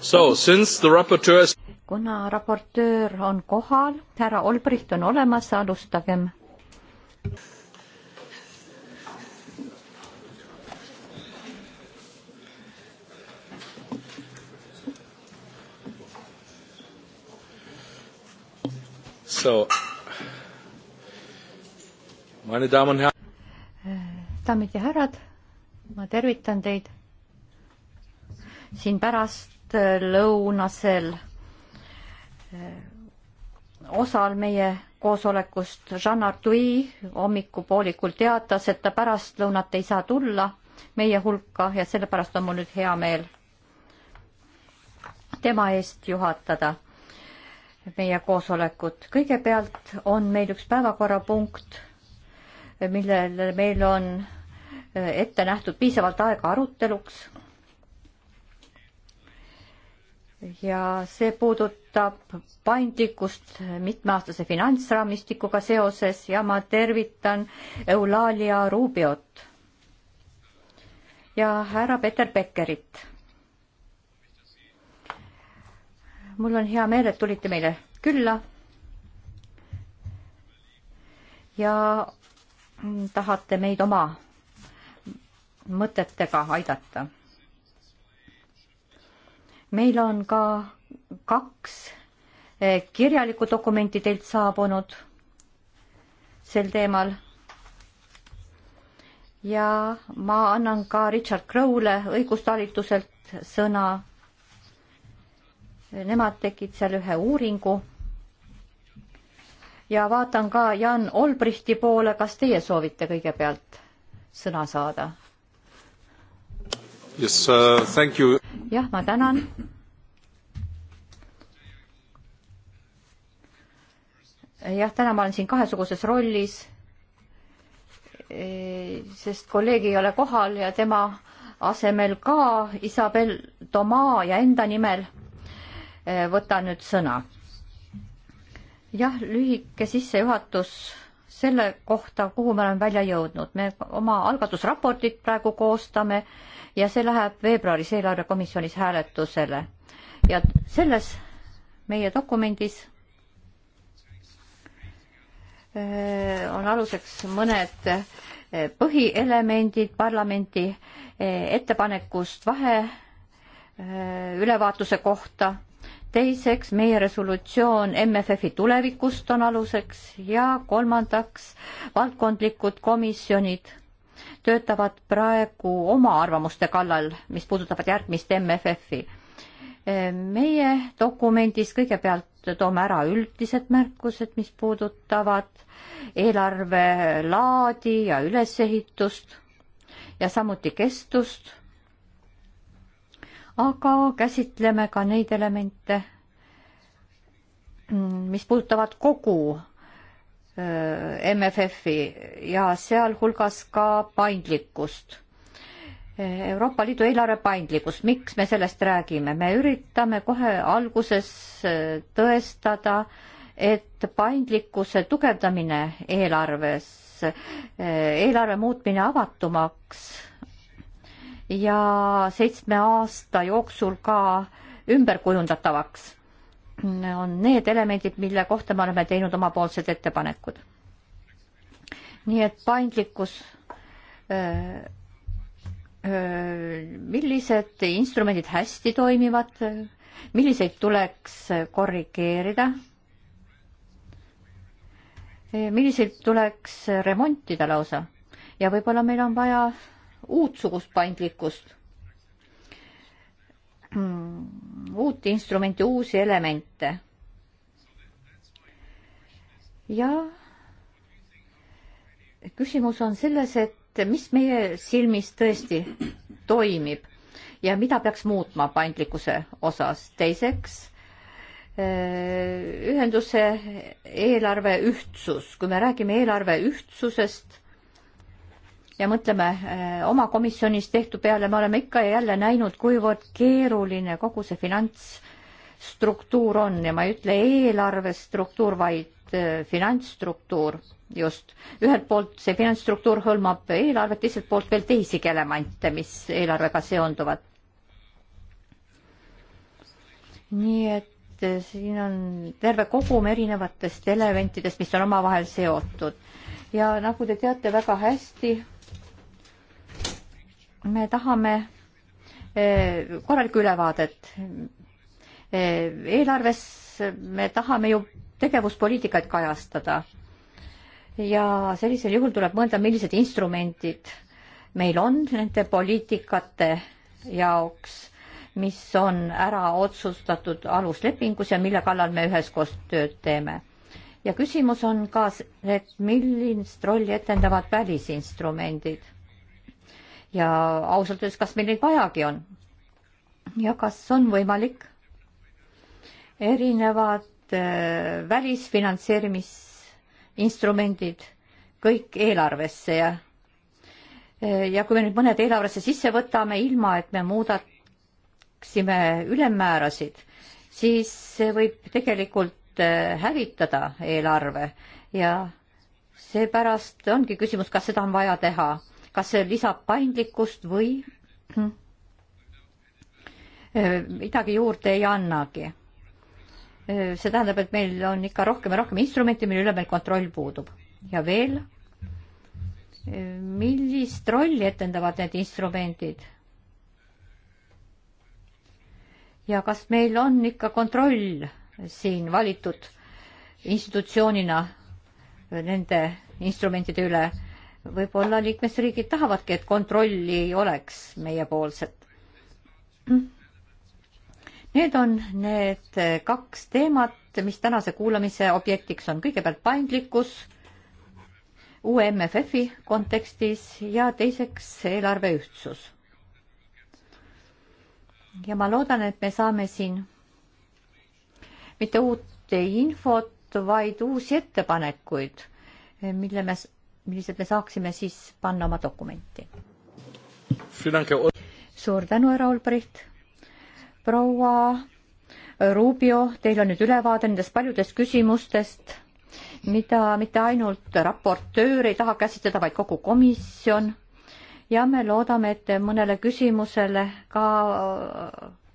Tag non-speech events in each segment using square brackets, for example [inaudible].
Raportöör... kuna raportöör on kohal, härra Olbricht on olemas, alustagem. So, meine Damen und Herren. daamid ja härrad, ma tervitan teid siin pärast Äh, lõunasel äh, osal meie koosolekust Jean Artui hommikupoolikul teatas, et ta pärastlõunat ei saa tulla meie hulka ja sellepärast on mul nüüd hea meel tema eest juhatada meie koosolekut. kõigepealt on meil üks päevakorrapunkt, millele meil on äh, ette nähtud piisavalt aega aruteluks ja see puudutab paindlikkust mitmeaastase finantsraamistikuga seoses ja ma tervitan Eulalia Rubiot ja härra Peter Beckerit. mul on hea meel, et tulite meile külla. ja tahate meid oma mõtetega aidata meil on ka kaks eh, kirjalikku dokumenti teilt saabunud sel teemal. ja ma annan ka Richard Crowle õigustalituselt sõna. Nemad tegid seal ühe uuringu. ja vaatan ka Jan Olbrichti poole, kas teie soovite kõigepealt sõna saada? Yes, uh, thank you jah, ma tänan. jah, täna ma olen siin kahesuguses rollis, e, sest kolleeg ei ole kohal ja tema asemel ka Isabel Toma ja enda nimel e, võtan nüüd sõna. jah, lühike sissejuhatus selle kohta, kuhu me oleme välja jõudnud. me oma algatusraportit praegu koostame ja see läheb veebruaris eelarvekomisjonis hääletusele. ja selles meie dokumendis äh, on aluseks mõned äh, põhielemendid parlamendi äh, ettepanekust vahe ülevaatuse kohta teiseks meie resolutsioon MFF-i tulevikust on aluseks ja kolmandaks valdkondlikud komisjonid töötavad praegu oma arvamuste kallal, mis puudutavad järgmist MFF-i. meie dokumendis kõigepealt toome ära üldised märkused, mis puudutavad eelarve laadi ja ülesehitust ja samuti kestust aga käsitleme ka neid elemente, mm, mis puudutavad kogu äh, MFF-i ja sealhulgas ka paindlikkust. Euroopa Liidu eelarve paindlikkust, miks me sellest räägime, me üritame kohe alguses äh, tõestada, et paindlikkuse tugevdamine eelarves, äh, eelarve muutmine avatumaks ja seitsme aasta jooksul ka ümberkujundatavaks on need elemendid, mille kohta me oleme teinud omapoolsed ettepanekud. nii et paindlikkus öö, millised instrumendid hästi toimivad, milliseid tuleks korrigeerida, milliseid tuleks remontida lausa ja võib-olla meil on vaja uudsugust paindlikkust, mm, uut instrumenti, uusi elemente. ja küsimus on selles, et mis meie silmis tõesti toimib ja mida peaks muutma paindlikkuse osas. teiseks, eh, ühenduse eelarve ühtsus, kui me räägime eelarve ühtsusest, ja mõtleme eh, oma komisjonis tehtu peale, me oleme ikka ja jälle näinud, kuivõrd keeruline kogu see finantsstruktuur on ja ma ei ütle eelarvestruktuur, vaid eh, finantsstruktuur just. ühelt poolt see finantsstruktuur hõlmab eelarvet, teiselt poolt veel teisigi elemente, mis eelarvega seonduvad. nii et eh, siin on terve kogum erinevatest elementidest, mis on omavahel seotud. ja nagu te teate väga hästi, me tahame eh, korralikku ülevaadet. Eh, eelarves me tahame ju tegevuspoliitikat kajastada. ja sellisel juhul tuleb mõelda, millised instrumendid meil on nende poliitikate jaoks, mis on ära otsustatud aluslepingus ja mille kallal me üheskoos tööd teeme. ja küsimus on ka, et millist rolli etendavad välisinstrumendid ja ausalt öeldes, kas meil neid vajagi on? ja kas on võimalik erinevad äh, välisfinantseerimisinstrumendid kõik eelarvesse ja äh, ja kui me nüüd mõned eelarvesse sisse võtame, ilma et me muudaksime ülemmäärasid, siis see võib tegelikult äh, hävitada eelarve ja seepärast ongi küsimus, kas seda on vaja teha kas see lisab paindlikkust või hm, eh, midagi juurde ei annagi. Eh, see tähendab, et meil on ikka rohkem ja rohkem instrumente, mille üle meil kontroll puudub. ja veel, eh, millist rolli etendavad need instrumendid? ja kas meil on ikka kontroll siin valitud institutsioonina nende instrumentide üle? võib-olla liikmesriigid tahavadki, et kontrolli ei oleks meiepoolset. Need on need kaks teemat, mis tänase kuulamise objektiks on. kõigepealt paindlikkus uue MFF-i kontekstis ja teiseks eelarve ühtsus. ja ma loodan, et me saame siin mitte uut infot, vaid uusi ettepanekuid, mille me millised me saaksime siis panna oma dokumenti. suur tänu, härra Olbrecht. proua Rubio, teil on nüüd ülevaade nendest paljudest küsimustest, mida mitte ainult raportöör ei taha käsitleda, vaid kogu komisjon. ja me loodame, et te mõnele küsimusele ka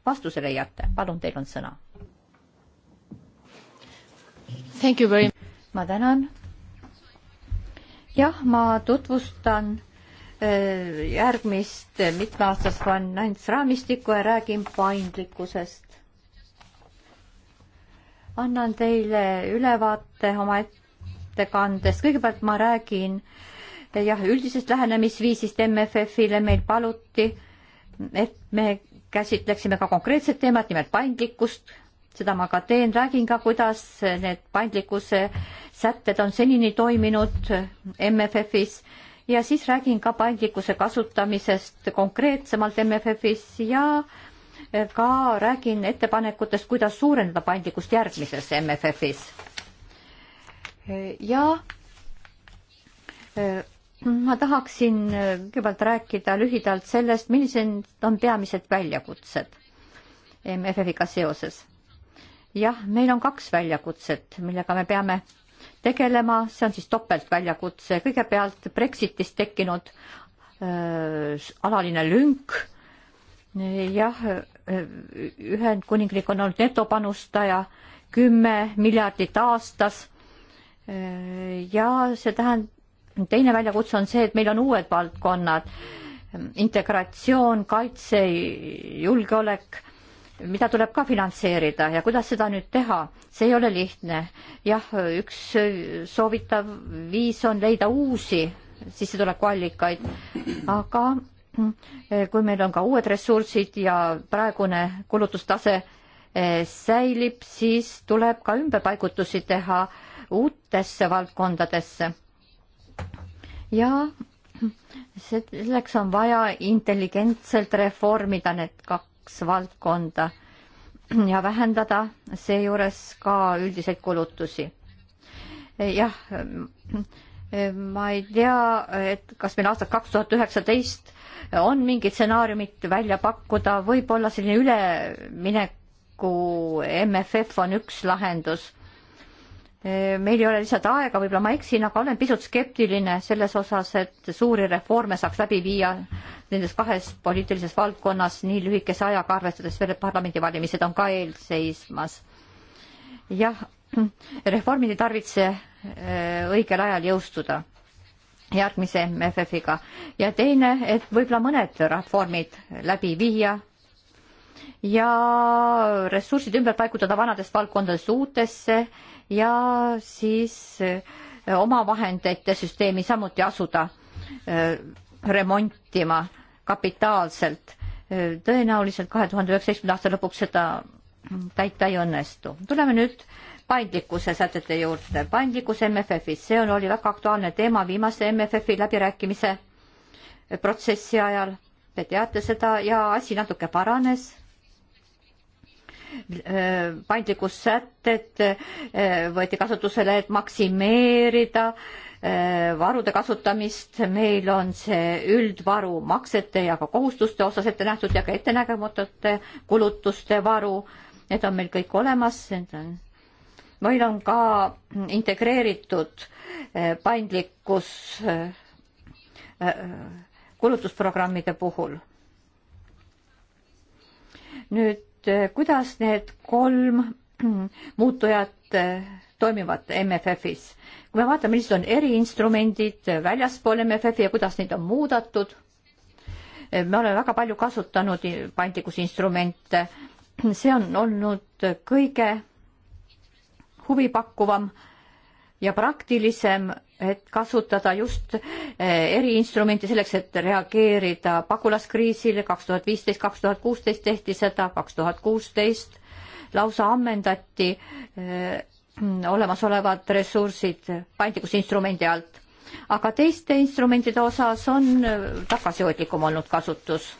vastuse leiate. palun, teil on sõna. ma tänan jah, ma tutvustan äh, järgmist mitmeaastast finantsraamistikku ja räägin paindlikkusest. annan teile ülevaate oma ettekandest, kõigepealt ma räägin äh, jah, üldisest lähenemisviisist MFF-ile meil paluti, et me käsitleksime ka konkreetset teemat, nimelt paindlikkust, seda ma ka teen, räägin ka, kuidas need paindlikkuse äh, sätted on senini toiminud MFFis ja siis räägin ka paindlikkuse kasutamisest konkreetsemalt MFFis ja ka räägin ettepanekutest, kuidas suurendada paindlikkust järgmises MFFis. ja äh, ma tahaksin äh, kõigepealt rääkida lühidalt sellest, millised on peamised väljakutsed MFF-iga seoses. jah, meil on kaks väljakutset, millega me peame tegelema, see on siis topeltväljakutse, kõigepealt Brexitist tekkinud äh, alaline lünk, jah, Ühendkuningriik on olnud netopanustaja, kümme miljardit aastas äh, ja see tähendab, teine väljakutse on see, et meil on uued valdkonnad, integratsioon, kaitse, julgeolek mida tuleb ka finantseerida ja kuidas seda nüüd teha, see ei ole lihtne. jah, üks soovitav viis on leida uusi sissetulekuallikaid, aga kui meil on ka uued ressursid ja praegune kulutustase eh, säilib, siis tuleb ka ümberpaigutusi teha uutesse valdkondadesse. ja selleks on vaja intelligentselt reformida need kaks kaks valdkonda [clears throat] ja vähendada seejuures ka üldiseid kulutusi. jah, [clears throat] ma ei tea, et kas meil aastal kaks tuhat üheksateist on mingid stsenaariumid välja pakkuda, võib-olla selline ülemineku MFF on üks lahendus Eh, meil ei ole lihtsalt aega, võib-olla ma eksin, aga olen pisut skeptiline selles osas, et suuri reforme saaks läbi viia nendes kahes poliitilises valdkonnas nii lühikese ajaga, arvestades veel, et parlamendivalimised on ka eelseismas. jah, reformid ei tarvitse eh, õigel ajal jõustuda järgmise MFF-iga ja teine, et võib-olla mõned reformid läbi viia ja ressursid ümber paigutada vanadest valdkondadest uutesse ja siis eh, omavahendite süsteemi samuti asuda eh, remontima kapitaalselt. Eh, tõenäoliselt kahe tuhande üheksateistkümnenda aasta lõpuks seda täita ei õnnestu. tuleme nüüd paindlikkuse sätete juurde. paindlikkus MFF-is, see on, oli väga aktuaalne teema viimase MFF-i läbirääkimise protsessi ajal. Te teate seda ja asi natuke paranes Äh, paindlikkussätted äh, võeti kasutusele, et maksimeerida äh, varude kasutamist, meil on see üldvaru maksete ja ka kohustuste osas ette nähtud ja ka ettenägematute kulutuste varu, need on meil kõik olemas, need on, meil on ka integreeritud paindlikkus kulutusprogrammide puhul. nüüd nüüd, eh, kuidas need kolm [clears throat] muutujat eh, toimivad MFF-is? kui me vaatame, millised on eriinstrumendid eh, väljaspool MFF-i ja kuidas neid on muudatud, me oleme väga palju kasutanud paindlikkusinstrumente, [clears throat] see on olnud kõige huvipakkuvam äh, ja praktilisem, et kasutada just eh, eriinstrumente selleks, et reageerida pagulaskriisile. kaks tuhat viisteist, kaks tuhat kuusteist tehti seda, kaks tuhat kuusteist lausa ammendati eh, olemasolevad ressursid paindlikkuse instrumendi alt. aga teiste instrumentide osas on eh, tagasihoidlikum olnud kasutus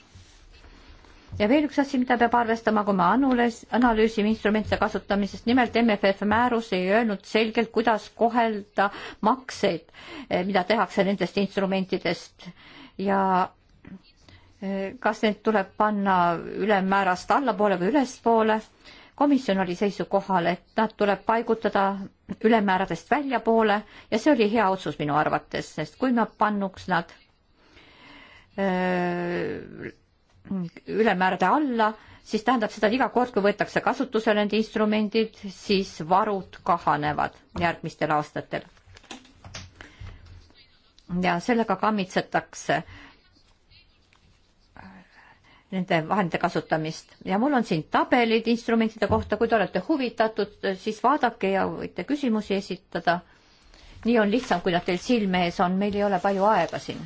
ja veel üks asi, mida peab arvestama, kui me anules, analüüsime instrumentide kasutamisest, nimelt MFF määrus ei öelnud selgelt, kuidas kohelda makseid, eh, mida tehakse nendest instrumentidest ja eh, kas need tuleb panna ülemmäärast allapoole või ülespoole. komisjon oli seisukohal, et nad tuleb paigutada ülemmääradest väljapoole ja see oli hea otsus minu arvates, sest kui me pannuks nad öö, eh, ülemäärade alla, siis tähendab seda, et iga kord, kui võetakse kasutusele need instrumendid, siis varud kahanevad järgmistel aastatel. ja sellega kammitsetakse nende vahendite kasutamist ja mul on siin tabelid instrumentide kohta, kui te olete huvitatud, siis vaadake ja võite küsimusi esitada. nii on lihtsam, kui nad teil silme ees on, meil ei ole palju aega siin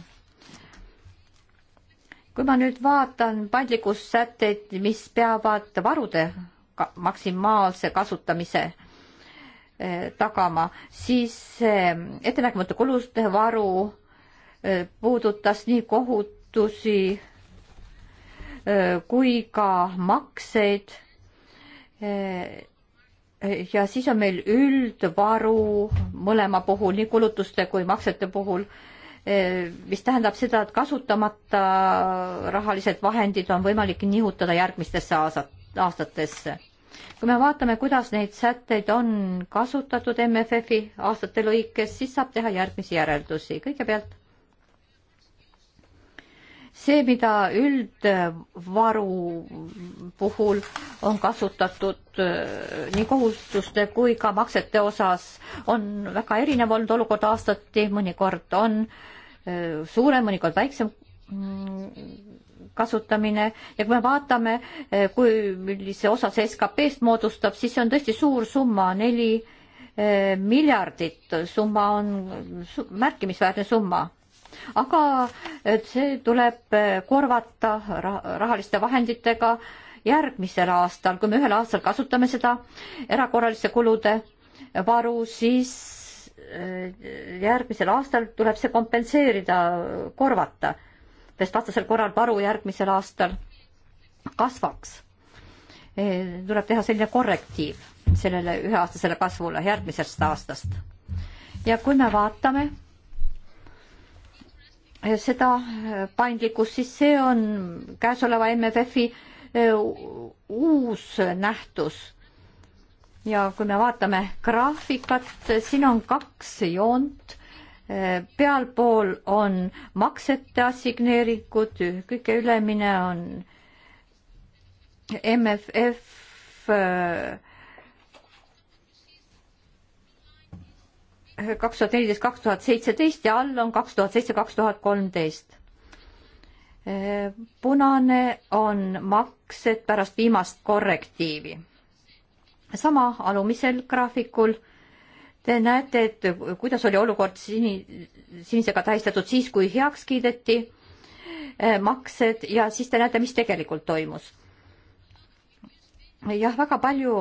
kui ma nüüd vaatan paindlikkussätteid, mis peavad varude ka maksimaalse kasutamise eh, tagama, siis eh, ettenägematu kulude varu eh, puudutas nii kohutusi kui ka makseid. ja siis on meil üldvaru mõlema puhul, nii kulutuste kui maksete puhul mis tähendab seda, et kasutamata rahalised vahendid on võimalik nihutada järgmistesse aastatesse. kui me vaatame, kuidas neid sätteid on kasutatud MFF-i aastate lõikes, siis saab teha järgmisi järeldusi. kõigepealt see, mida üldvaru puhul on kasutatud äh, nii kohustuste kui ka maksete osas, on väga erinev olnud olukord aastati, mõnikord on äh, suurem, mõnikord väiksem mm, kasutamine ja kui me vaatame, eh, kui, millise osa see SKP-st moodustab, siis see on tõesti suur summa, neli eh, miljardit, summa on märkimisväärne summa. aga eh, see tuleb korvata rahaliste vahenditega järgmisel aastal, kui me ühel aastal kasutame seda erakorraliste kulude varu, siis järgmisel aastal tuleb see kompenseerida, korvata, sest vastasel korral varu järgmisel aastal kasvaks. tuleb teha selline korrektiiv sellele üheaastasele kasvule järgmisest aastast. ja kui me vaatame seda paindlikkust, siis see on käesoleva MFF-i e, uus nähtus ja kui me vaatame graafikat, siin on kaks joont. Eh, pealpool on maksete assigneeringud, kõige ülemine on MFF eh, kaks tuhat neliteist, kaks tuhat seitseteist ja all on kaks tuhat seitse, kaks tuhat kolmteist. Eh, punane on maksed pärast viimast korrektiivi sama alumisel graafikul te näete, et kuidas oli olukord sini, sinisega tähistatud siis, kui heaks kiideti eh, maksed ja siis te näete, mis tegelikult toimus. jah, väga palju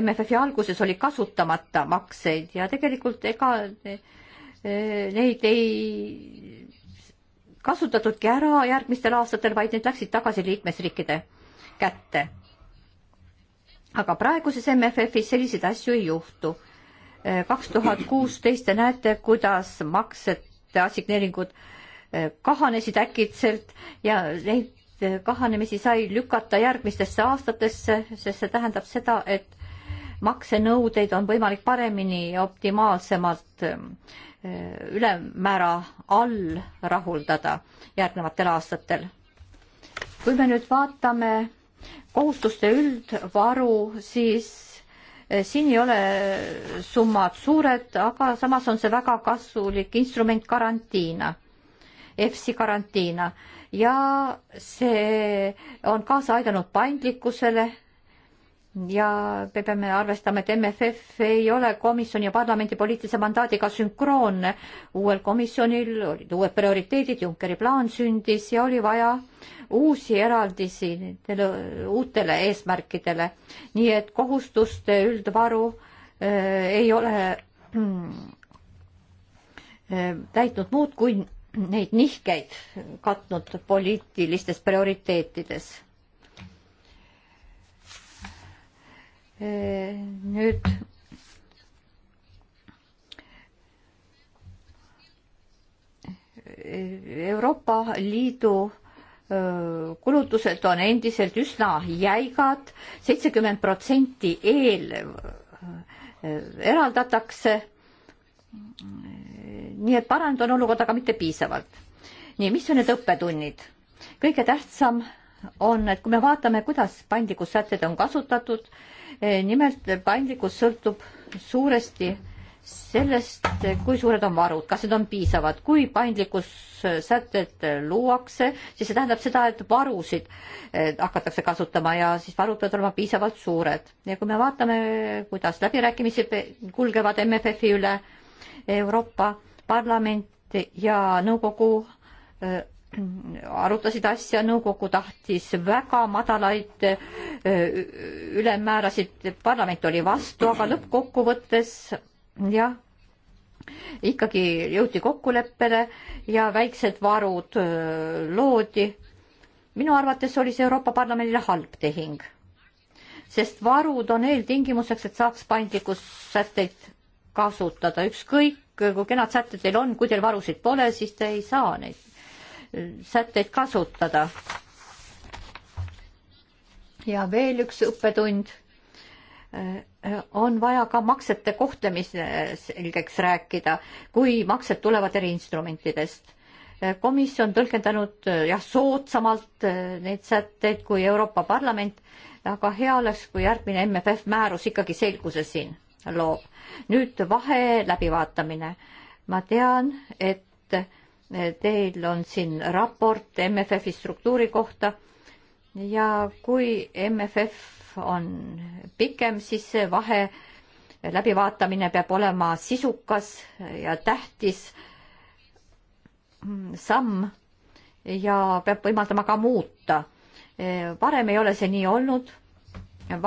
MFF-i alguses oli kasutamata makseid ja tegelikult ega eh, neid ei kasutatudki ära järgmistel aastatel, vaid need läksid tagasi liikmesriikide kätte aga praeguses MFF-is selliseid asju ei juhtu. Eh, kaks tuhat kuusteist te näete, kuidas maksete assigneeringud eh, kahanesid äkitselt ja neid eh, kahanemisi sai lükata järgmistesse aastatesse, sest see tähendab seda, et maksenõudeid on võimalik paremini ja optimaalsemalt ülemäära all rahuldada järgnevatel aastatel. kui me nüüd vaatame kohustuste üldvaru, siis eh, siin ei ole summad suured, aga samas on see väga kasulik instrument karantiina, EFSI karantiina ja see on kaasa aidanud paindlikkusele ja me peame arvestama, et MFF ei ole komisjoni ja parlamendi poliitilise mandaadiga sünkroonne. uuel komisjonil olid uued prioriteedid, Junckeri plaan sündis ja oli vaja uusi eraldisi nendele uutele eesmärkidele. nii et kohustuste üldvaru äh, ei ole äh, täitnud muud kui neid nihkeid katnud poliitilistes prioriteetides nüüd Euroopa Liidu kulutused on endiselt üsna jäigad, seitsekümmend protsenti eel eraldatakse. nii et parandanud on olukord, aga mitte piisavalt. nii, mis on need õppetunnid? kõige tähtsam on, et kui me vaatame, kuidas paindlikkussätted on kasutatud, Eh, nimelt paindlikkus sõltub suuresti sellest, kui suured on varud, kas need on piisavad, kui paindlikkussätted eh, luuakse, siis see tähendab seda, et varusid eh, hakatakse kasutama ja siis varud peavad olema piisavalt suured. ja kui me vaatame, kuidas läbirääkimisi kulgevad MFF-i üle Euroopa Parlament ja Nõukogu arutasid asja, nõukogu tahtis väga madalaid ülemmäärasid, parlament oli vastu, aga lõppkokkuvõttes jah, ikkagi jõuti kokkuleppele ja väiksed varud loodi. minu arvates oli see Euroopa Parlamendile halb tehing, sest varud on eeltingimuseks, et saaks paindlikkussätteid kasutada, ükskõik kui kenad sätted teil on, kui teil varusid pole, siis te ei saa neid sätteid kasutada. ja veel üks õppetund. Äh, on vaja ka maksete kohtlemist selgeks rääkida, kui maksed tulevad eriinstrumentidest äh, komisjon tõlgendanud äh, jah, soodsamalt neid sätteid kui Euroopa Parlament, aga hea oleks, kui järgmine MFF määrus ikkagi selguse siin loob. nüüd vahe läbivaatamine. ma tean, et Teil on siin raport MFF-i struktuuri kohta ja kui MFF on pikem, siis see vahe läbivaatamine peab olema sisukas ja tähtis samm ja peab võimaldama ka muuta. varem ei ole see nii olnud.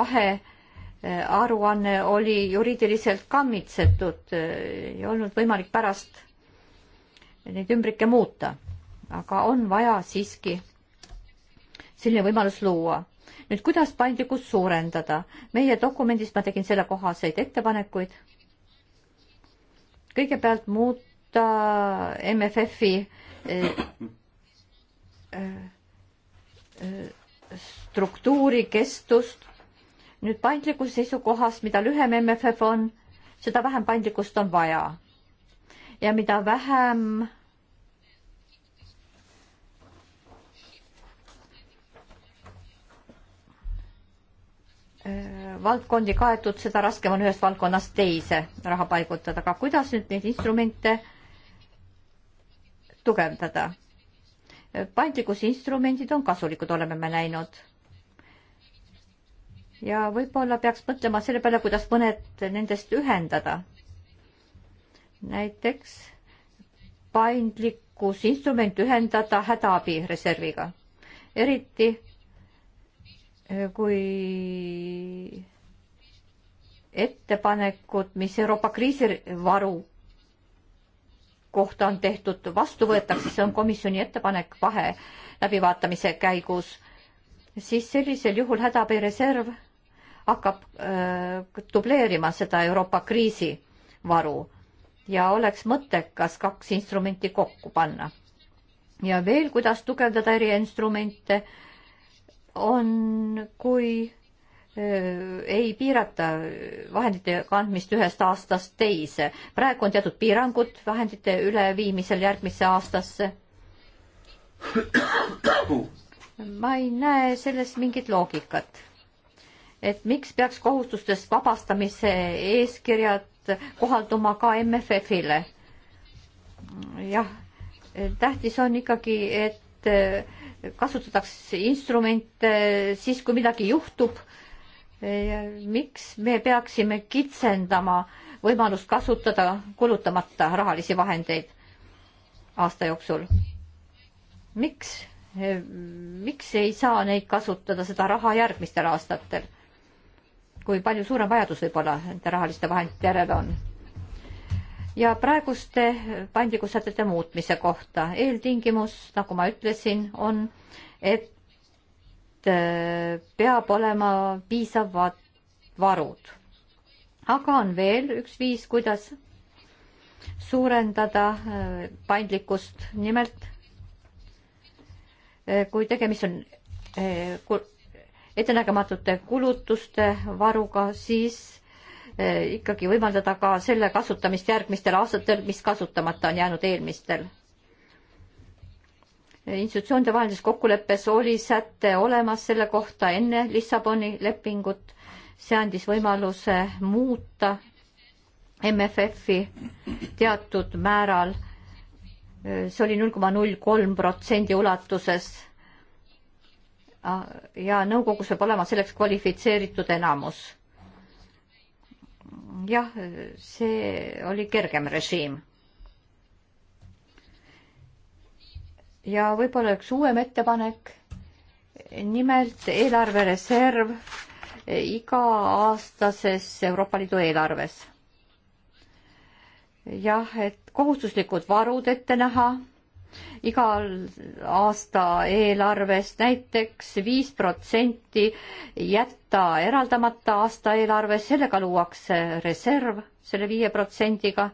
vahearuanne eh, oli juriidiliselt kammitsetud, eh, ei olnud võimalik pärast neid ümbrikke muuta, aga on vaja siiski selline võimalus luua. nüüd, kuidas paindlikkust suurendada? meie dokumendis ma tegin sellekohaseid ettepanekuid. kõigepealt muuta MFF-i eh, eh, eh, struktuuri kestust. nüüd paindlikkuse seisukohast, mida lühem MFF on, seda vähem paindlikkust on vaja ja mida vähem äh, valdkondi kaetud, seda raskem on ühest valdkonnast teise raha paigutada, aga kuidas nüüd neid instrumente tugevdada? Äh, paindlikkusinstrumendid on kasulikud, oleme me näinud. ja võib-olla peaks mõtlema selle peale, kuidas mõned nendest ühendada näiteks paindlikkus instrument ühendada hädaabireserviga, eriti eh, kui ettepanekud, mis Euroopa kriisivaru kohta on tehtud, vastu võetakse, see on komisjoni ettepanek vahe läbivaatamise käigus, siis sellisel juhul hädaabireserv hakkab öö, eh, dubleerima seda Euroopa kriisivaru ja oleks mõttekas kaks instrumenti kokku panna. ja veel, kuidas tugevdada eriinstrumente, on, kui ei piirata vahendite kandmist ühest aastast teise. praegu on teatud piirangud vahendite üleviimisel järgmisse aastasse. ma ei näe selles mingit loogikat. et miks peaks kohustustest vabastamise eeskirjad kohalduma ka MFF-ile. jah, tähtis on ikkagi, et eh, kasutatakse instrumente siis, kui midagi juhtub. miks me peaksime kitsendama võimalust kasutada kulutamata rahalisi vahendeid aasta jooksul? miks, eh, miks ei saa neid kasutada, seda raha järgmistel aastatel? kui palju suurem vajadus võib-olla nende rahaliste vahendite järele on. ja praeguste paindlikkussätete muutmise kohta eeltingimus, nagu ma ütlesin, on, et äh, peab olema piisavad varud. aga on veel üks viis, kuidas suurendada äh, paindlikkust, nimelt äh, kui tegemist on ettenägematute kulutuste varuga, siis eh, ikkagi võimaldada ka selle kasutamist järgmistel aastatel, mis kasutamata on jäänud eelmistel. institutsioonide vahelises kokkuleppes oli säte olemas selle kohta enne Lissaboni lepingut, see andis võimaluse muuta MFF-i teatud määral, eh, see oli null koma null kolm protsendi ulatuses Ah, ja nõukogus peab olema selleks kvalifitseeritud enamus. jah, see oli kergem režiim. ja võib-olla üks uuem ettepanek, nimelt eelarvereserv iga-aastases Euroopa Liidu eelarves. jah, et kohustuslikud varud ette näha igal aasta eelarvest näiteks viis protsenti jätta eraldamata aasta eelarves, sellega luuakse reserv selle viie protsendiga,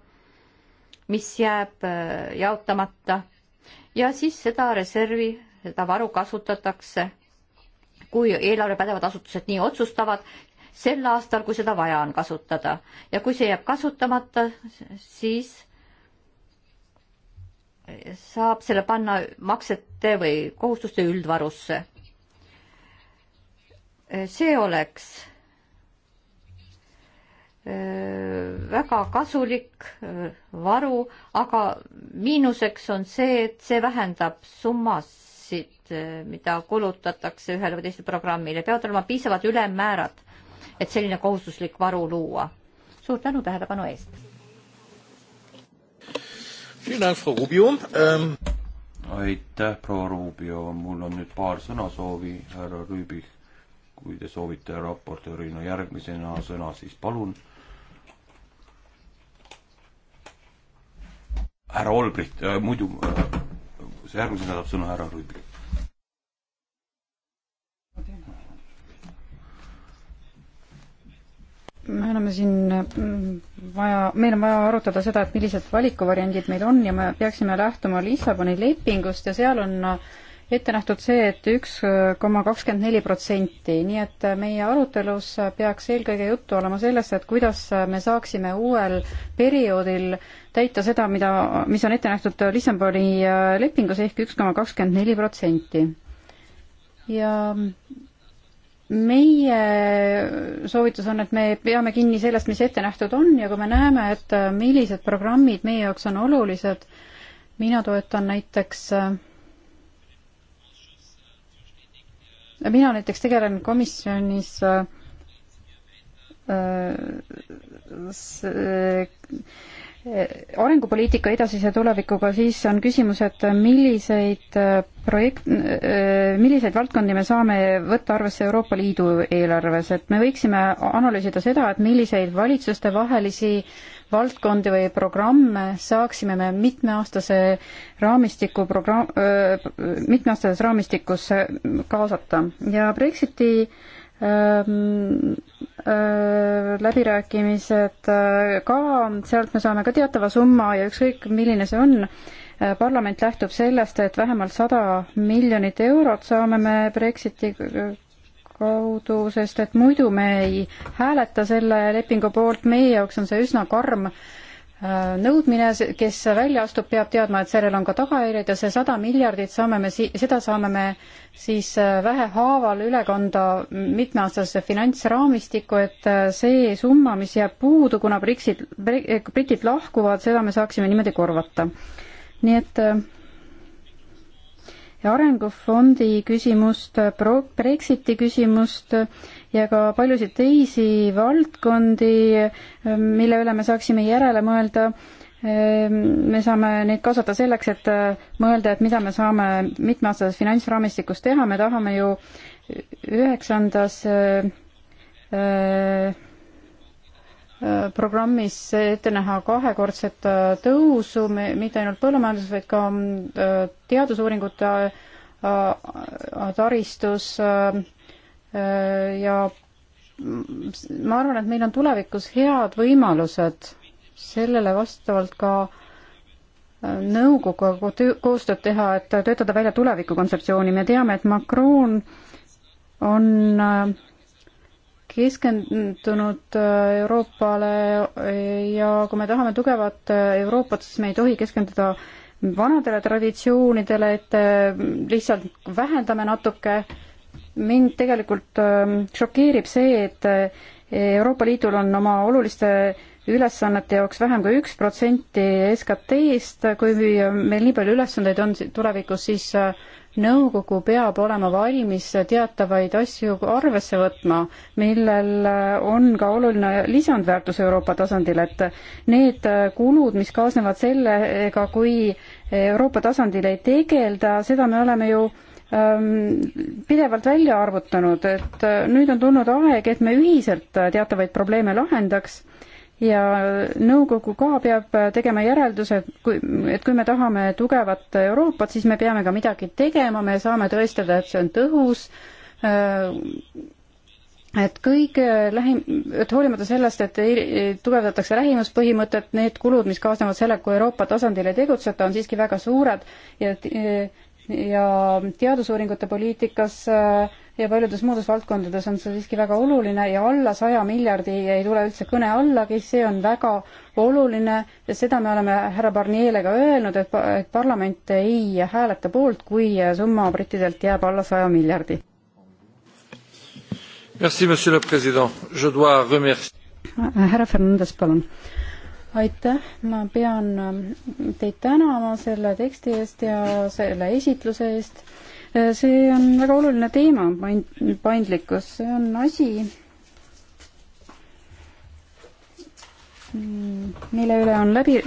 mis jääb äh, jaotamata ja siis seda reservi, seda varu kasutatakse, kui eelarvepädevad asutused nii otsustavad, sel aastal, kui seda vaja on kasutada ja kui see jääb kasutamata, siis saab selle panna maksete või kohustuste üldvarusse. see oleks äh, väga kasulik äh, varu, aga miinuseks on see, et see vähendab summasid, äh, mida kulutatakse ühele või teisele programmile, peavad olema piisavad ülemmäärad, et selline kohustuslik varu luua. suur tänu tähelepanu eest! Ähm, aitäh, proua Rubio, mul on nüüd paar sõnasoovi, härra Rüübich, kui te soovite raportöörina järgmisena sõna, siis palun. härra Olbricht äh,, muidu äh, järgmisena saab sõna härra Rüübich. me oleme siin mm, vaja, meil on vaja arutada seda, et millised valikuvariandid meil on ja me peaksime lähtuma Lissaboni lepingust ja seal on ette nähtud see, et üks koma kakskümmend neli protsenti, nii et meie arutelus peaks eelkõige juttu olema sellest, et kuidas me saaksime uuel perioodil täita seda, mida, mis on ette nähtud Lissaboni lepingus ehk üks koma kakskümmend neli protsenti. ja meie soovitus on, et me peame kinni sellest, mis ette nähtud on ja kui me näeme, et äh, millised programmid meie jaoks on olulised, mina toetan näiteks äh, mina näiteks tegelen komisjonis äh, äh arengupoliitika edasise tulevikuga, siis on küsimus, et milliseid äh, projekt, äh, milliseid valdkondi me saame võtta arvesse Euroopa Liidu eelarves, et me võiksime analüüsida seda, et milliseid valitsustevahelisi valdkondi või programme saaksime me mitmeaastase raamistiku programm, äh, mitmeaastases raamistikus kaasata ja Brexiti äh, Ehm, ehm, läbirääkimised äh, ka, sealt me saame ka teatava summa ja ükskõik, milline see on, äh, parlament lähtub sellest, et vähemalt sada miljonit eurot saame me Brexiti kaudu, sest et muidu me ei hääleta selle lepingu poolt, meie jaoks on see üsna karm äh, nõudmine, kes välja astub, peab teadma, et sellel on ka tagajärjed ja see sada miljardit saame me, seda saame me siis äh, vähehaaval üle kanda mitmeaastasesse finantsraamistikku, et äh, see summa, mis jääb puudu, kuna Brexit, britid lahkuvad, seda me saaksime niimoodi korvata. nii et äh, arengufondi küsimust, Brexiti küsimust ja ka paljusid teisi valdkondi, mille üle me saaksime järele mõelda. me saame neid kaasata selleks, et mõelda, et mida me saame mitmeaastases finantsraamistikus teha, me tahame ju üheksandas äh, programmis ette näha kahekordset äh, tõusu, mitte ainult põllumajanduses, vaid ka äh, teadusuuringute äh, taristus ja ma arvan, et meil on tulevikus head võimalused sellele vastavalt ka nõukoguga koostööd teha, et töötada välja tulevikukontseptsiooni. me teame, et Macron on keskendunud äh, Euroopale äh, ja kui me tahame tugevat äh, Euroopat, siis me ei tohi keskenduda vanadele traditsioonidele, et lihtsalt vähendame natuke. mind tegelikult ähm, šokeerib see, et Euroopa Liidul on oma oluliste ülesannete jaoks vähem kui üks protsenti SKT-st, kui meil nii palju ülesandeid on tulevikus, siis nõukogu peab olema valmis teatavaid asju arvesse võtma, millel on ka oluline lisandväärtus Euroopa tasandil, et need kulud, mis kaasnevad sellega, kui Euroopa tasandil ei tegelda, seda me oleme ju ähm, pidevalt välja arvutanud, et nüüd on tulnud aeg, et me ühiselt teatavaid probleeme lahendaks ja nõukogu ka peab tegema järelduse, et kui, et kui me tahame tugevat Euroopat, siis me peame ka midagi tegema, me saame tõestada, et see on tõhus, äh, et kõige äh, lähim, et hoolimata sellest, et tugevdatakse lähimuspõhimõtet, need kulud, mis kaasnevad sellega, kui Euroopa tasandil ei tegutseta, on siiski väga suured ja äh, ja teadusuuringute poliitikas äh, ja paljudes muudes valdkondades on see siiski väga oluline ja alla saja miljardi ei tule üldse kõne allagi, see on väga oluline ja seda me oleme härra Barnier'le ka öelnud, et, et parlament ei hääleta poolt, kui summa brittidelt jääb alla saja miljardi. härra Fernandes, palun aitäh, ma pean teid tänama selle teksti eest ja selle esitluse eest Äh, see on väga oluline teema, paindlikkus, see on asi, mille üle on läbi,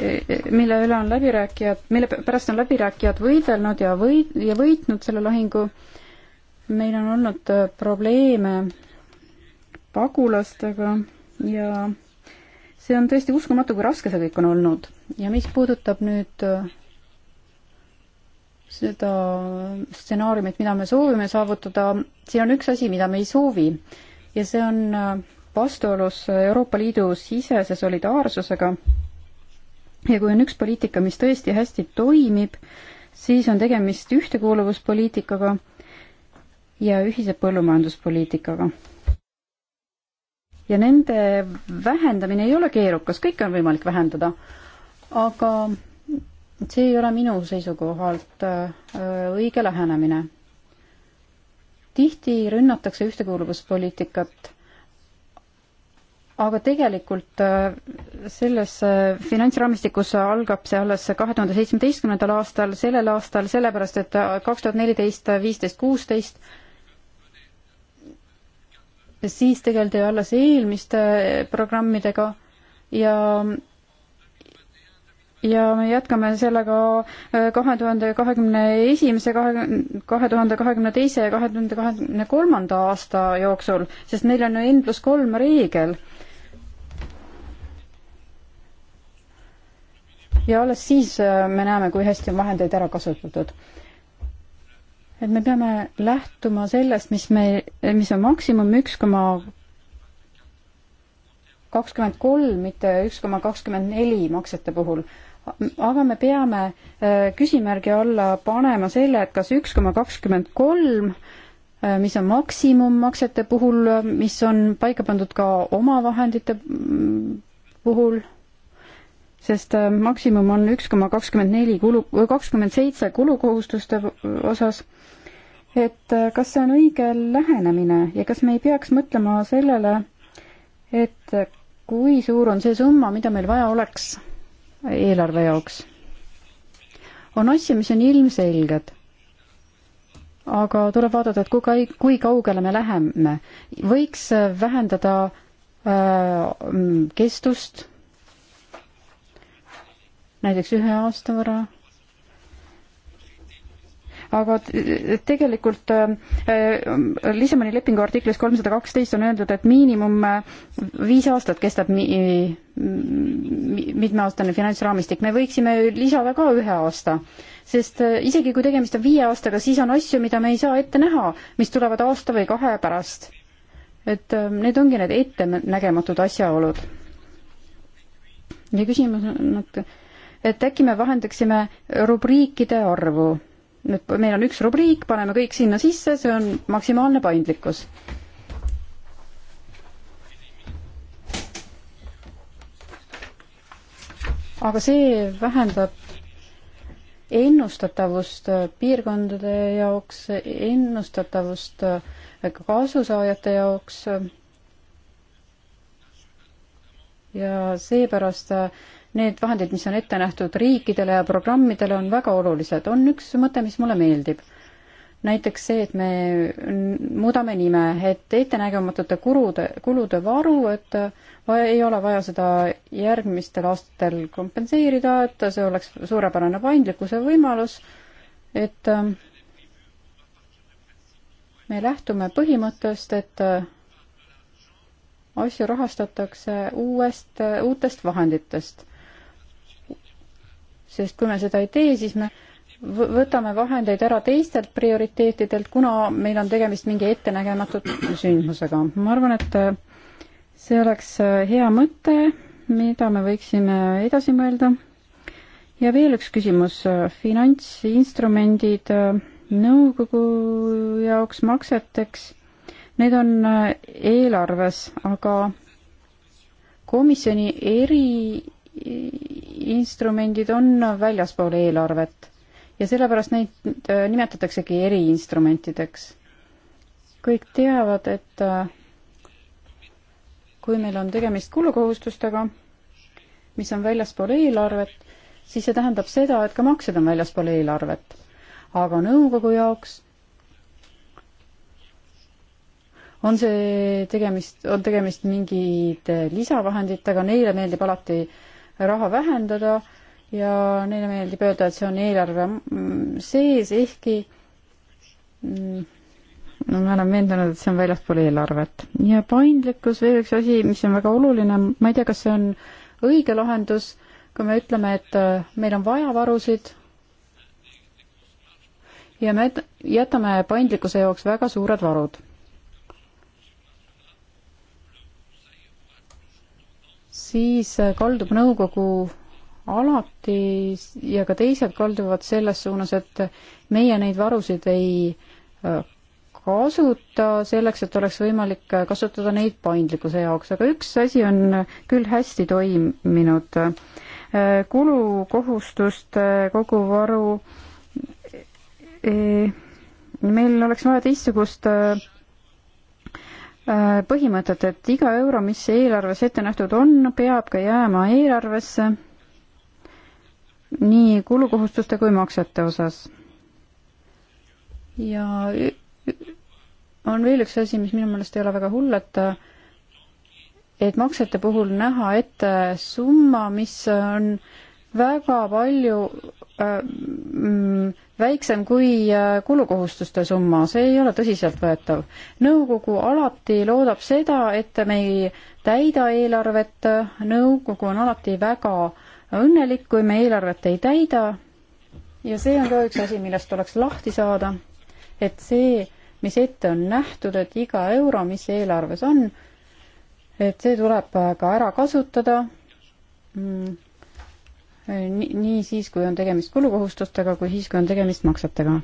mille üle on läbirääkijad, mille pärast on läbirääkijad võidelnud ja või-, ja võitnud selle lahingu. meil on olnud äh, probleeme pagulastega ja see on tõesti uskumatu, kui raske see kõik on olnud. ja mis puudutab nüüd äh, seda stsenaariumit, mida me soovime saavutada, siin on üks asi, mida me ei soovi ja see on äh, vastuolus Euroopa Liidu sisese solidaarsusega. ja kui on üks poliitika, mis tõesti hästi toimib, siis on tegemist ühtekuuluvuspoliitikaga ja ühise põllumajanduspoliitikaga. ja nende vähendamine ei ole keerukas, kõike on võimalik vähendada, aga see ei ole minu seisukohalt äh, õige lähenemine. tihti rünnatakse ühtekuuluvuspoliitikat, aga tegelikult äh, selles äh, finantsraamistikus algab see alles kahe tuhande seitsmeteistkümnendal aastal, sellel aastal, sellepärast et kaks tuhat neliteist, viisteist, kuusteist siis tegeldi alles eelmiste programmidega ja ja me jätkame sellega äh, kahe tuhande kahekümne esimese, kahe, kahe tuhande kahekümne teise ja kahe tuhande kahekümne kolmanda aasta jooksul, sest meil on ju N pluss kolm reegel. ja alles siis äh, me näeme, kui hästi on vahendeid ära kasutatud. et me peame lähtuma sellest, mis me, mis on maksimum üks koma kakskümmend kolm, mitte üks koma kakskümmend neli maksete puhul aga me peame äh, küsimärgi alla panema selle, et kas üks koma kakskümmend kolm äh, mis on maksimummaksete puhul, mis on paika pandud ka omavahendite mm, puhul, sest äh, maksimum on üks koma kakskümmend neli kulu, kakskümmend seitse kulukohustuste osas, et kas see on õige lähenemine ja kas me ei peaks mõtlema sellele, et kui suur on see summa, mida meil vaja oleks eelarve jaoks. on asju, mis on ilmselged, aga tuleb vaadata, et kui kai-, kui kaugele me läheme. võiks äh, vähendada äh, kestust näiteks ühe aasta võrra aga tegelikult äh, Lissaboni lepingu artiklis kolmsada kaksteist on öeldud, et miinimum äh, viis aastat kestab mi mitmeaastane finantsraamistik, me võiksime lisada ka ühe aasta, sest äh, isegi kui tegemist on viie aastaga, siis on asju, mida me ei saa ette näha, mis tulevad aasta või kahe pärast. et need ongi need ettenägematud asjaolud. ja küsimus on, et äkki me vahendaksime rubriikide arvu nüüd meil on üks rubriik, paneme kõik sinna sisse, see on maksimaalne paindlikkus. aga see vähendab ennustatavust piirkondade jaoks, ennustatavust kasusaajate jaoks ja seepärast äh, need vahendid, mis on ette nähtud riikidele ja programmidele, on väga olulised. on üks mõte, mis mulle meeldib. näiteks see, et me muudame nime, et ettenägematute kulude, kulude varu, et vaja, ei ole vaja seda järgmistel aastatel kompenseerida, et see oleks suurepärane paindlikkuse võimalus, et äh, me lähtume põhimõttest, et äh, asju rahastatakse uuest, äh, uutest vahenditest sest kui me seda ei tee, siis me võtame vahendeid ära teistelt prioriteetidelt, kuna meil on tegemist mingi ettenägematu sündmusega. ma arvan, et äh, see oleks äh, hea mõte, mida me võiksime edasi mõelda. ja veel üks küsimus, äh, finantsinstrumendid nõukogu jaoks makseteks, need on eelarves, aga komisjoni eri instrumendid on väljaspool eelarvet ja sellepärast neid äh, nimetataksegi eriinstrumentideks. kõik teavad, et äh, kui meil on tegemist kulukohustustega, mis on väljaspool eelarvet, siis see tähendab seda, et ka maksed on väljaspool eelarvet. aga nõukogu jaoks on see tegemist, on tegemist mingite lisavahenditega, neile meeldib alati äh, raha vähendada ja neile meeldib öelda, et see on eelarve sees, ehkki mm, no me oleme veendunud, et see on väljaspool eelarvet. ja paindlikkus, veel üks asi, mis on väga oluline, ma ei tea, kas see on õige lahendus, kui me ütleme, et äh, meil on vaja varusid ja me jätame paindlikkuse jaoks väga suured varud siis äh, kaldub nõukogu alati ja ka teised kalduvad selles suunas, et meie neid varusid ei äh, kasuta selleks, et oleks võimalik äh, kasutada neid paindlikkuse jaoks, aga üks asi on küll hästi toiminud. kulukohustuste koguvaru, meil oleks vaja teistsugust Äh, põhimõtet, et iga euro, mis eelarves ette nähtud on, peab ka jääma eelarvesse nii kulukohustuste kui maksete osas. ja on veel üks asi, mis minu meelest ei ole väga hull, et et maksete puhul näha ette summa, mis on väga palju Äh, mm, väiksem kui äh, kulukohustuste summa, see ei ole tõsiseltvõetav. nõukogu alati loodab seda, et me ei täida eelarvet, nõukogu on alati väga õnnelik, kui me eelarvet ei täida ja see on ka üks asi, millest tuleks lahti saada, et see, mis ette on nähtud, et iga euro, mis eelarves on, et see tuleb ka ära kasutada mm Äh, nii siis, kui on tegemist kulukohustustega, kui siis, kui on tegemist maksetega.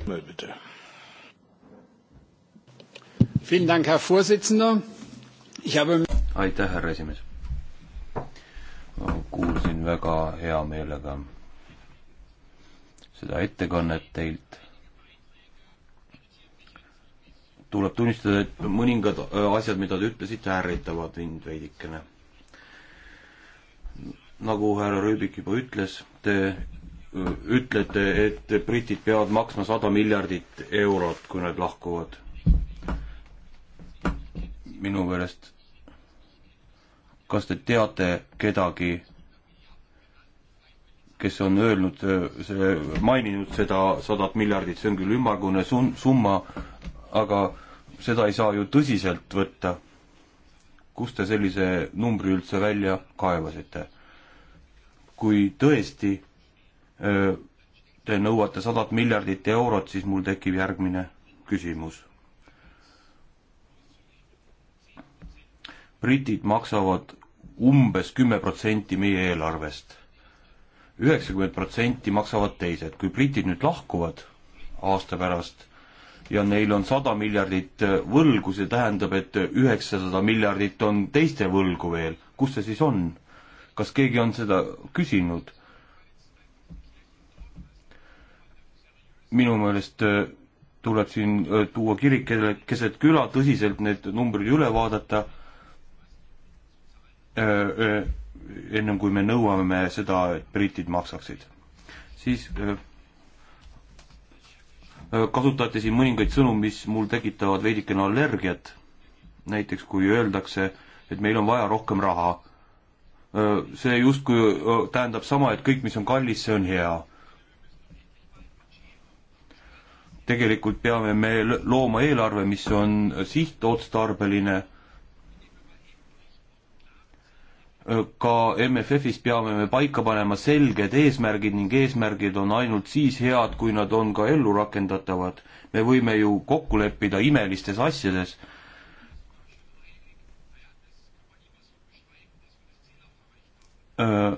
aitäh, härra esimees. kuulsin väga hea meelega seda ettekannet teilt. tuleb tunnistada, et mõningad äh, asjad, mida te ütlesite, ärritavad mind veidikene nagu härra Rüübik juba ütles, te ütlete, et britid peavad maksma sada miljardit eurot, kui nad lahkuvad. minu meelest, kas te teate kedagi, kes on öelnud, maininud seda sadat miljardit, see on küll ümmargune sum-, summa, aga seda ei saa ju tõsiselt võtta. kust te sellise numbri üldse välja kaevasite? kui tõesti öö, te nõuate sadat miljardit eurot, siis mul tekib järgmine küsimus. britid maksavad umbes kümme protsenti meie eelarvest. üheksakümmend protsenti maksavad teised. kui britid nüüd lahkuvad aasta pärast ja neil on sada miljardit võlgu, see tähendab, et üheksasada miljardit on teiste võlgu veel, kus see siis on? kas keegi on seda küsinud? minu meelest äh, tuleb siin äh, tuua kirik keset küla, tõsiselt need numbrid üle vaadata, äh, ennem kui me nõuame seda, et britid maksaksid. siis kasutate siin mõningaid sõnu, mis mul tekitavad veidikene allergiat. näiteks kui öeldakse, et meil on vaja rohkem raha see justkui tähendab sama, et kõik, mis on kallis, see on hea. tegelikult peame me looma eelarve, mis on sihtotstarbeline. ka MFF-is peame me paika panema selged eesmärgid ning eesmärgid on ainult siis head, kui nad on ka ellu rakendatavad. me võime ju kokku leppida imelistes asjades Äh,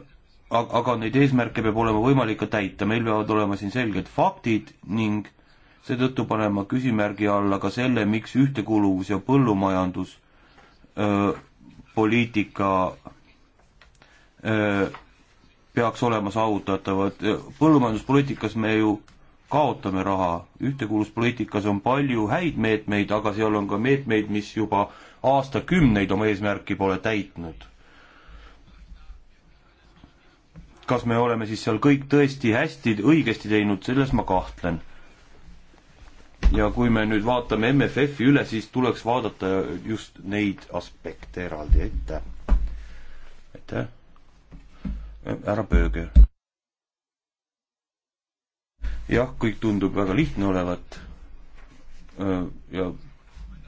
aga neid eesmärke peab olema võimalik ka täita, meil peavad olema siin selged faktid ning seetõttu panen ma küsimärgi alla ka selle, miks ühtekuuluvus ja põllumajandus öö, äh, poliitika öö, äh, peaks olema saavutatavad. põllumajanduspoliitikas me ju kaotame raha, ühtekuuluvuspoliitikas on palju häid meetmeid, aga seal on ka meetmeid, mis juba aastakümneid oma eesmärki pole täitnud. kas me oleme siis seal kõik tõesti hästi, õigesti teinud, selles ma kahtlen. ja kui me nüüd vaatame MFF-i üle, siis tuleks vaadata just neid aspekte eraldi, aitäh. aitäh. härra Pööger. jah, kõik tundub väga lihtne olevat. ja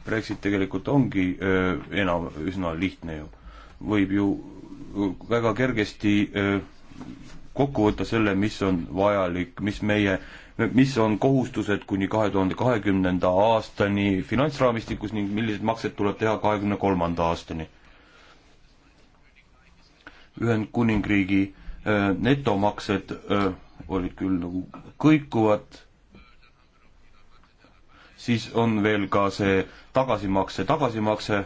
Brexit tegelikult ongi enam üsna lihtne ju, võib ju väga kergesti öö, kokku võtta selle, mis on vajalik, mis meie, mis on kohustused kuni kahe tuhande kahekümnenda aastani finantsraamistikus ning millised maksed tuleb teha kahekümne kolmanda aastani. Ühendkuningriigi netomaksed öö, olid küll nagu kõikuvad, siis on veel ka see tagasimakse, tagasimakse,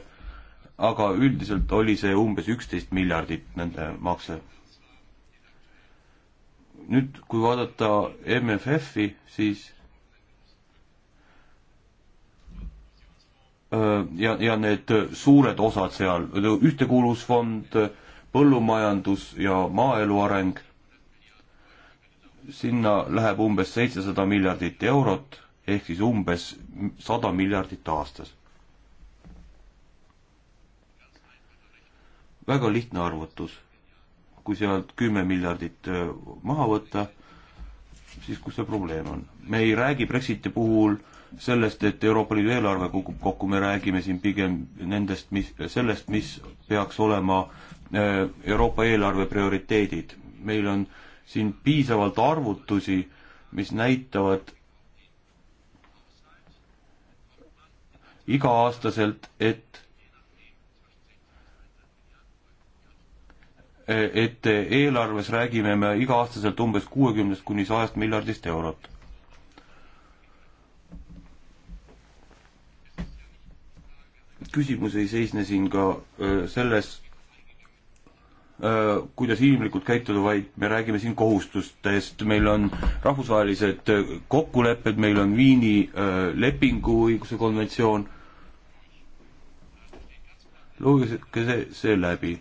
aga üldiselt oli see umbes üksteist miljardit nende makse nüüd, kui vaadata MFF-i, siis äh, ja, ja need suured osad seal, ühtekuuluvusfond, põllumajandus ja maaelu areng, sinna läheb umbes seitsesada miljardit eurot, ehk siis umbes sada miljardit aastas. väga lihtne arvutus kui sealt kümme miljardit äh, maha võtta, siis kus see probleem on? me ei räägi Brexiti puhul sellest, et Euroopa Liidu eelarve kukub kokku, me räägime siin pigem nendest, mis, sellest, mis peaks olema äh, Euroopa eelarve prioriteedid. meil on siin piisavalt arvutusi, mis näitavad iga-aastaselt, et et eelarves räägime me iga-aastaselt umbes kuuekümnest kuni sajast miljardist eurot. küsimus ei seisne siin ka äh, selles, äh, kuidas inimlikult käituda, vaid me räägime siin kohustustest, meil on rahvusvahelised äh, kokkulepped, meil on Viini lepingu õiguse konventsioon, lugege see, see läbi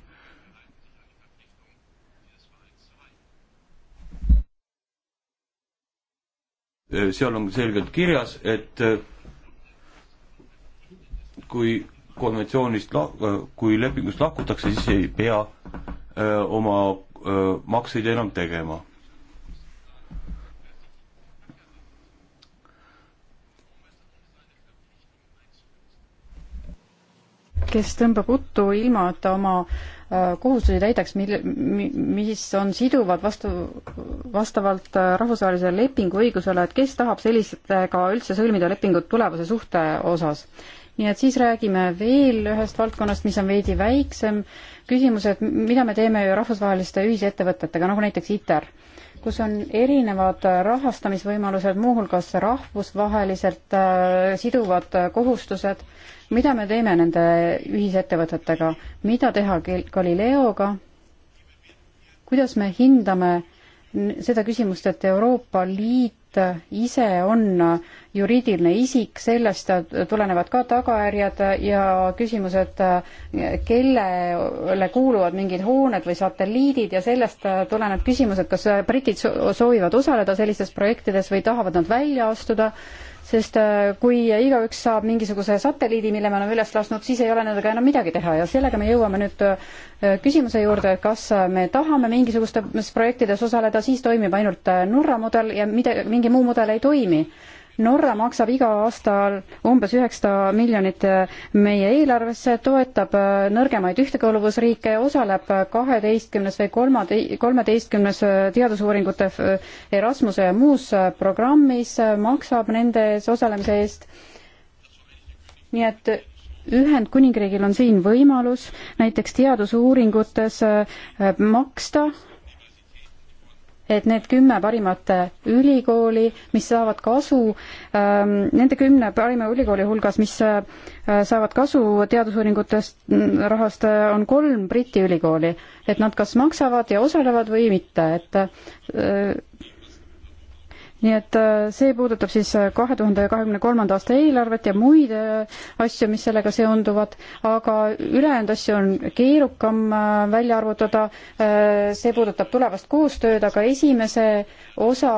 Äh, seal on selgelt kirjas, et äh, kui konventsioonist la-, äh, kui lepingust lahkutakse, siis ei pea öö, oma öö, makseid enam tegema. kes tõmbab uttu ilma, et ta oma öö, kohustusi täidaks, mille, mis on siduvad vastu, vastavalt äh, rahvusvahelisele lepingu õigusele, et kes tahab sellistega üldse sõlmida lepingut tulevase suhte osas nii et siis räägime veel ühest valdkonnast, mis on veidi väiksem, küsimus, et mida me teeme rahvusvaheliste ühisettevõtetega, nagu näiteks ITER, kus on erinevad rahastamisvõimalused, muuhulgas rahvusvaheliselt äh, siduvad kohustused, mida me teeme nende ühisettevõtetega, mida teha Galileoga, kuidas me hindame seda küsimust, et Euroopa Liit ise on juriidiline isik, sellest tulenevad ka tagajärjed ja küsimus, et kellele kuuluvad mingid hooned või satelliidid ja sellest tuleneb küsimus, et kas britid soovivad osaleda sellistes projektides või tahavad nad välja astuda sest äh, kui igaüks saab mingisuguse satelliidi, mille me oleme üles lasknud, siis ei ole nendega enam midagi teha ja sellega me jõuame nüüd äh, küsimuse juurde, kas me tahame mingisugustes projektides osaleda, siis toimib ainult äh, Norra mudel ja mida, mingi muu mudel ei toimi Norra maksab igal aastal umbes üheksasada miljonit meie eelarvesse, toetab äh, nõrgemaid ühtekuuluvusriike, osaleb kaheteistkümnes või kolmate, kolmeteistkümnes äh, teadusuuringute äh, Erasmuse ja muus programmis, maksab nendes osalemise eest. nii et Ühendkuningriigil on siin võimalus näiteks teadusuuringutes maksta et need kümme parimat ülikooli, mis saavad kasu, ähm, nende kümne parima ülikooli hulgas, mis äh, saavad kasu teadusuuringutest mm, rahast, äh, on kolm Briti ülikooli. et nad kas maksavad ja osalevad või mitte, et äh, nii et äh, see puudutab siis äh, kahe tuhande kahekümne kolmanda aasta eelarvet ja muid äh, asju, mis sellega seonduvad, aga ülejäänud asju on keerukam välja arvutada. see puudutab tulevast koostööd, aga esimese osa,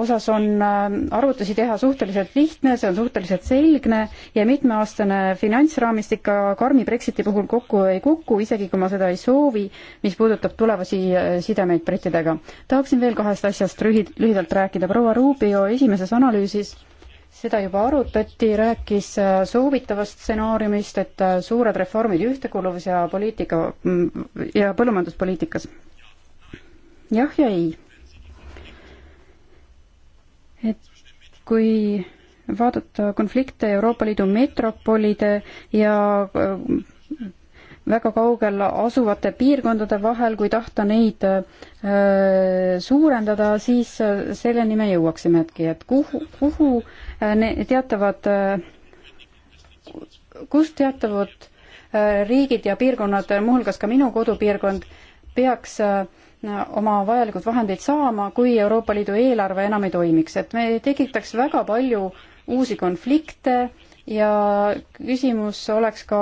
osas on arvutusi teha suhteliselt lihtne, see on suhteliselt selgne ja mitmeaastane finantsraamistik ka karmi Brexiti puhul kokku ei kuku, isegi kui ma seda ei soovi, mis puudutab tulevasi sidemeid brittidega. tahaksin veel kahest asjast lühidalt rääkida proua Rubio esimeses analüüsis seda juba arutati, rääkis äh, soovitavast stsenaariumist, et äh, suured reformid ühtekuuluvus ja poliitika mm, ja põllumajanduspoliitikas. jah ja ei. et kui vaadata konflikte Euroopa Liidu metropolide ja äh, väga kaugel asuvate piirkondade vahel, kui tahta neid öö, äh, suurendada, siis äh, selleni me jõuaksimegi, et kuhu, kuhu äh, teatavad, kus teatavad riigid ja piirkonnad, muuhulgas ka minu kodupiirkond, peaks oma vajalikud vahendid saama, kui Euroopa Liidu eelarve enam ei toimiks, et me tekitaks väga palju uusi konflikte ja küsimus oleks ka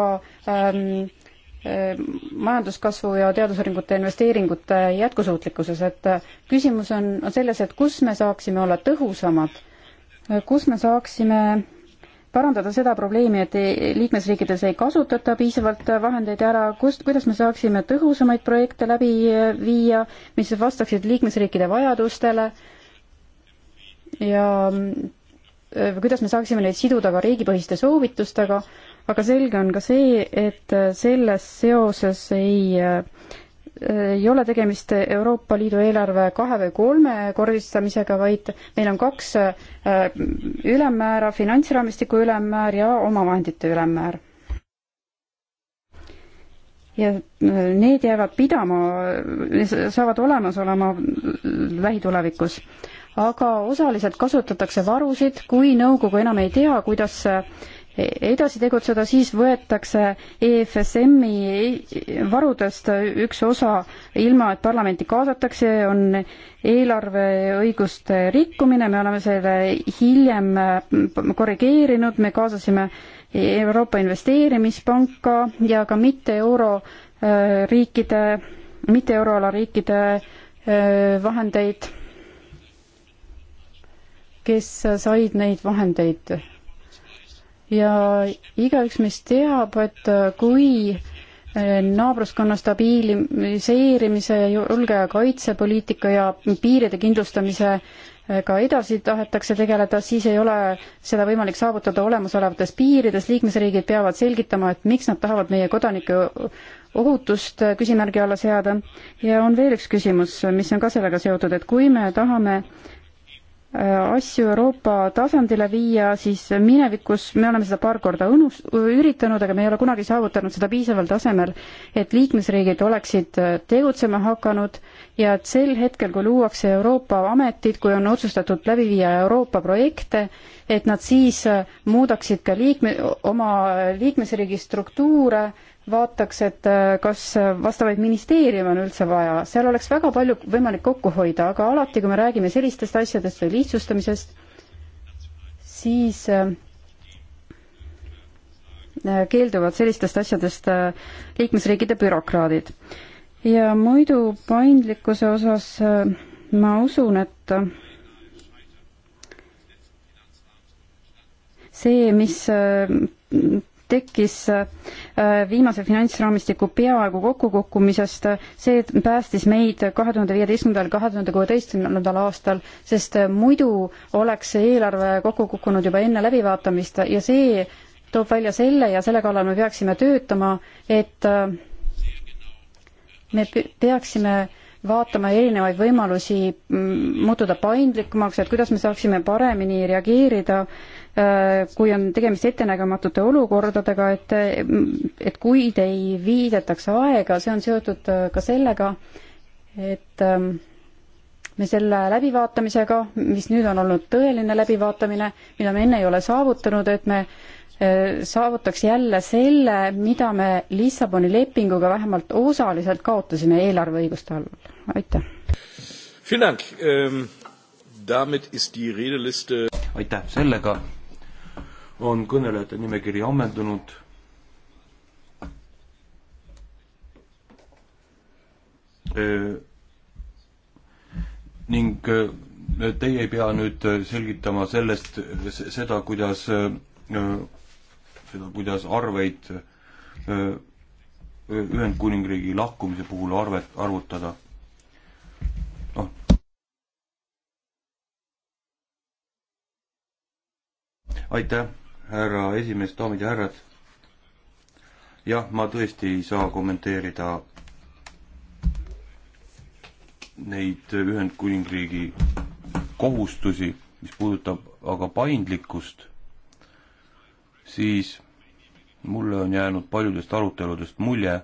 ähm, Ehm, majanduskasvu ja teadusuuringute investeeringute jätkusuutlikkuses, et äh, küsimus on, on selles, et kus me saaksime olla tõhusamad, äh, kus me saaksime parandada seda probleemi, et e-, liikmesriikides ei kasutata piisavalt äh, vahendeid ära, kust, kuidas me saaksime tõhusamaid projekte läbi viia, mis vastaksid liikmesriikide vajadustele ja mm, kuidas me saaksime neid siduda ka riigipõhiste soovitustega aga selge on ka see, et selles seoses ei ei ole tegemist Euroopa Liidu eelarve kahe või kolmekordistamisega, vaid meil on kaks äh, ülemmäära, finantsraamistiku ülemmäär ja omavahendite ülemmäär. ja äh, need jäävad pidama, saavad olemas olema lähitulevikus. aga osaliselt kasutatakse varusid, kui nõukogu enam ei tea, kuidas edasi tegutseda, siis võetakse EFSM-i varudest üks osa ilma, et parlamenti kaasatakse, on eelarveõiguste rikkumine, me oleme selle hiljem äh, korrigeerinud, me kaasasime Euroopa Investeerimispanka ja ka mitte euroriikide, mitte äh, euroala riikide äh, vahendeid, kes said neid vahendeid ja igaüks meist teab, et äh, kui äh, naabruskonna stabiliseerimise, julge- ja kaitsepoliitika ja piiride kindlustamise äh, ka edasi tahetakse tegeleda, siis ei ole seda võimalik saavutada olemasolevates piirides, liikmesriigid peavad selgitama, et miks nad tahavad meie kodanike ohutust küsimärgi alla seada. ja on veel üks küsimus, mis on ka sellega seotud, et kui me tahame äh, asju Euroopa tasandile viia, siis minevikus me oleme seda paar korda õnus-, üritanud, aga me ei ole kunagi saavutanud seda piisaval tasemel, et liikmesriigid oleksid tegutsema hakanud ja et sel hetkel, kui luuakse Euroopa ametid, kui on otsustatud läbi viia Euroopa projekte, et nad siis muudaksid ka liikme, oma liikmesriigi struktuure, vaataks, et äh, kas vastavaid ministeeriume on üldse vaja, seal oleks väga palju võimalik kokku hoida, aga alati, kui me räägime sellistest asjadest või lihtsustamisest, siis äh, äh, keelduvad sellistest asjadest liikmesriikide bürokraadid. ja muidu paindlikkuse osas ma usun, et see, mis tekkis äh, viimase finantsraamistiku peaaegu kokkukukkumisest, see päästis meid kahe tuhande viieteistkümnendal, kahe tuhande kuueteistkümnendal aastal, sest äh, muidu oleks see eelarve kokku kukkunud juba enne läbivaatamist ja see toob välja selle ja selle kallal me peaksime töötama, et äh, me peaksime vaatama erinevaid võimalusi mm, muutuda paindlikumaks, et kuidas me saaksime paremini reageerida äh, Äh, kui on tegemist ettenägematute olukordadega, et, et kuid ei viidetaks aega, see on seotud äh, ka sellega, et ähm, me selle läbivaatamisega, mis nüüd on olnud tõeline läbivaatamine, mida me enne ei ole saavutanud, et me äh, saavutaks jälle selle, mida me Lissaboni lepinguga vähemalt osaliselt kaotasime eelarveõiguste all. aitäh! Ähm, aitäh, sellega on kõnelejate nimekiri ammendunud. Äh, ning äh, teie ei pea nüüd äh, selgitama sellest, seda, kuidas, seda, kuidas arveid Ühendkuningriigi lahkumise puhul arvet, arvutada noh. aitäh! härra esimees, daamid ja härrad. jah, ma tõesti ei saa kommenteerida neid Ühendkuningriigi kohustusi, mis puudutab aga paindlikkust, siis mulle on jäänud paljudest aruteludest mulje,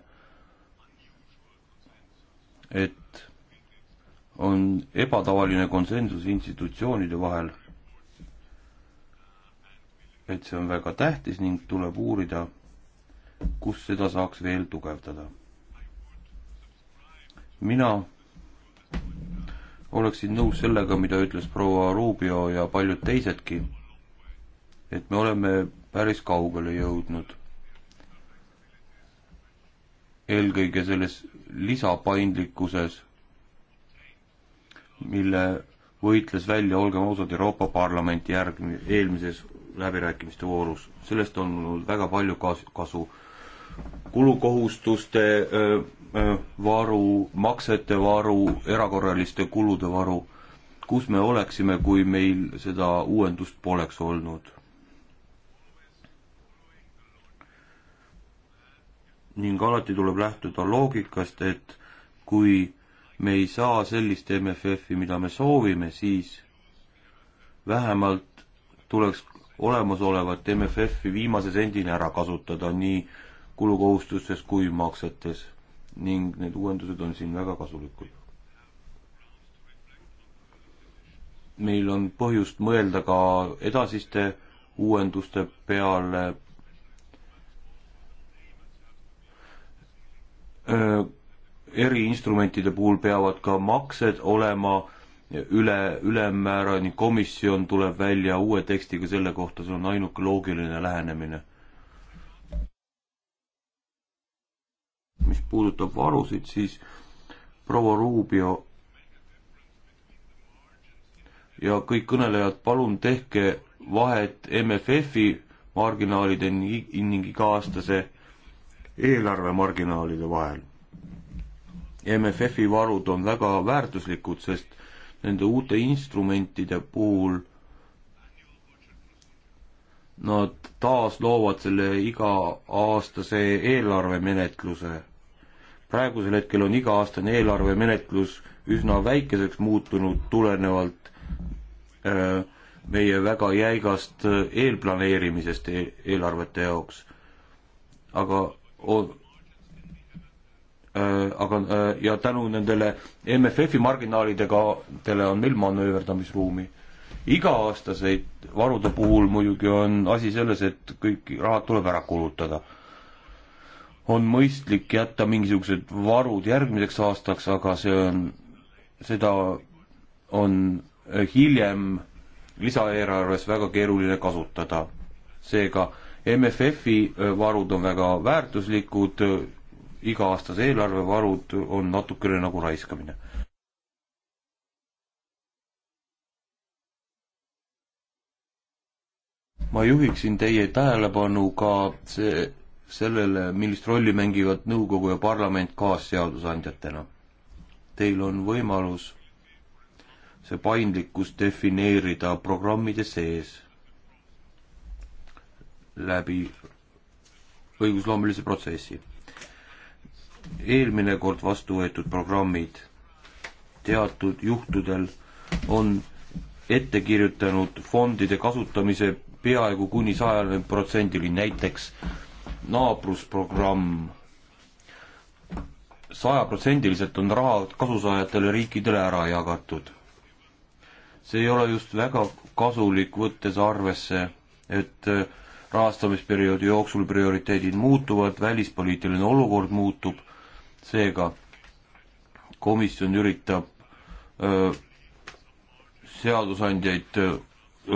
et on ebatavaline konsensus institutsioonide vahel et see on väga tähtis ning tuleb uurida, kus seda saaks veel tugevdada. mina oleksin nõus sellega, mida ütles proua Rubio ja paljud teisedki, et me oleme päris kaugele jõudnud. eelkõige selles lisapaindlikkuses, mille võitles välja, olgem ausad, Euroopa Parlament järgmi-, eelmises läbirääkimiste voorus. sellest on mul väga palju kas-, kasu. kulukohustuste öö, öö, varu, maksete varu, erakorraliste kulude varu, kus me oleksime, kui meil seda uuendust poleks olnud? ning alati tuleb lähtuda loogikast, et kui me ei saa sellist MFF-i, mida me soovime, siis vähemalt tuleks olemasolevat MFF-i viimase sendini ära kasutada nii kulukohustustes kui maksetes ning need uuendused on siin väga kasulikud. meil on põhjust mõelda ka edasiste uuenduste peale. eriinstrumentide puhul peavad ka maksed olema üle, ülemmäära ning komisjon tuleb välja uue tekstiga selle kohta, see on ainuke loogiline lähenemine. mis puudutab varusid, siis proua Rubio ja kõik kõnelejad, palun tehke vahet MFF-i marginaalide ning iga-aastase eelarve marginaalide vahel. MFF-i varud on väga väärtuslikud, sest nende uute instrumentide puhul nad taas loovad selle iga-aastase eelarvemenetluse. praegusel hetkel on iga-aastane eelarvemenetlus üsna väikeseks muutunud tulenevalt öö, äh, meie väga jäigast äh, eelplaneerimisest e-, eelarvete jaoks. aga on, Äh, aga äh, ja tänu nendele MFF-i marginaalidega teile on meil manööverdamisruumi. iga-aastaseid varude puhul muidugi on asi selles, et kõik rahad tuleb ära kulutada. on mõistlik jätta mingisugused varud järgmiseks aastaks, aga see on, seda on hiljem lisaeelarves väga keeruline kasutada. seega MFF-i varud on väga väärtuslikud iga-aastase eelarvevarud on natukene nagu raiskamine. ma juhiksin teie tähelepanu ka see, sellele, millist rolli mängivad nõukogu ja parlament kaasseadusandjatena. Teil on võimalus see paindlikkus defineerida programmide sees läbi õigusloomelise protsessi eelmine kord vastu võetud programmid teatud juhtudel on ette kirjutanud fondide kasutamise peaaegu kuni sajale protsendini, näiteks naabrusprogramm sajaprotsendiliselt on raha kasusaajatele riikidele ära jagatud. see ei ole just väga kasulik, võttes arvesse, et äh, rahastamisperioodi jooksul prioriteedid muutuvad, välispoliitiline olukord muutub seega komisjon üritab öö, seadusandjaid öö,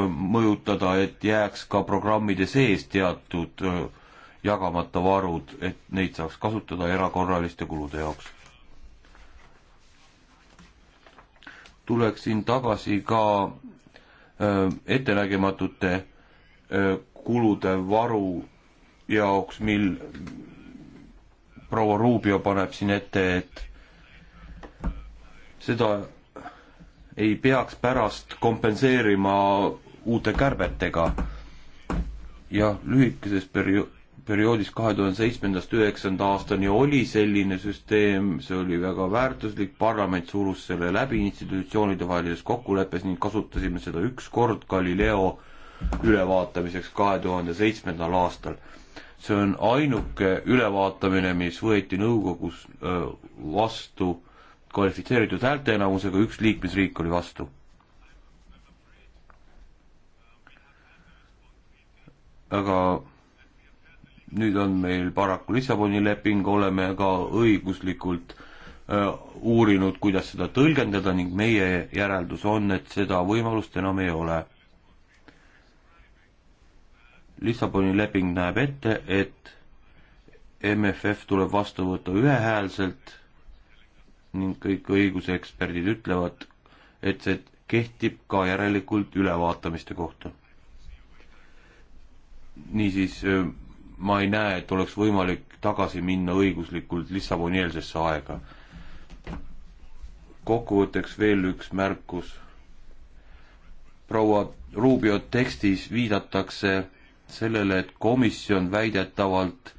mõjutada, et jääks ka programmide sees teatud öö, jagamata varud, et neid saaks kasutada erakorraliste kulude jaoks. tuleksin tagasi ka öö, ettenägematute öö, kulude varu jaoks, mil proua Rubio paneb siin ette, et seda ei peaks pärast kompenseerima uute kärbetega. jah, lühikeses perio-, perioodis kahe tuhande seitsmendast üheksanda aastani oli selline süsteem, see oli väga väärtuslik, parlament surus selle läbi institutsioonide vahelises kokkuleppes ning kasutasime seda üks kord Galileo ülevaatamiseks kahe tuhande seitsmendal aastal see on ainuke ülevaatamine, mis võeti nõukogus vastu kvalifitseeritud häälteenamusega, üks liikmesriik oli vastu. aga nüüd on meil paraku Lissaboni leping, oleme ka õiguslikult uurinud, kuidas seda tõlgendada ning meie järeldus on, et seda võimalust enam ei ole Lissaboni leping näeb ette, et MFF tuleb vastu võtta ühehäälselt ning kõik õiguseksperdid ütlevad, et see kehtib ka järelikult ülevaatamiste kohta. niisiis ma ei näe, et oleks võimalik tagasi minna õiguslikult Lissaboni-eelsesse aega. kokkuvõtteks veel üks märkus. proua Rubio tekstis viidatakse sellele, et komisjon väidetavalt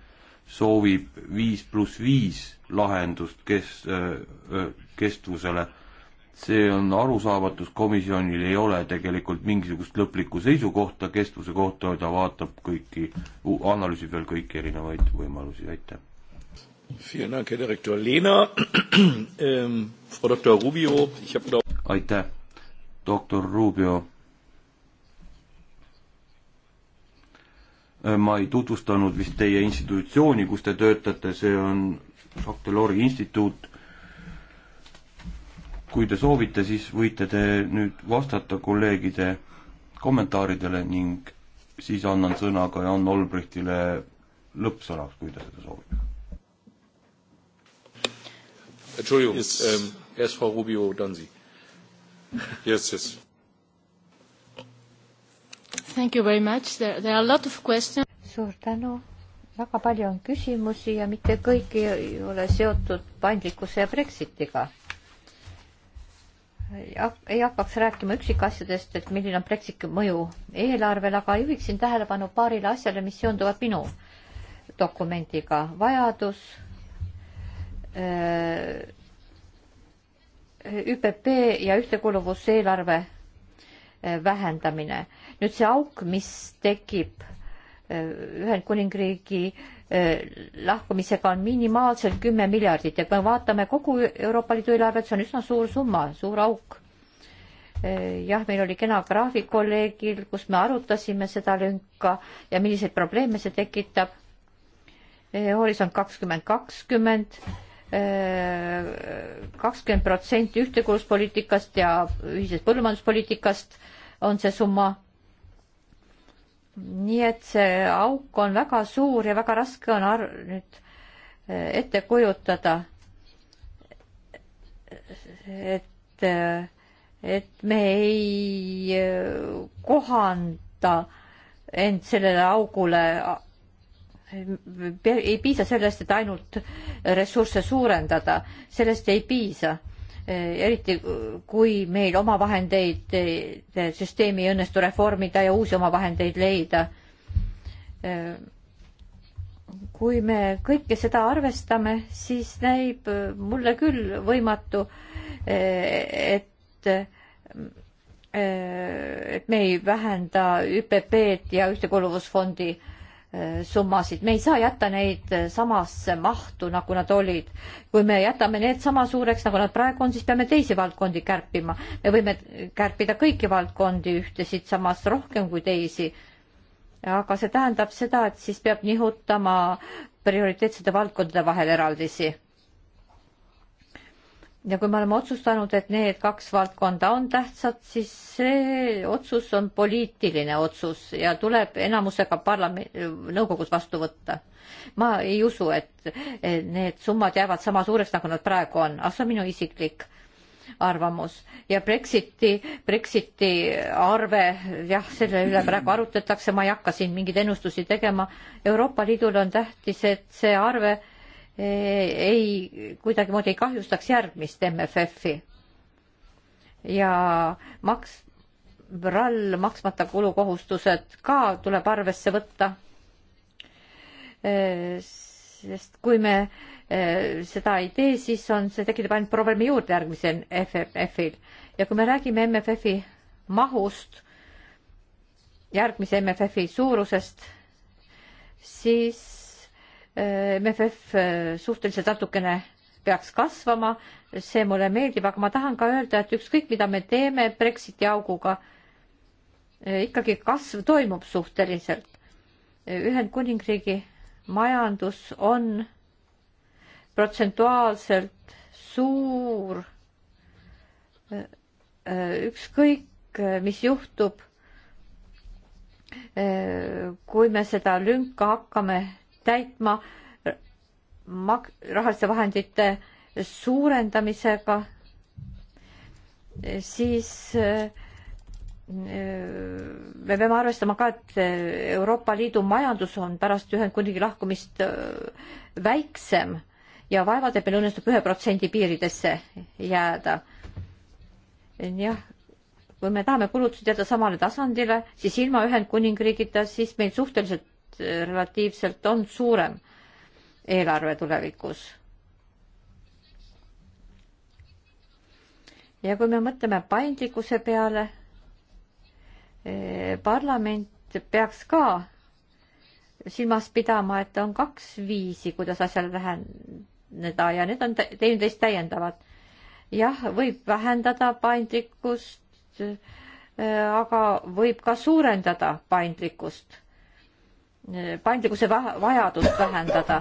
soovib viis pluss viis lahendust kes-, kestvusele. see on arusaamatus, komisjonil ei ole tegelikult mingisugust lõplikku seisukohta kestvuse kohta, ta vaatab kõiki, analüüsib veel kõiki erinevaid võimalusi, aitäh. Ähm, aitäh, doktor Rubio Äh, ma ei tutvustanud vist teie institutsiooni, kus te töötate, see on Jacques Delors'i instituut. kui te soovite, siis võite te nüüd vastata kolleegide kommentaaridele ning siis annan sõna ka Jan Olbrichtile lõppsõnaks, kui ta seda soovib. Entschuldigung yes., ähm, erst Frau Rubio, dann Sie. Yes, yes. Thank you very much. There, there are a lot of questions. suur tänu. väga palju on küsimusi ja mitte kõik ei ole seotud paindlikkuse ja Brexitiga. ei hakkaks rääkima üksikasjadest, et milline on Brexiti mõju eelarvele, aga juhiksin tähelepanu paarile asjale, mis seonduvad minu dokumendiga. vajadus öö, äh, ÜPP ja ühtekuuluvuseelarve Eh, vähendamine. nüüd see auk, mis tekib eh, Ühendkuningriigi eh, lahkumisega on minimaalselt kümme miljardit ja kui me vaatame kogu Euroopa Liidu eelarvet, see on üsna suur summa, suur auk. jah, meil oli kena graafik kolleegil, kus me arutasime seda lünka ja milliseid probleeme see tekitab. horisont kakskümmend kakskümmend, kakskümmend protsenti ühtekuuluvuspoliitikast ja ühisest põllumajanduspoliitikast on see summa. nii et see auk on väga suur ja väga raske on ar-, nüüd eh, ette kujutada, et, eh, et me ei eh, kohanda end sellele augule ei piisa sellest, et ainult ressursse suurendada, sellest ei piisa. Eh, eriti eh, kui meil omavahendeid eh, süsteemi ei õnnestu reformida ja uusi omavahendeid leida. kui me kõike seda arvestame, siis näib mulle küll võimatu, et et me ei vähenda ÜPP-d ja ühtekuuluvusfondi äh, Eh, summasid, me ei saa jätta neid eh, samasse mahtu, nagu nad olid. kui me jätame need sama suureks, nagu nad praegu on, siis peame teisi valdkondi kärpima. me võime kärpida kõiki valdkondi ühtesid samas rohkem kui teisi. aga see tähendab seda, et siis peab nihutama prioriteetsete valdkondade vahel eraldisi ja kui me oleme otsustanud, et need kaks valdkonda on tähtsad, siis see otsus on poliitiline otsus ja tuleb enamusega parlamendi, äh, nõukogus vastu võtta. ma ei usu, et need summad jäävad sama suureks, nagu nad praegu on, aga see on minu isiklik arvamus ja Brexiti, Brexiti arve, jah, selle üle praegu arutletakse, ma ei hakka siin mingeid ennustusi tegema. Euroopa Liidul on tähtis, et see arve äh, Eh, ei, kuidagimoodi ei kahjustaks järgmist MFF-i. ja maks-, RAL maksmata kulukohustused ka tuleb arvesse võtta. Eh, sest kui me eh, seda ei tee, siis on, see tekitab ainult probleeme juurde järgmisel FFF-il ja kui me räägime MFF-i mahust, järgmise MFF-i suurusest, siis MFF äh, suhteliselt natukene peaks kasvama, see mulle meeldib, aga ma tahan ka öelda, et ükskõik, mida me teeme Brexiti auguga, äh, ikkagi kasv toimub suhteliselt. Äh, Ühendkuningriigi majandus on protsentuaalselt suur, ükskõik, mis juhtub, kui me seda lünka hakkame täitma mak-, rahaliste vahendite suurendamisega, siis äh, me peame arvestama ka, et Euroopa Liidu majandus on pärast Ühendkuningriigi lahkumist äh, väiksem ja vaevalt, et meil õnnestub ühe protsendi piiridesse jääda. jah, kui me tahame kulutusi teada samale tasandile, siis ilma Ühendkuningriigita, siis meil suhteliselt relatiivselt on suurem eelarve tulevikus. ja kui me mõtleme paindlikkuse peale, eh, parlament peaks ka silmas pidama, et on kaks viisi, kuidas asjale läheneda ja need on teineteist täiendavad. jah, võib vähendada paindlikkust, eh, aga võib ka suurendada paindlikkust paindlikkuse vajadust vähendada.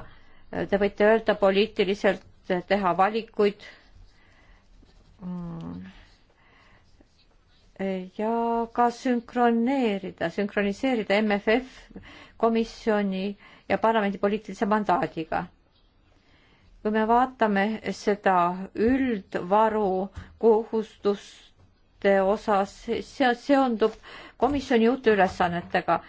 Te võite öelda poliitiliselt teha valikuid. Mm. ja ka sünkroneerida, sünkroniseerida MFF komisjoni ja parlamendi poliitilise mandaadiga. kui me vaatame seda üldvaru kohustuste osas, see seondub komisjoni uute ülesannetega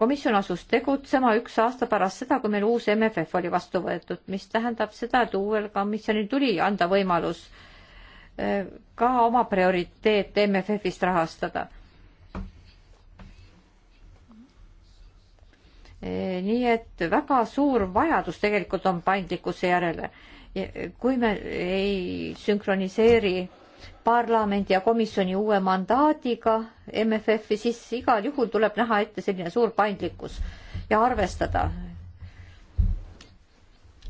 komisjon asus tegutsema üks aasta pärast seda, kui meil uus MFF oli vastu võetud, mis tähendab seda, et uuel komisjonil tuli anda võimalus eh, ka oma prioriteete MFF-ist rahastada. Eh, nii et väga suur vajadus tegelikult on paindlikkuse järele. kui me ei sünkroniseeri parlamendi ja komisjoni uue mandaadiga MFF-i, siis igal juhul tuleb näha ette selline suur paindlikkus ja arvestada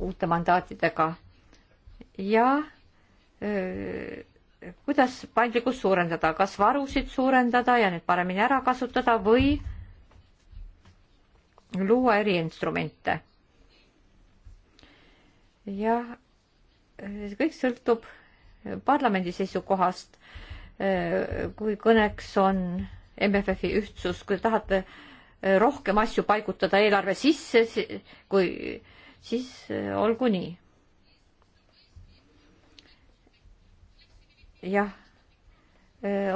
uute mandaatidega. ja öö, kuidas paindlikkust suurendada, kas varusid suurendada ja need paremini ära kasutada või luua eriinstrumente. jah, kõik sõltub parlamendi seisukohast, kui kõneks on MFF-i ühtsus, kui tahate rohkem asju paigutada eelarve sisse, kui siis olgu nii. jah,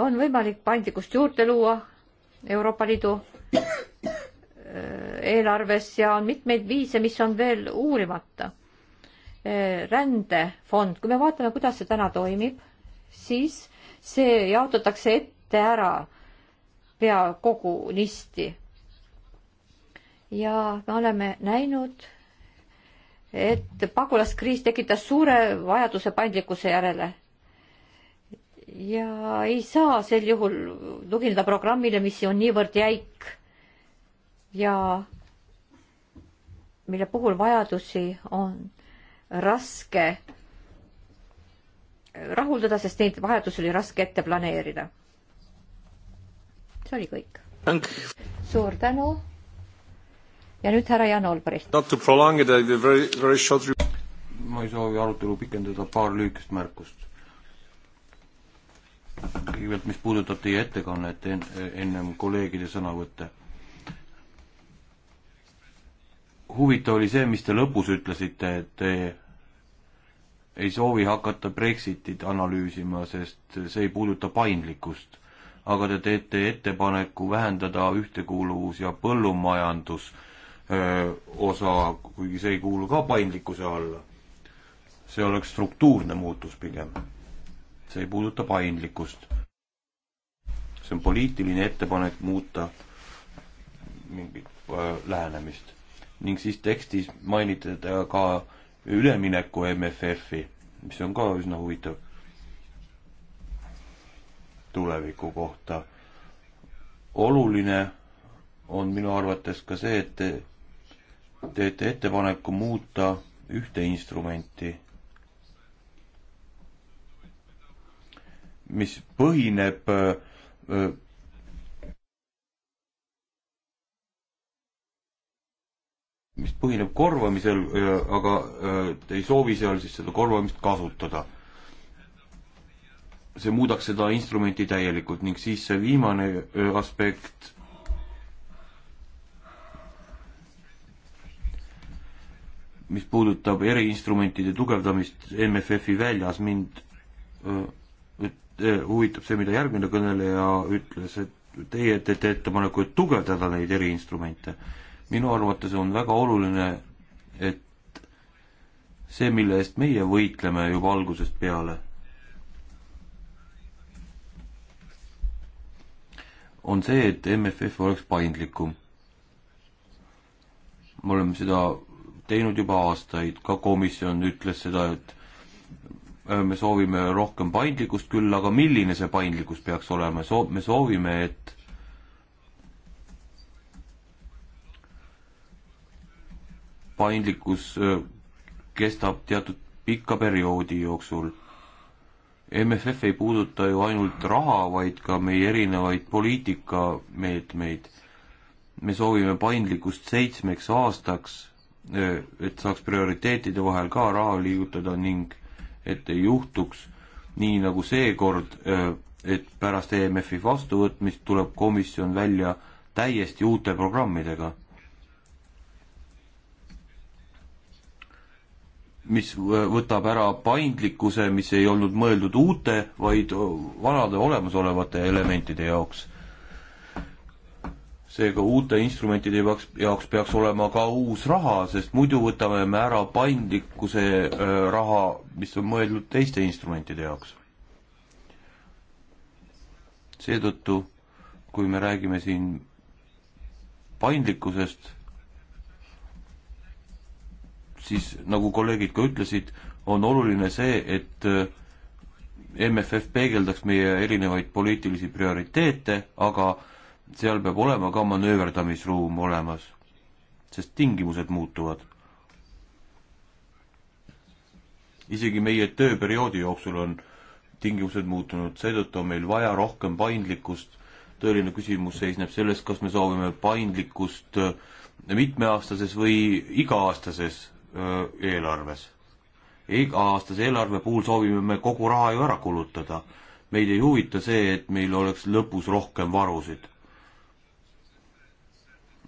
on võimalik paindlikkust juurde luua Euroopa Liidu eelarves ja on mitmeid viise, mis on veel uurimata Eh, rändefond, kui me vaatame, kuidas see täna toimib, siis see jaotatakse ette ära pea kogunisti. ja me oleme näinud, et pagulaskriis tekitas suure vajaduse paindlikkuse järele. ja ei saa sel juhul tugineda programmile, mis on niivõrd jäik ja mille puhul vajadusi on raske rahuldada, sest neid vajadusi oli raske ette planeerida. see oli kõik. suur tänu. ja nüüd härra Jan Olbrecht. ma ei soovi arutelu pikendada, paar lühikest märkust. kõigepealt, mis puudutab teie ettekannet en-, ennem kolleegide sõnavõtte. huvitav oli see, mis te lõpus ütlesite, et te ei soovi hakata Brexitit analüüsima, sest see ei puuduta paindlikkust. aga te teete ettepaneku vähendada ühtekuuluvus- ja põllumajandus öö, osa, kuigi see ei kuulu ka paindlikkuse alla. see oleks struktuurne muutus pigem. see ei puuduta paindlikkust. see on poliitiline ettepanek muuta mingit öö, lähenemist. ning siis tekstis mainite ka ülemineku MFF-i, mis on ka üsna huvitav tuleviku kohta. oluline on minu arvates ka see, et te teete ettepaneku muuta ühte instrumenti, mis põhineb öö, äh, mis põhineb korvamisel, aga te ei soovi seal siis seda korvamist kasutada. see muudaks seda instrumenti täielikult ning siis see viimane aspekt. mis puudutab eriinstrumentide tugevdamist MFF-i väljas, mind huvitab see, mida järgmine kõneleja ütles, et teie teete ettepaneku, et tugevdada neid eriinstrumente minu arvates on väga oluline, et see, mille eest meie võitleme juba algusest peale, on see, et MFF oleks paindlikum. me oleme seda teinud juba aastaid, ka komisjon ütles seda, et äh, me soovime rohkem paindlikkust küll, aga milline see paindlikkus peaks olema, soo-, me soovime, et paindlikkus kestab teatud pika perioodi jooksul. MFF ei puuduta ju ainult raha, vaid ka meie erinevaid poliitikameetmeid. me soovime paindlikkust seitsmeks aastaks, et saaks prioriteetide vahel ka raha liigutada ning et ei juhtuks nii nagu seekord, et pärast EMF-i vastuvõtmist tuleb komisjon välja täiesti uute programmidega mis võtab ära paindlikkuse, mis ei olnud mõeldud uute, vaid vanade olemasolevate elementide jaoks. seega uute instrumentide jaoks, jaoks peaks olema ka uus raha, sest muidu võtame me ära paindlikkuse raha, mis on mõeldud teiste instrumentide jaoks. seetõttu, kui me räägime siin paindlikkusest siis nagu kolleegid ka ütlesid, on oluline see, et äh, MFF peegeldaks meie erinevaid poliitilisi prioriteete, aga seal peab olema ka manööverdamisruum olemas, sest tingimused muutuvad. isegi meie tööperioodi jooksul on tingimused muutunud, seetõttu on meil vaja rohkem paindlikkust. tõeline küsimus seisneb selles, kas me soovime paindlikkust äh, mitmeaastases või iga-aastases eelarves. iga-aastase eelarve puhul soovime me kogu raha ju ära kulutada. meid ei huvita see, et meil oleks lõpus rohkem varusid.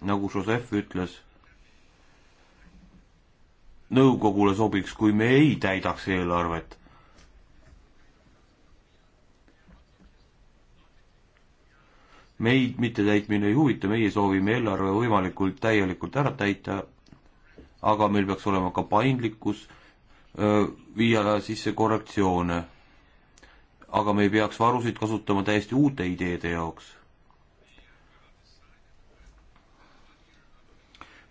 nagu Joseph ütles, nõukogule sobiks, kui me ei täidaks eelarvet meid mittetäitmine ei huvita, meie soovime eelarve võimalikult täielikult ära täita aga meil peaks olema ka paindlikkus viia sisse korrektsioone. aga me ei peaks varusid kasutama täiesti uute ideede jaoks.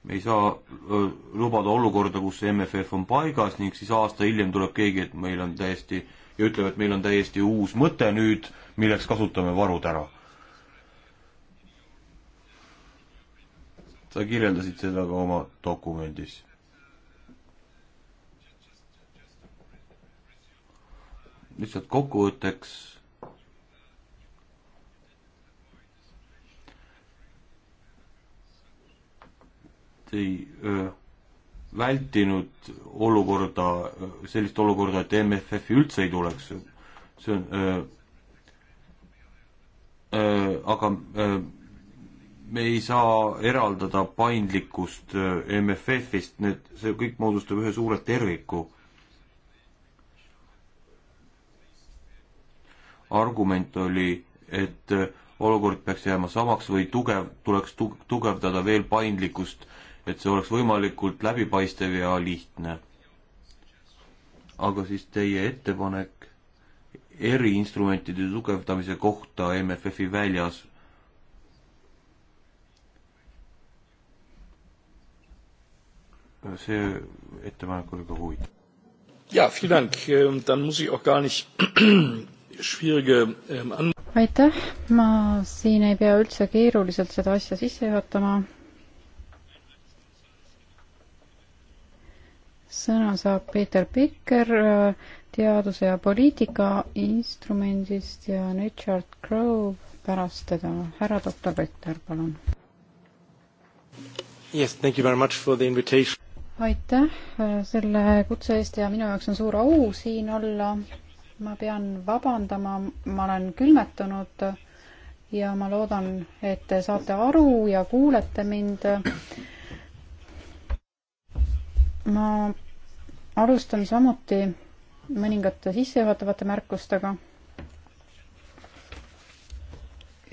me ei saa öö, lubada olukorda, kus MFF on paigas ning siis aasta hiljem tuleb keegi, et meil on täiesti ja ütleb, et meil on täiesti uus mõte nüüd, milleks kasutame varud ära sa kirjeldasid seda ka oma dokumendis. lihtsalt kokkuvõtteks te ei öö, vältinud olukorda, sellist olukorda, et MFF-i üldse ei tuleks. see on öö, öö, aga öö, me ei saa eraldada paindlikkust äh, MFF-ist, need, see kõik moodustab ühe suure terviku. argument oli, et äh, olukord peaks jääma samaks või tugev, tuleks tu-, tugevdada veel paindlikkust, et see oleks võimalikult läbipaistev ja lihtne. aga siis teie ettepanek eriinstrumentide tugevdamise kohta MFF-i väljas see ettepanek oli ka huvitav. jaa, vielen Dank, ähm, dann muss ich auch gar nicht [clears throat] schwierige ähm, aitäh, ma siin ei pea üldse keeruliselt seda asja sisse juhatama. sõna saab Peeter Pikker äh, teaduse ja poliitika instrumendist ja Richard Grove pärast teda. härra doktor Petter, palun. Yes, thank you very much for the invitation aitäh äh, selle kutse eest ja minu jaoks on suur au siin olla. ma pean vabandama, ma olen külmetunud ja ma loodan, et te saate aru ja kuulete mind. ma alustan samuti mõningate sissejuhatavate märkustega.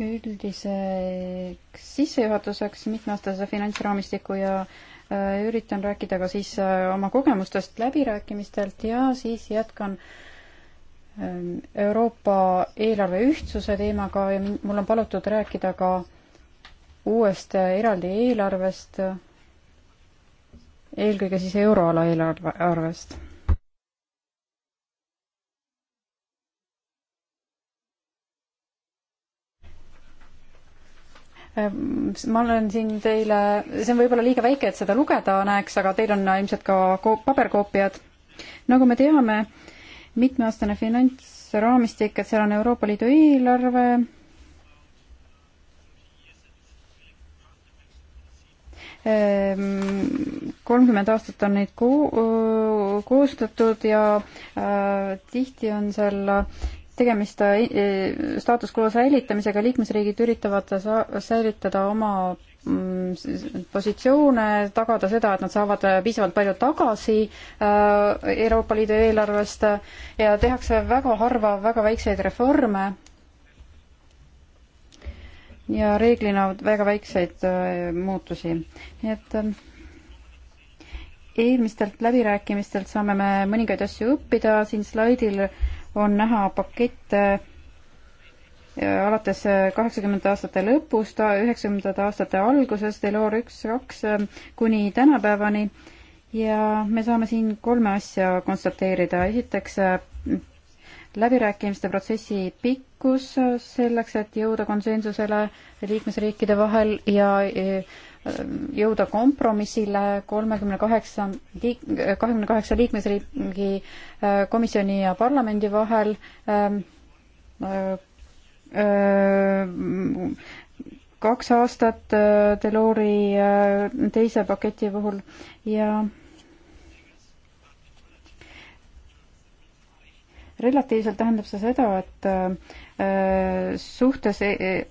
üldiseks sissejuhatuseks mitmeaastase finantsraamistiku ja Äh, üritan rääkida ka siis äh, oma kogemustest läbirääkimistelt ja siis jätkan ähm, Euroopa eelarve ühtsuse teemaga ja mul on palutud rääkida ka uuest äh, eraldi eelarvest, eelkõige siis euroala eelarvest Ehm, ma olen siin teile, see on võib-olla liiga väike, et seda lugeda näeks, aga teil on ilmselt ka ko-, paberkoopiad. nagu me teame, mitmeaastane finantsraamistik, et seal on Euroopa Liidu eelarve, ehm, kolmkümmend aastat on neid ko-, koostatud ja äh, tihti on seal äh, tegemist eh, staatus quo säilitamisega, liikmesriigid üritavad säilitada oma mm, positsioone, tagada seda, et nad saavad piisavalt palju tagasi äh, Euroopa Liidu eelarvest ja tehakse väga harva väga väikseid reforme ja reeglina väga väikseid äh, muutusi. nii et äh, eelmistelt läbirääkimistelt saame me mõningaid asju õppida, siin slaidil äh, on näha pakette äh, alates äh, kaheksakümnendate aastate lõpust, äh, üheksakümnendate aastate algusest, Delor üks, kaks kuni tänapäevani ja me saame siin kolme asja konstateerida. esiteks läbirääkimiste protsessi pikkus selleks, et jõuda konsensusele liikmesriikide vahel ja jõuda kompromissile kolmekümne kaheksa liik-, kahekümne kaheksa liikmesriigi äh, komisjoni ja parlamendi vahel ähm, äh, kaks aastat äh, Delori teise paketi puhul ja relatiivselt tähendab see seda, et Äh, suhtes e- e-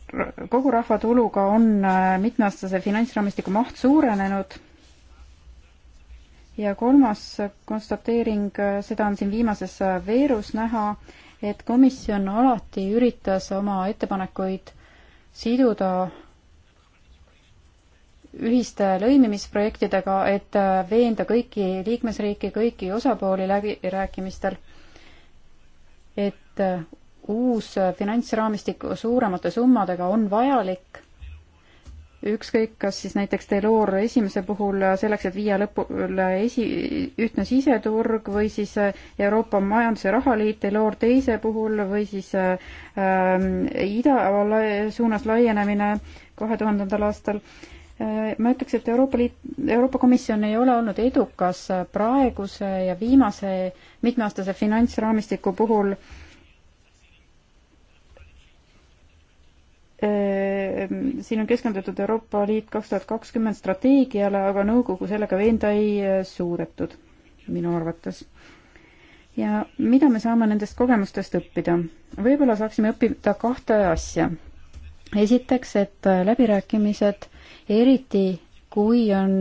kogu rahvatuluga on äh, mitmeaastase finantsraamistiku maht suurenenud ja kolmas konstateering, äh, seda on siin viimases veerus näha, et komisjon alati üritas oma ettepanekuid siduda ühiste lõimimisprojektidega, et veenda kõiki liikmesriike, kõiki osapooli läbirääkimistel, et uus finantsraamistik suuremate summadega on vajalik, ükskõik, kas siis näiteks Delor esimese puhul selleks, et viia lõpule esi, ühtne siseturg või siis Euroopa Majandus- ja Rahaliit, Delor teise puhul või siis äh, ida suunas laienemine kahe tuhandendal aastal äh,. ma ütleks, et Euroopa Liit, Euroopa Komisjon ei ole olnud edukas praeguse ja viimase mitmeaastase finantsraamistiku puhul äh, Ehm, siin on keskendutud Euroopa Liit kaks tuhat kakskümmend strateegiale, aga nõukogu sellega veenda ei eh, suudetud, minu arvates. ja mida me saame nendest kogemustest õppida? võib-olla saaksime õppida kahte asja. esiteks, et eh, läbirääkimised, eriti kui on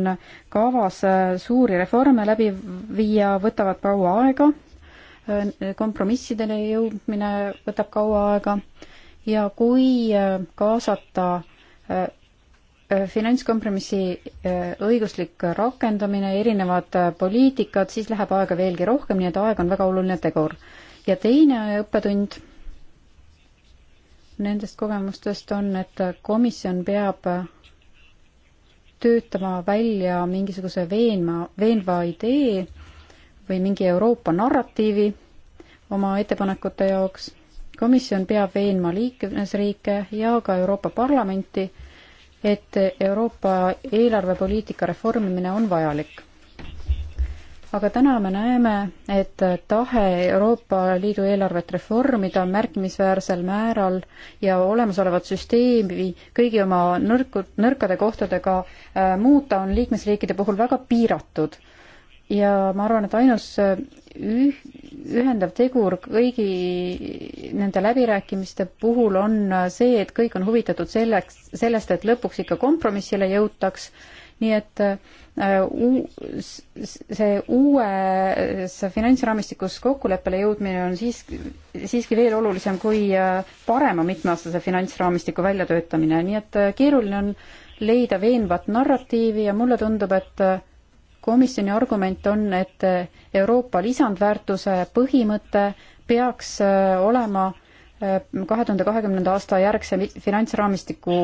kavas eh, suuri reforme läbi viia, võtavad kaua aega, kompromissidele jõudmine võtab kaua aega ja kui äh, kaasata äh, äh, finantskompromissi õiguslik rakendamine, erinevad poliitikad, siis läheb aega veelgi rohkem, nii et aeg on väga oluline tegur. ja teine õppetund nendest kogemustest on, et komisjon peab töötama välja mingisuguse veenma, veenva idee või mingi Euroopa narratiivi oma ettepanekute jaoks komisjon peab veenma liikmesriike ja ka Euroopa Parlamenti, et Euroopa eelarvepoliitika reformimine on vajalik. aga täna me näeme, et tahe Euroopa Liidu eelarvet reformida märkimisväärsel määral ja olemasolevat süsteemi kõigi oma nõrku, nõrkade kohtadega äh, muuta on liikmesriikide puhul väga piiratud ja ma arvan, et ainus üh-, ühendav tegur kõigi nende läbirääkimiste puhul on see, et kõik on huvitatud selleks, sellest, et lõpuks ikka kompromissile jõutaks, nii et äh, see uues finantsraamistikus kokkuleppele jõudmine on siis, siiski veel olulisem kui äh, parema mitmeaastase finantsraamistiku väljatöötamine, nii et äh, keeruline on leida veenvat narratiivi ja mulle tundub, et komisjoni argument on, et Euroopa lisandväärtuse põhimõte peaks äh, olema äh, kahe tuhande kahekümnenda aasta järgse finantsraamistiku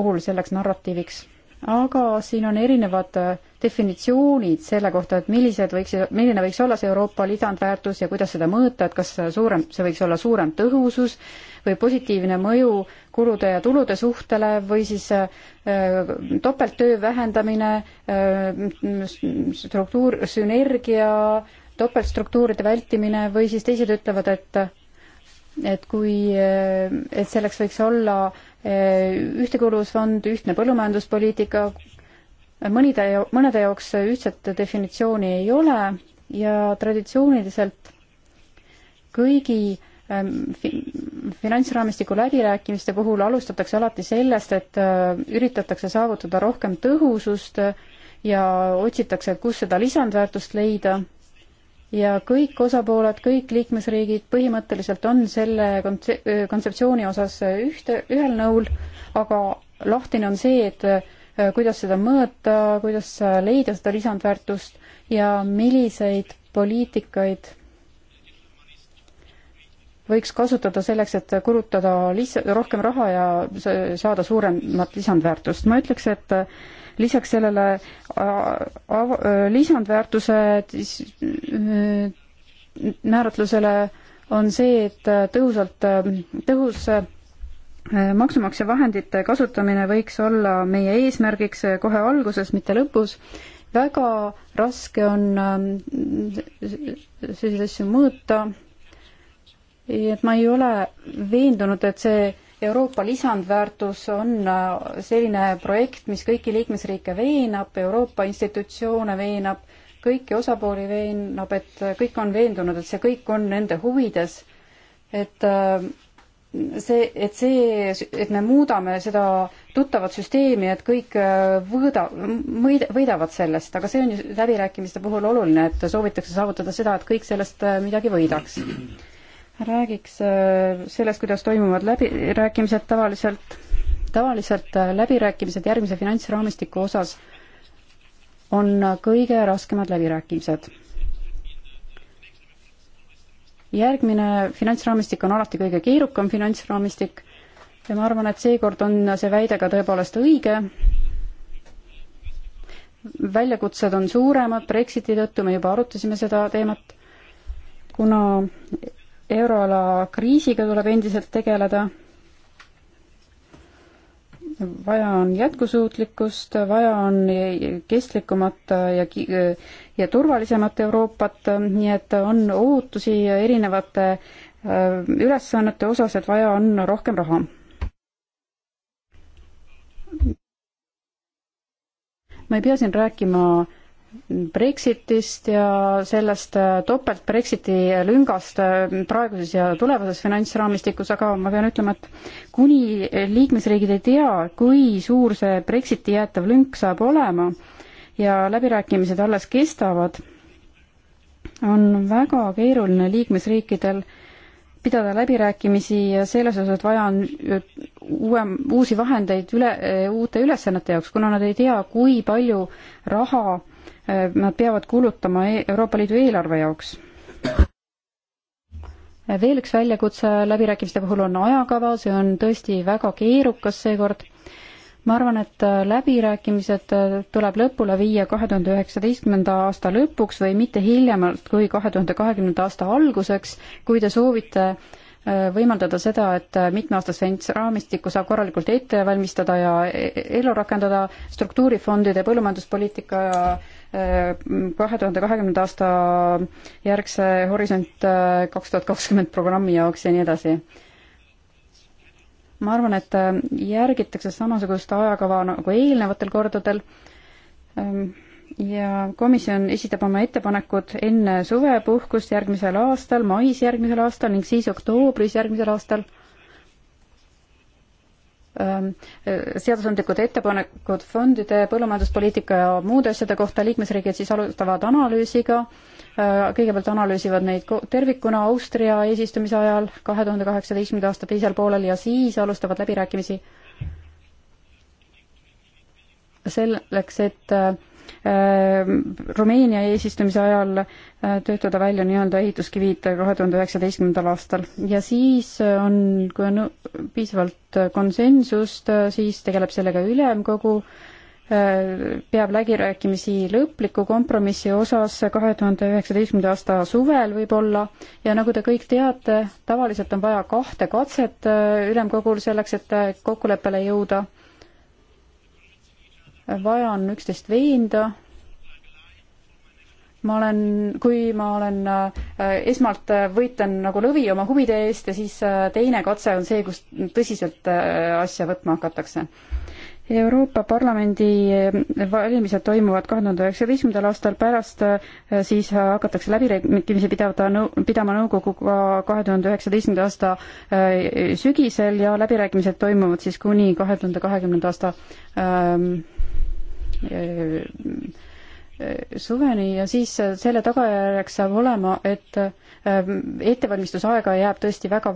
puhul selleks narratiiviks aga siin on erinevad äh, definitsioonid selle kohta, et millised võiksid, milline võiks olla see Euroopa lisandväärtus ja kuidas seda mõõta, et kas suurem, see võiks olla suurem tõhusus või positiivne mõju kulude ja tulude suhtele või siis äh, äh topelttöö vähendamine äh,, struktuur, sünergia, topeltstruktuuride vältimine või siis teised ütlevad, et et kui, äh, et selleks võiks olla äh, Eh, ühtekuuluvusfond, ühtne põllumajanduspoliitika, mõnide, mõnede jaoks ühtset definitsiooni ei ole ja traditsiooniliselt kõigi ehm, finantsraamistiku läbirääkimiste puhul alustatakse alati sellest, et eh, üritatakse saavutada rohkem tõhusust ja otsitakse, kus seda lisandväärtust leida ja kõik osapooled, kõik liikmesriigid põhimõtteliselt on selle kontse-, kontseptsiooni osas ühte, ühel nõul, aga lahtine on see, et äh, kuidas seda mõõta, kuidas leida seda lisandväärtust ja milliseid poliitikaid võiks kasutada selleks, et kulutada lihtsalt rohkem raha ja saada suuremat lisandväärtust. ma ütleks, et lisaks sellele av-, lisandväärtuse äh, määratlusele on see, et äh, tõhusalt, äh, tõhus maksumaksja vahendite kasutamine võiks olla meie eesmärgiks kohe alguses, mitte lõpus. väga raske on ähm, selliseid asju mõõta. et ma ei ole veendunud, et see Euroopa lisandväärtus on äh, selline projekt, mis kõiki liikmesriike veenab, Euroopa institutsioone veenab, kõiki osapooli veenab, et kõik on veendunud, et see kõik on nende huvides, et äh, see, et see, et me muudame seda tuttavat süsteemi, et kõik äh, võõda, võidavad sellest, aga see on ju läbirääkimiste puhul oluline, et soovitakse saavutada seda, et kõik sellest midagi võidaks räägiks äh, sellest, kuidas toimuvad läbirääkimised tavaliselt. tavaliselt äh, läbirääkimised järgmise finantsraamistiku osas on äh, kõige raskemad läbirääkimised. järgmine finantsraamistik on alati kõige keerukam finantsraamistik ja ma arvan, et seekord on see väide ka tõepoolest õige. väljakutsed on suuremad, Brexiti tõttu me juba arutasime seda teemat, kuna euroala kriisiga tuleb endiselt tegeleda. vaja on jätkusuutlikkust, vaja on kestlikumat ja, ja turvalisemat Euroopat, nii et on ootusi erinevate äh, ülesannete osas, et vaja on rohkem raha. ma ei pea siin rääkima äh, Brexitist ja sellest äh, topelt Brexiti lüngast äh, praeguses ja tulevases finantsraamistikus, aga ma pean ütlema, et kuni liikmesriigid ei tea, kui suur see Brexiti jäetav lünk saab olema ja läbirääkimised alles kestavad, on väga keeruline liikmesriikidel pidada läbirääkimisi ja selles osas, et vaja on uue, uusi vahendeid üle, äh, uute ülesannete jaoks, kuna nad ei tea, kui palju raha Äh, nad peavad kulutama e-, Euroopa Liidu eelarve jaoks. Äh, veel üks väljakutse läbirääkimiste puhul on ajakava, see on tõesti väga keerukas seekord. ma arvan, et äh, läbirääkimised tuleb lõpule viia kahe tuhande üheksateistkümnenda aasta lõpuks või mitte hiljemalt kui kahe tuhande kahekümnenda aasta alguseks, kui te soovite võimaldada seda, et mitmeaastast finantsraamistikku saab korralikult ette valmistada ja e-, ellu rakendada struktuurifondide, põllumajanduspoliitika ja kahe tuhande kahekümnenda aasta järgse Horisont äh, kaks tuhat kakskümmend programmi jaoks ja nii edasi. ma arvan, et äh, järgitakse samasugust ajakava nagu eelnevatel kordadel ähm, ja komisjon esitab oma ettepanekud enne suvepuhkust järgmisel aastal, mais järgmisel aastal ning siis oktoobris järgmisel aastal Ähm, äh, seadusandlikud ettepanekud fondide, põllumajanduspoliitika ja muude asjade kohta, liikmesriigid siis alustavad analüüsiga, äh, kõigepealt analüüsivad neid tervikuna Austria eesistumise ajal kahe tuhande kaheksateistkümnenda aasta teisel poolel ja siis alustavad läbirääkimisi selleks, et äh, Äh, Rumeenia eesistumise ajal äh, töötada välja nii-öelda ehituskivid kahe tuhande üheksateistkümnendal aastal ja siis äh, on, kui on piisavalt konsensust, siis tegeleb sellega ülemkogu, peab läbirääkimisi lõpliku kompromissi osas kahe tuhande üheksateistkümnenda aasta suvel võib-olla ja nagu te kõik teate, tavaliselt on vaja kahte katset ülemkogul selleks, et kokkuleppele jõuda vaja on üksteist veenda. ma olen, kui ma olen, äh, esmalt äh, võitan nagu lõvi oma huvide eest ja siis äh, teine katse on see, kus tõsiselt asja võtma hakatakse Euroopa Parlamendi valimised toimuvad kahe tuhande üheksateistkümnendal aastal, pärast siis hakatakse läbirääkimisi pidada nõu-, pidama nõukoguga kahe tuhande üheksateistkümnenda aasta sügisel ja läbirääkimised toimuvad siis kuni kahe tuhande kahekümnenda aasta ähm, Äh, suveni ja siis selle tagajärjeks saab olema, et äh, ettevalmistusaega jääb tõesti väga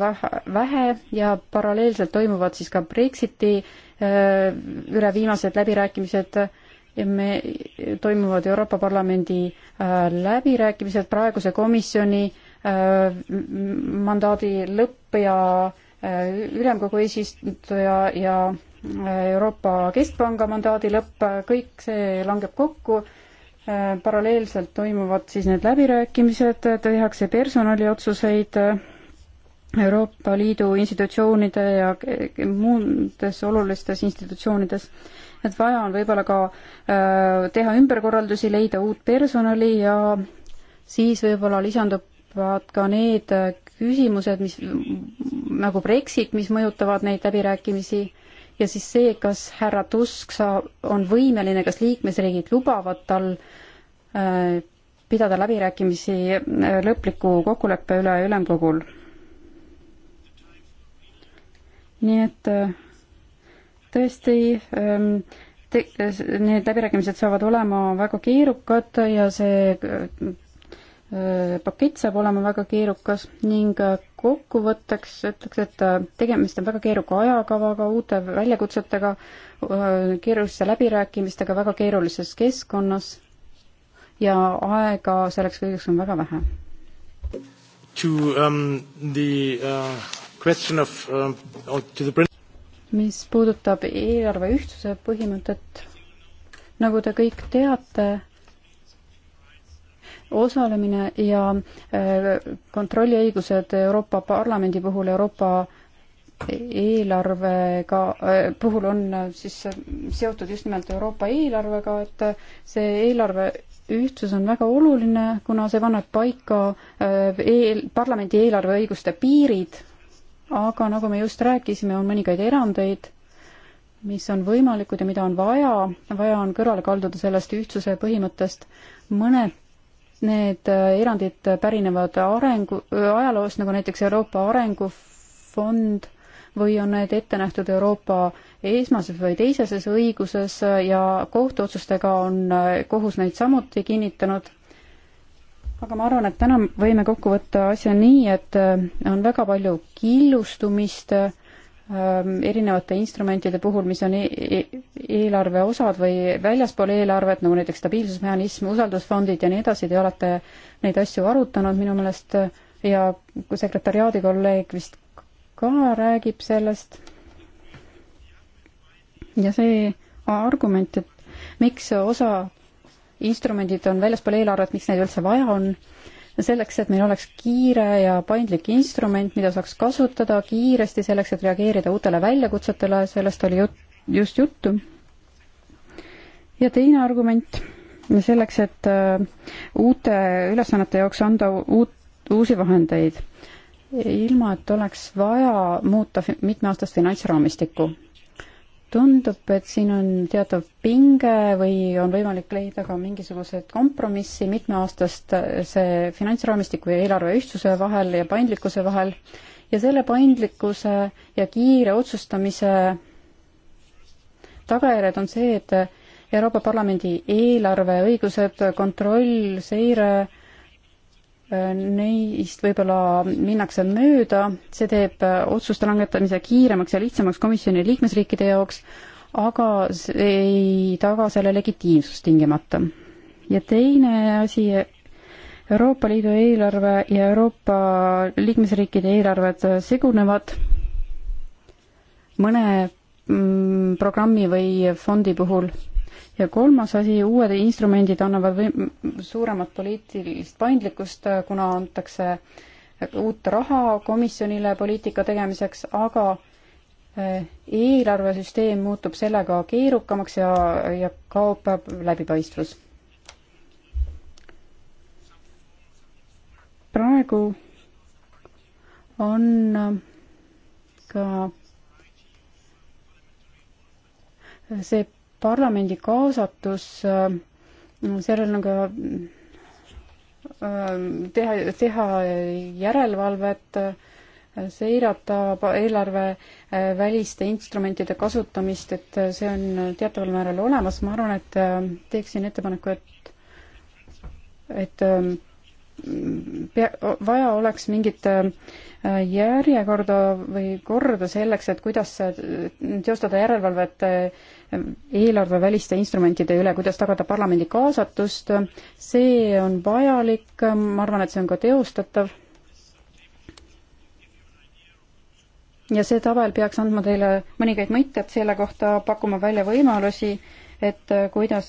vähe ja paralleelselt toimuvad siis ka Brexiti äh, üle viimased läbirääkimised ja me, toimuvad Euroopa Parlamendi läbirääkimised praeguse komisjoni mandaadi lõpp ja ülemkogu eesistuja ja, ja Euroopa Keskpanga mandaadi lõpp, kõik see langeb kokku. paralleelselt toimuvad siis need läbirääkimised, tehakse personaliotsuseid Euroopa Liidu institutsioonide ja muudes olulistes institutsioonides, et vaja on võib-olla ka äh, teha ümberkorraldusi, leida uut personali ja siis võib-olla lisanduvad ka need küsimused, mis nagu Brexit, mis mõjutavad neid läbirääkimisi ja siis see, kas härra Tusk saab, on võimeline, kas liikmesriigid lubavad tal äh, pidada läbirääkimisi äh, lõpliku kokkuleppe üle ülemkogul. nii et äh, tõesti ähm, te, äh, need läbirääkimised saavad olema väga keerukad ja see Äh, pakett saab olema väga keerukas ning äh, kokkuvõtteks ütleks, et äh, tegemist on väga keeruka ajakavaga, uute väljakutsetega, keeruliste läbirääkimistega väga keerulises keskkonnas ja aega selleks kõigeks on väga vähe. To um, the uh, question of um, to the mis puudutab eelarve ühtsuse põhimõtet, nagu te kõik teate, osalemine ja äh, kontrolliõigused Euroopa Parlamendi puhul Euroopa eelarvega äh, puhul on äh, siis seotud just nimelt Euroopa eelarvega, et see eelarve ühtsus on väga oluline, kuna see paneb paika eel, parlamendi eelarveõiguste piirid, aga nagu me just rääkisime, on mõningaid erandeid, mis on võimalikud ja mida on vaja, vaja on kõrvale kalduda sellest ühtsuse põhimõttest, mõned need äh, erandid pärinevad arengu, äh, ajaloost, nagu näiteks Euroopa Arengufond või on need ette nähtud Euroopa esmases või teiseses õiguses äh, ja kohtuotsustega on kohus neid samuti kinnitanud. aga ma arvan, et täna võime kokku võtta asja nii, et on väga palju killustumist Ähm, erinevate instrumentide puhul, mis on e e eelarve osad või väljaspool eelarvet, nagu näiteks stabiilsusmehhanism, usaldusfondid ja nii edasi, te olete neid asju arutanud minu meelest ja sekretäriaadi kolleeg vist ka räägib sellest. ja see argument, et miks osa instrumendid on väljaspool eelarvet, miks neid üldse vaja on selleks, et meil oleks kiire ja paindlik instrument, mida saaks kasutada kiiresti selleks, et reageerida uutele väljakutsetele, sellest oli jut-, just juttu. ja teine argument, selleks, et äh, uute ülesannete jaoks anda uut, uusi vahendeid, ilma et oleks vaja muuta mitmeaastast finantsraamistikku tundub, et siin on teatav pinge või on võimalik leida ka mingisugused kompromissi mitmeaastast äh, see finantsraamistiku ja eelarve ühtsuse vahel ja paindlikkuse vahel ja selle paindlikkuse ja kiire otsustamise tagajärjed on see, et Euroopa Parlamendi eelarve õigused, kontroll, seire, neist võib-olla minnakse mööda, see teeb otsuste langetamise kiiremaks ja lihtsamaks komisjoni liikmesriikide jaoks, aga see ei taga selle legitiimsust tingimata. ja teine asi, Euroopa Liidu eelarve ja Euroopa liikmesriikide eelarved segunevad mõne mm, programmi või fondi puhul ja kolmas asi, uued instrumendid annavad või-, suuremat poliitilist paindlikkust, kuna antakse uut raha komisjonile poliitika tegemiseks, aga eh, eelarvesüsteem muutub sellega keerukamaks ja, ja kaob läbipaistvus. praegu on eh, ka see parlamendi kaasatus äh, sellel nagu teha, teha järelevalvet, äh, seirata eelarve väliste instrumentide kasutamist, et see on teataval määral olemas, ma arvan, et teeksin ettepaneku, et et ähm, pea, vaja oleks mingit järjekorda või korda selleks, et kuidas teostada järelevalvet eelarveväliste instrumentide üle, kuidas tagada parlamendi kaasatust, see on vajalik, ma arvan, et see on ka teostatav. ja see tabel peaks andma teile mõningaid mõtteid selle kohta, pakkuma välja võimalusi, et kuidas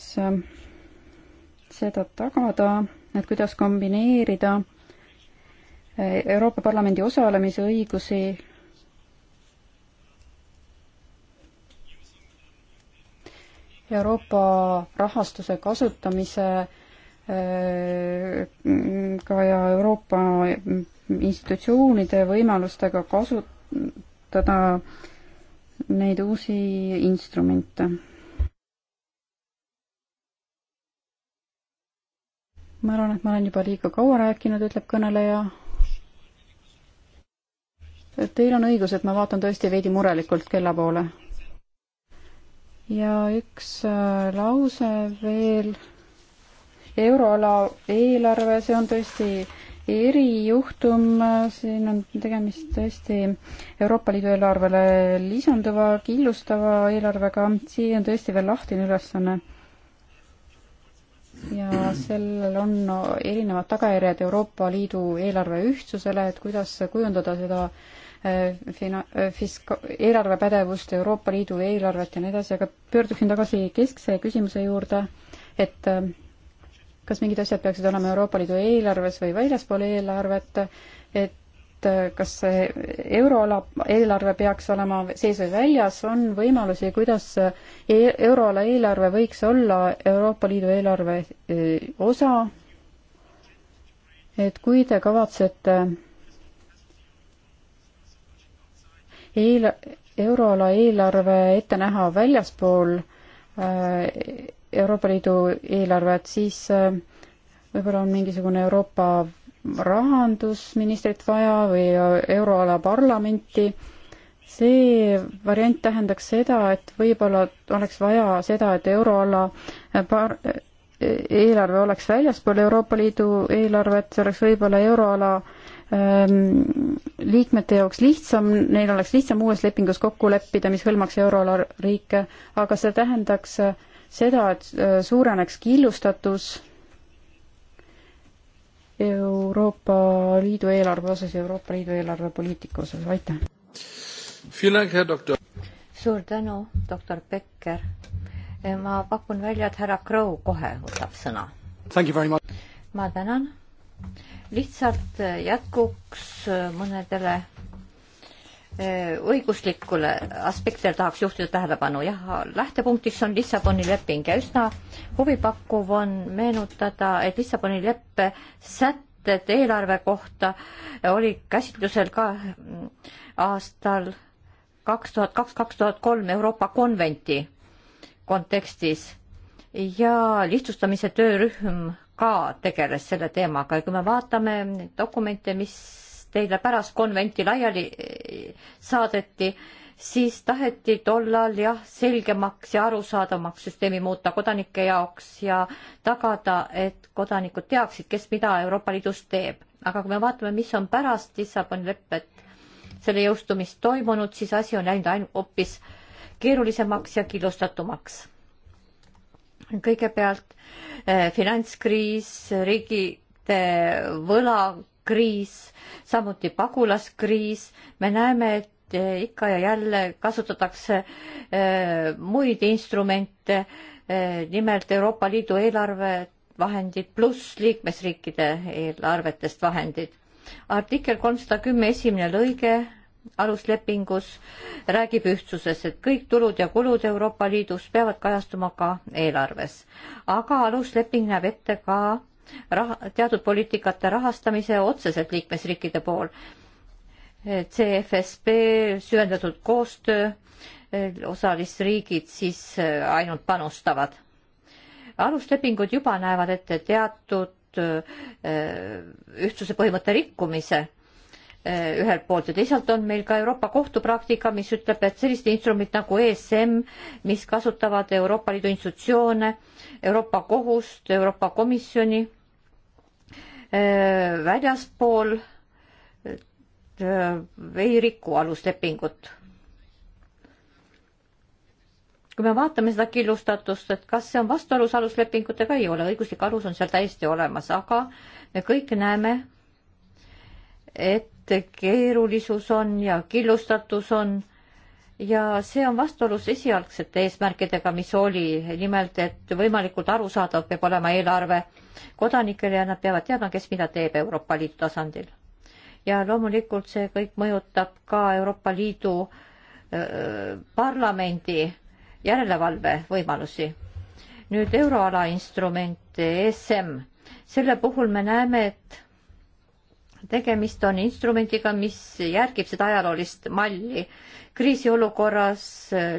seda tagada, et kuidas kombineerida Euroopa Parlamendi osalemise õigusi Euroopa rahastuse kasutamise äh, ka ja Euroopa institutsioonide võimalustega kasutada neid uusi instrumente. ma arvan, et ma olen juba liiga kaua rääkinud, ütleb kõneleja. Teil on õigus, et ma vaatan tõesti veidi murelikult kella poole ja üks äh, lause veel euroala eelarve, see on tõesti erijuhtum, siin on tegemist tõesti Euroopa Liidu eelarvele lisanduva, killustava eelarvega, siin on tõesti veel lahtine ülesanne. ja sellel on erinevad tagajärjed Euroopa Liidu eelarve ühtsusele, et kuidas kujundada seda äh, Äh, fina-, äh, fisk-, eelarvepädevust, Euroopa Liidu eelarvet ja nii edasi, aga pöörduksin tagasi keskse küsimuse juurde, et äh, kas mingid asjad peaksid olema Euroopa Liidu eelarves või väljaspool eelarvet, et kas euroala eelarve peaks olema sees või väljas, on võimalusi, kuidas e-, euroala eelarve võiks olla Euroopa Liidu eelarve osa, et kui te kavatsete eel-, euroala eelarve ette näha väljaspool äh, Euroopa Liidu eelarvet, siis äh, võib-olla on mingisugune Euroopa rahandusministrit vaja või äh, euroala parlamenti. see variant tähendaks seda, et võib-olla oleks vaja seda, et euroala par-, eelarve oleks väljaspool Euroopa Liidu eelarvet, see oleks võib-olla euroala äh, liikmete jaoks lihtsam, neil oleks lihtsam uues lepingus kokku leppida, mis hõlmaks euroala riike, aga see tähendaks seda, et suureneks killustatus Euroopa Liidu eelarve osas ja Euroopa Liidu eelarvepoliitika osas, aitäh! suur tänu, doktor Becker. E, ma pakun välja, et härra Crow kohe võtab sõna. ma tänan lihtsalt jätkuks mõnedele eh, õiguslikule aspektile tahaks juhtida tähelepanu. jah, lähtepunktiks on Lissaboni leping ja üsna huvipakkuv on meenutada, et Lissaboni leppe sätted eelarve kohta oli käsitlusel ka mm, aastal kaks tuhat kaks, kaks tuhat kolm Euroopa konventi kontekstis ja lihtsustamise töörühm ka tegeles selle teemaga ja kui me vaatame dokumente, mis teile pärast konventi laiali eh, saadeti, siis taheti tollal jah, selgemaks ja arusaadavamaks süsteemi muuta kodanike jaoks ja tagada, et kodanikud teaksid, kes mida Euroopa Liidus teeb. aga kui me vaatame, mis on pärast Lissaboni lepet, selle jõustumist toimunud, siis asi on läinud ainult hoopis keerulisemaks ja killustatumaks kõigepealt eh, finantskriis, riigite võlakriis, samuti pagulaskriis, me näeme, et eh, ikka ja jälle kasutatakse eh, muid instrumente, nimelt Euroopa Liidu eelarvevahendid pluss liikmesriikide eelarvetest vahendid. artikkel kolmsada kümme esimene lõige aluslepingus räägib ühtsuses, et kõik tulud ja kulud Euroopa Liidus peavad kajastuma ka eelarves. aga alusleping näeb ette ka rah-, teatud poliitikate rahastamise otseselt liikmesriikide pool. CFSB, süvendatud koostöö, osalisriigid siis ainult panustavad. aluslepingud juba näevad ette teatud äh, ühtsuse põhimõtte rikkumise Äh, ühelt poolt ja teisalt on meil ka Euroopa kohtupraktika, mis ütleb, et sellised instrumendid nagu ESM, mis kasutavad Euroopa Liidu institutsioone, Euroopa Kohust, Euroopa Komisjoni äh, väljaspool äh, ei riku aluslepingut. kui me vaatame seda killustatust, et kas see on vastuolus aluslepingutega, ei ole, õiguslik alus on seal täiesti olemas, aga me kõik näeme, et keerulisus on ja killustatus on ja see on vastuolus esialgsete eesmärkidega, mis oli, nimelt et võimalikult arusaadav peab olema eelarve kodanikele ja nad peavad teadma, kes mida teeb Euroopa Liidu tasandil. ja loomulikult see kõik mõjutab ka Euroopa Liidu äh, parlamendi järelevalve võimalusi. nüüd euroala instrument ESM, selle puhul me näeme, et tegemist on instrumendiga, mis järgib seda ajaloolist malli. kriisiolukorras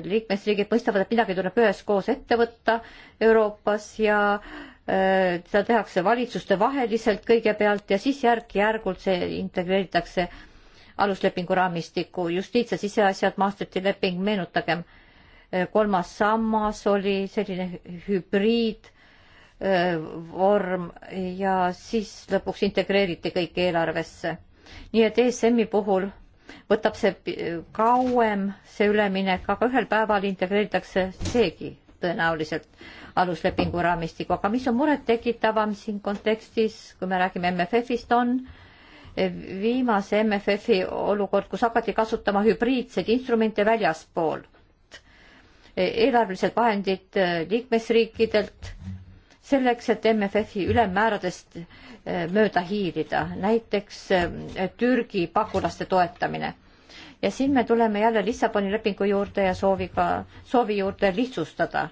liikmesriigid mõistavad, et midagi tuleb üheskoos ette võtta Euroopas ja äh, seda tehakse valitsuste vaheliselt kõigepealt ja siis järk-järgult see integreeritakse aluslepingu raamistikku. justiits ja siseasjad, Maastrichti leping, meenutagem, äh, kolmas sammas oli selline hübriid vorm ja siis lõpuks integreeriti kõik eelarvesse. nii et ESM-i puhul võtab see kauem, see üleminek, aga ühel päeval integreeritakse seegi tõenäoliselt aluslepingu raamistiku, aga mis on murettekitavam siin kontekstis, kui me räägime MFF-ist, on viimase MFF-i olukord, kus hakati kasutama hübriidseid instrumente väljaspoolt, e-, eelarvelised vahendid e, liikmesriikidelt selleks, et MFF-i ülemmääradest eh, mööda hiilida, näiteks eh, Türgi pagulaste toetamine. ja siin me tuleme jälle Lissaboni lepingu juurde ja sooviga, soovi juurde lihtsustada.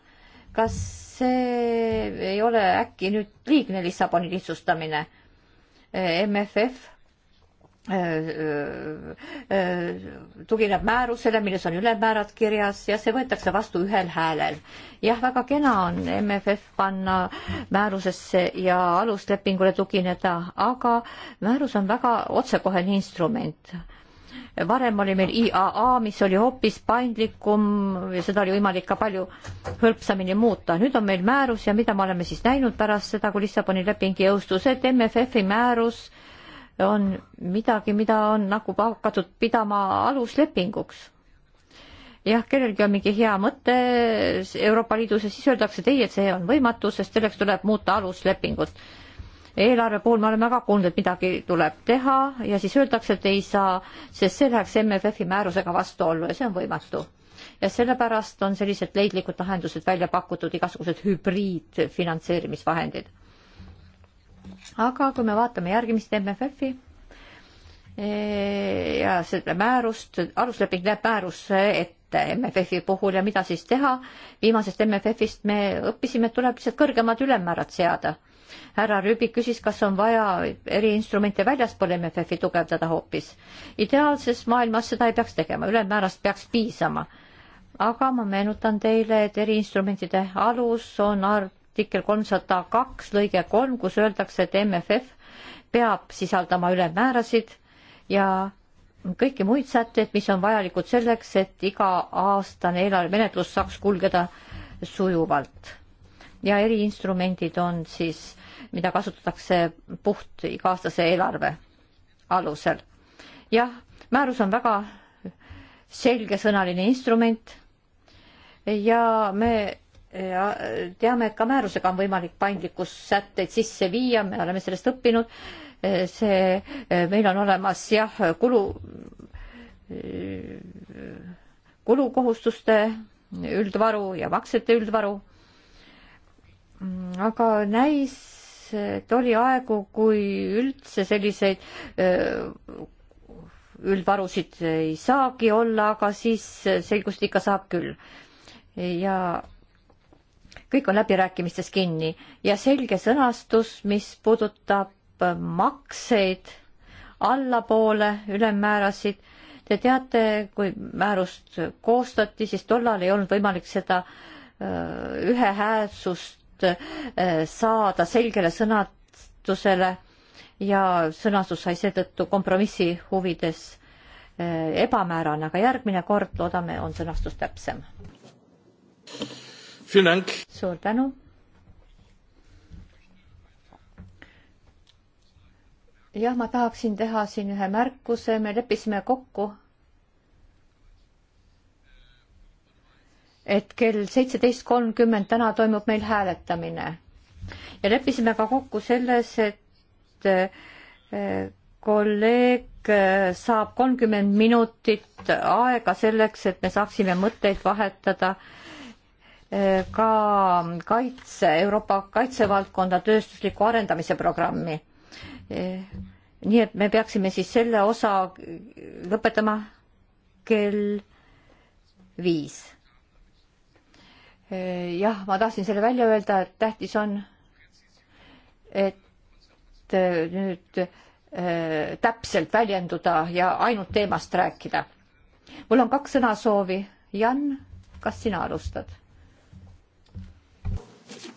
kas see ei ole äkki nüüd liigne Lissaboni lihtsustamine? Eh, MFF Äh, äh, äh, tugineb määrusele, milles on ülemäärad kirjas ja see võetakse vastu ühel häälel. jah, väga kena on MFF panna määrusesse ja aluslepingule tugineda, aga määrus on väga otsekohene instrument. varem oli meil IAA, mis oli hoopis paindlikum ja seda oli võimalik ka palju hõlpsamini muuta. nüüd on meil määrus ja mida me oleme siis näinud pärast seda, kui Lissaboni leping jõustus, et MFF-i määrus äh, on midagi, mida on nagu hakatud pidama aluslepinguks. jah, kellelgi on mingi hea mõte Euroopa Liidus ja siis öeldakse, et ei, et see on võimatu, sest selleks tuleb muuta aluslepingut. eelarve puhul me oleme ka kuulnud, et midagi tuleb teha ja siis öeldakse, et ei saa, sest see läheks MFF-i määrusega vastuollu ja see on võimatu ja sellepärast on sellised leidlikud lahendused välja pakutud, igasugused hübriidfinantseerimisvahendid aga kui me vaatame järgimist MFF-i e, ja seda määrust, alusleping näeb määruse ette MFF-i puhul ja mida siis teha, viimasest MFF-ist me õppisime, et tuleb lihtsalt kõrgemad ülemmäärad seada. härra Rüübik küsis, kas on vaja eriinstrumente väljaspool MFF-i tugevdada hoopis. ideaalses maailmas seda ei peaks tegema, ülemmäärast peaks piisama aga ma meenutan teile, et eriinstrumentide alus on art-, artikkel kolmsada kaks lõige kolm, kus öeldakse, et MFF peab sisaldama ülemmäärasid ja kõiki muid sätteid, mis on vajalikud selleks, et iga-aastane eelarvemenetlus saaks kulgeda sujuvalt. ja eriinstrumendid on siis, mida kasutatakse puht iga-aastase eelarve alusel. jah, määrus on väga selgesõnaline instrument ja me ja äh, teame, et ka määrusega on võimalik paindlikkussätteid sisse viia, me oleme sellest õppinud. Äh, see, äh, meil on olemas jah, kulu, kulukohustuste üldvaru ja maksete üldvaru. Mm, aga näis, et oli aegu, kui üldse selliseid üldvarusid ei saagi olla, aga siis selgust ikka saab küll. ja kõik on läbirääkimistes kinni ja selge sõnastus, mis puudutab äh, makseid allapoole ülemmäärasid. Te teate, kui määrust koostati, siis tollal ei olnud võimalik seda äh, ühehäälsust äh, saada selgele sõnastusele ja sõnastus sai seetõttu kompromissi huvides ebamäärane, aga järgmine kord loodame, on sõnastus täpsem suur tänu. jah, ma tahaksin teha siin ühe märkuse, me leppisime kokku, et kell seitseteist kolmkümmend täna toimub meil hääletamine ja leppisime ka kokku selles, et eh, kolleeg eh, saab kolmkümmend minutit aega selleks, et me saaksime mõtteid vahetada äh, ka kaitse, Euroopa kaitsevaldkonda tööstusliku arendamise programmi. nii et me peaksime siis selle osa lõpetama kell viis. jah, ma tahtsin selle välja öelda, et tähtis on, et nüüd äh, täpselt väljenduda ja ainult teemast rääkida. mul on kaks sõnasoovi. Jan, kas sina alustad?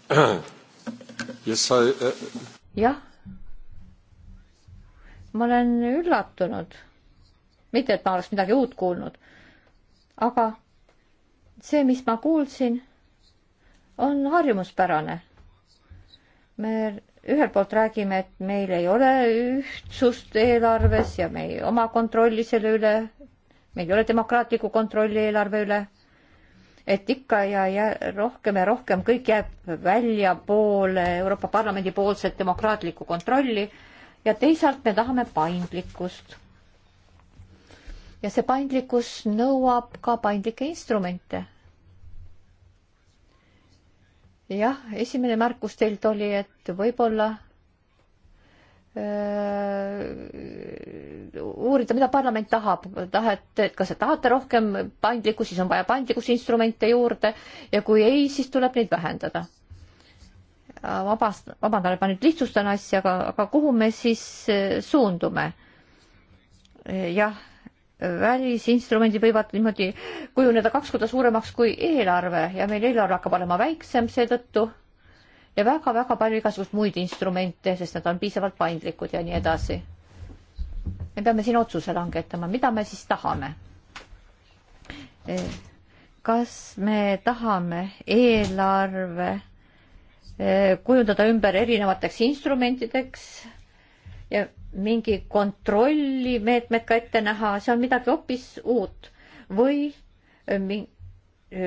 Äh, jah, ma olen üllatunud, mitte et ma oleks midagi uut kuulnud, aga see, mis ma kuulsin, on harjumuspärane. me ühelt poolt räägime, et meil ei ole ühtsust eelarves ja me ei oma kontrolli selle üle, meil ei ole demokraatlikku kontrolli eelarve üle et ikka ja, ja rohkem ja rohkem kõik jääb väljapoole Euroopa Parlamendi poolset demokraatlikku kontrolli ja teisalt me tahame paindlikkust. ja see paindlikkus nõuab ka paindlikke instrumente. jah, esimene märkus teilt oli, et võib-olla äh, uurida, mida parlament tahab, tahate, et kas te tahate rohkem paindlikkust, siis on vaja paindlikkusinstrumente juurde ja kui ei, siis tuleb neid vähendada. Äh, vabast-, vabandan, et ma nüüd lihtsustan asja, aga, aga kuhu me siis äh, suundume? Äh, jah, välisinstrumendid võivad niimoodi kujuneda kaks korda suuremaks kui eelarve ja meil eelarve hakkab olema väiksem seetõttu ja väga-väga palju igasugust muid instrumente, sest nad on piisavalt paindlikud ja nii edasi me peame siin otsuse langetama, mida me siis tahame. E, kas me tahame eelarve e, kujundada ümber erinevateks instrumentideks ja mingi kontrollimeetmed ka ette näha, see on midagi hoopis uut või e,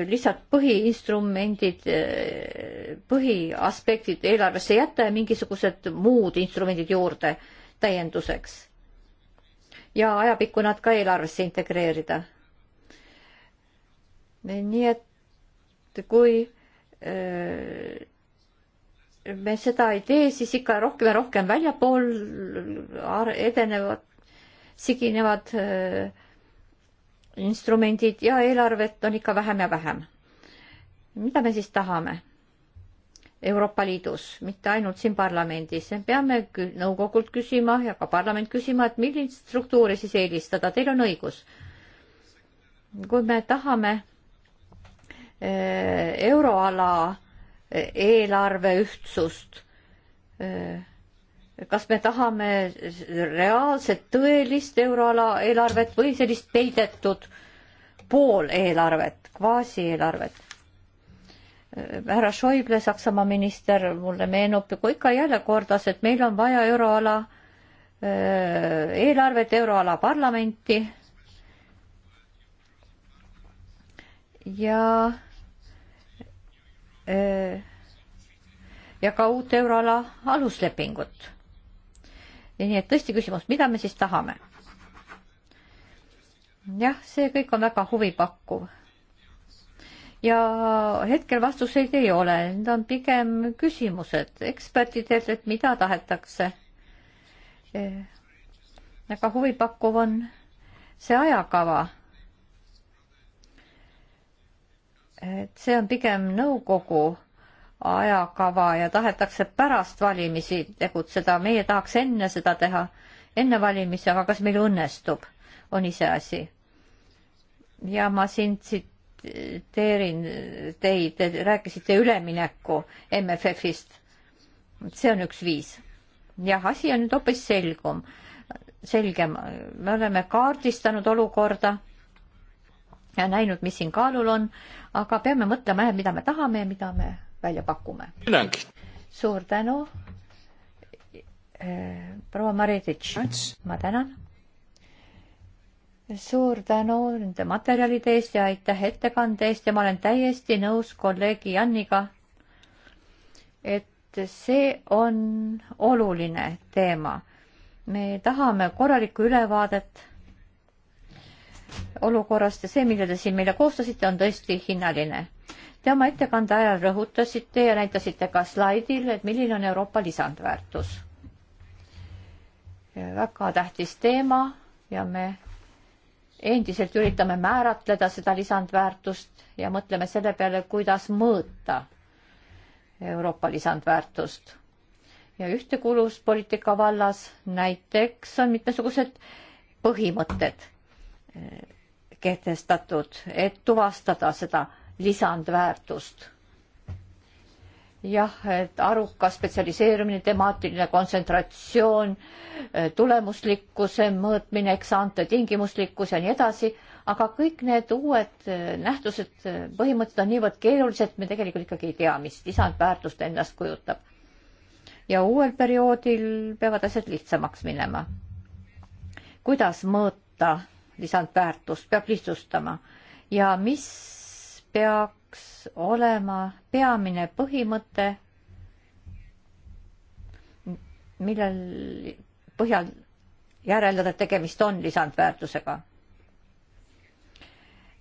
lihtsalt põhiinstrumendid, põhiaspektid eelarvesse jätta ja mingisugused muud instrumendid juurde täienduseks ja ajapikku nad ka eelarvesse integreerida. nii et kui öö, äh, me seda ei tee, siis ikka rohkem ja rohkem väljapool edenevad, siginevad öö, äh, instrumendid ja eelarvet on ikka vähem ja vähem. mida me siis tahame? Euroopa Liidus, mitte ainult siin parlamendis. me peame nõukogult küsima ja ka parlament küsima, et millist struktuuri siis eelistada, teil on õigus. kui me tahame eh, euroala eh, eelarve ühtsust, eh, kas me tahame reaalset tõelist euroala eelarvet või sellist peidetud pooleelarvet, kvaasieelarvet härra Schäuble, Saksamaa minister, mulle meenub, kui ikka jälle kordas, et meil on vaja euroala äh, eelarvet, euroala parlamenti. ja äh, ja ka uut euroala aluslepingut. nii et tõesti küsimus, mida me siis tahame? jah, see kõik on väga huvipakkuv ja hetkel vastuseid ei ole, need on pigem küsimused ekspertidelt, et mida tahetakse. väga eh, huvipakkuv on see ajakava. et see on pigem nõukogu ajakava ja tahetakse pärast valimisi tegutseda, meie tahaks enne seda teha, enne valimisi, aga kas meil õnnestub, on iseasi. ja ma siin tsit-, tsiteerin teid, te rääkisite ülemineku MFF-ist. see on üks viis. jah, asi on nüüd hoopis selgum, selgem. me oleme kaardistanud olukorda ja näinud, mis siin kaalul on, aga peame mõtlema jah, mida me tahame ja mida me välja pakume. suur tänu. Eh, proua Mari Titš, ma tänan suur tänu nende materjalide eest ja aitäh ettekande eest ja ma olen täiesti nõus kolleegi Janniga, et see on oluline teema. me tahame korralikku ülevaadet olukorrast ja see, mille te siin meile koostasite, on tõesti hinnaline. Te oma ettekande ajal rõhutasite ja näitasite ka slaidil, et milline on Euroopa lisandväärtus. väga tähtis teema ja me endiselt üritame määratleda seda lisandväärtust ja mõtleme selle peale, kuidas mõõta Euroopa lisandväärtust. ja ühtekuuluvuspoliitika vallas näiteks on mitmesugused põhimõtted eh, kehtestatud, et tuvastada seda lisandväärtust jah, et arukas spetsialiseerumine, temaatiline kontsentratsioon, eh, tulemuslikkuse mõõtmine, eksante tingimuslikkus ja nii edasi, aga kõik need uued eh, nähtused, eh, põhimõtted on niivõrd keerulised, me tegelikult ikkagi ei tea, mis lisandväärtust endast kujutab. ja uuel perioodil peavad asjad lihtsamaks minema. kuidas mõõta lisandväärtust, peab lihtsustama ja mis peaks peaks olema peamine põhimõte, millel põhjal järeldada, et tegemist on lisandväärtusega.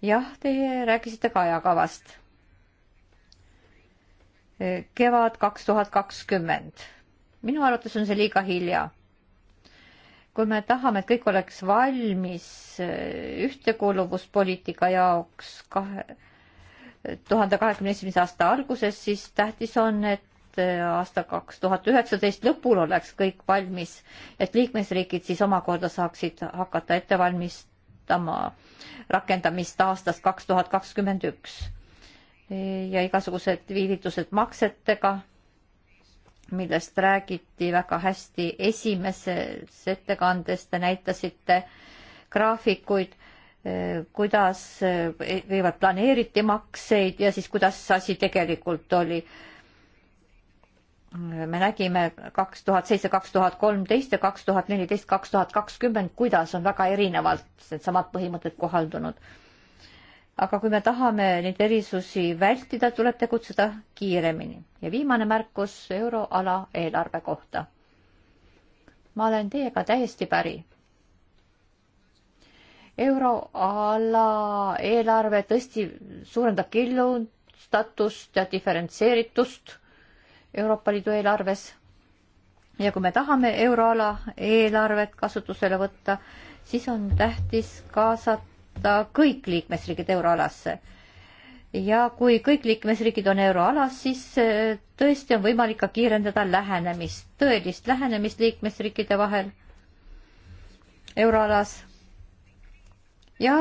jah, teie rääkisite ka ajakavast. kevad kaks tuhat kakskümmend. minu arvates on see liiga hilja. kui me tahame, et kõik oleks valmis eh, ühtekuuluvuspoliitika jaoks kahe tuhande kahekümne esimese aasta alguses, siis tähtis on, et äh, aasta kaks tuhat üheksateist lõpul oleks kõik valmis, et liikmesriigid siis omakorda saaksid hakata ette valmistama rakendamist aastast kaks tuhat kakskümmend üks. ja igasugused viivitused maksetega, millest räägiti väga hästi esimeses ettekandes, te näitasite graafikuid kuidas kõigepealt eh, planeeriti makseid ja siis kuidas asi tegelikult oli. me nägime kaks tuhat seitse, kaks tuhat kolmteist ja kaks tuhat neliteist, kaks tuhat kakskümmend, kuidas on väga erinevalt needsamad põhimõtted kohaldunud. aga kui me tahame neid erisusi vältida, tuleb tegutseda kiiremini. ja viimane märkus euroala eelarve kohta. ma olen teiega täiesti päri euroala eelarve tõesti suurendab killustatust ja diferentseeritust Euroopa Liidu eelarves. ja kui me tahame euroala eelarvet kasutusele võtta, siis on tähtis kaasata kõik liikmesriigid euroalasse. ja kui kõik liikmesriigid on euroalas, siis eh, tõesti on võimalik ka kiirendada lähenemist, tõelist lähenemist liikmesriikide vahel euroalas ja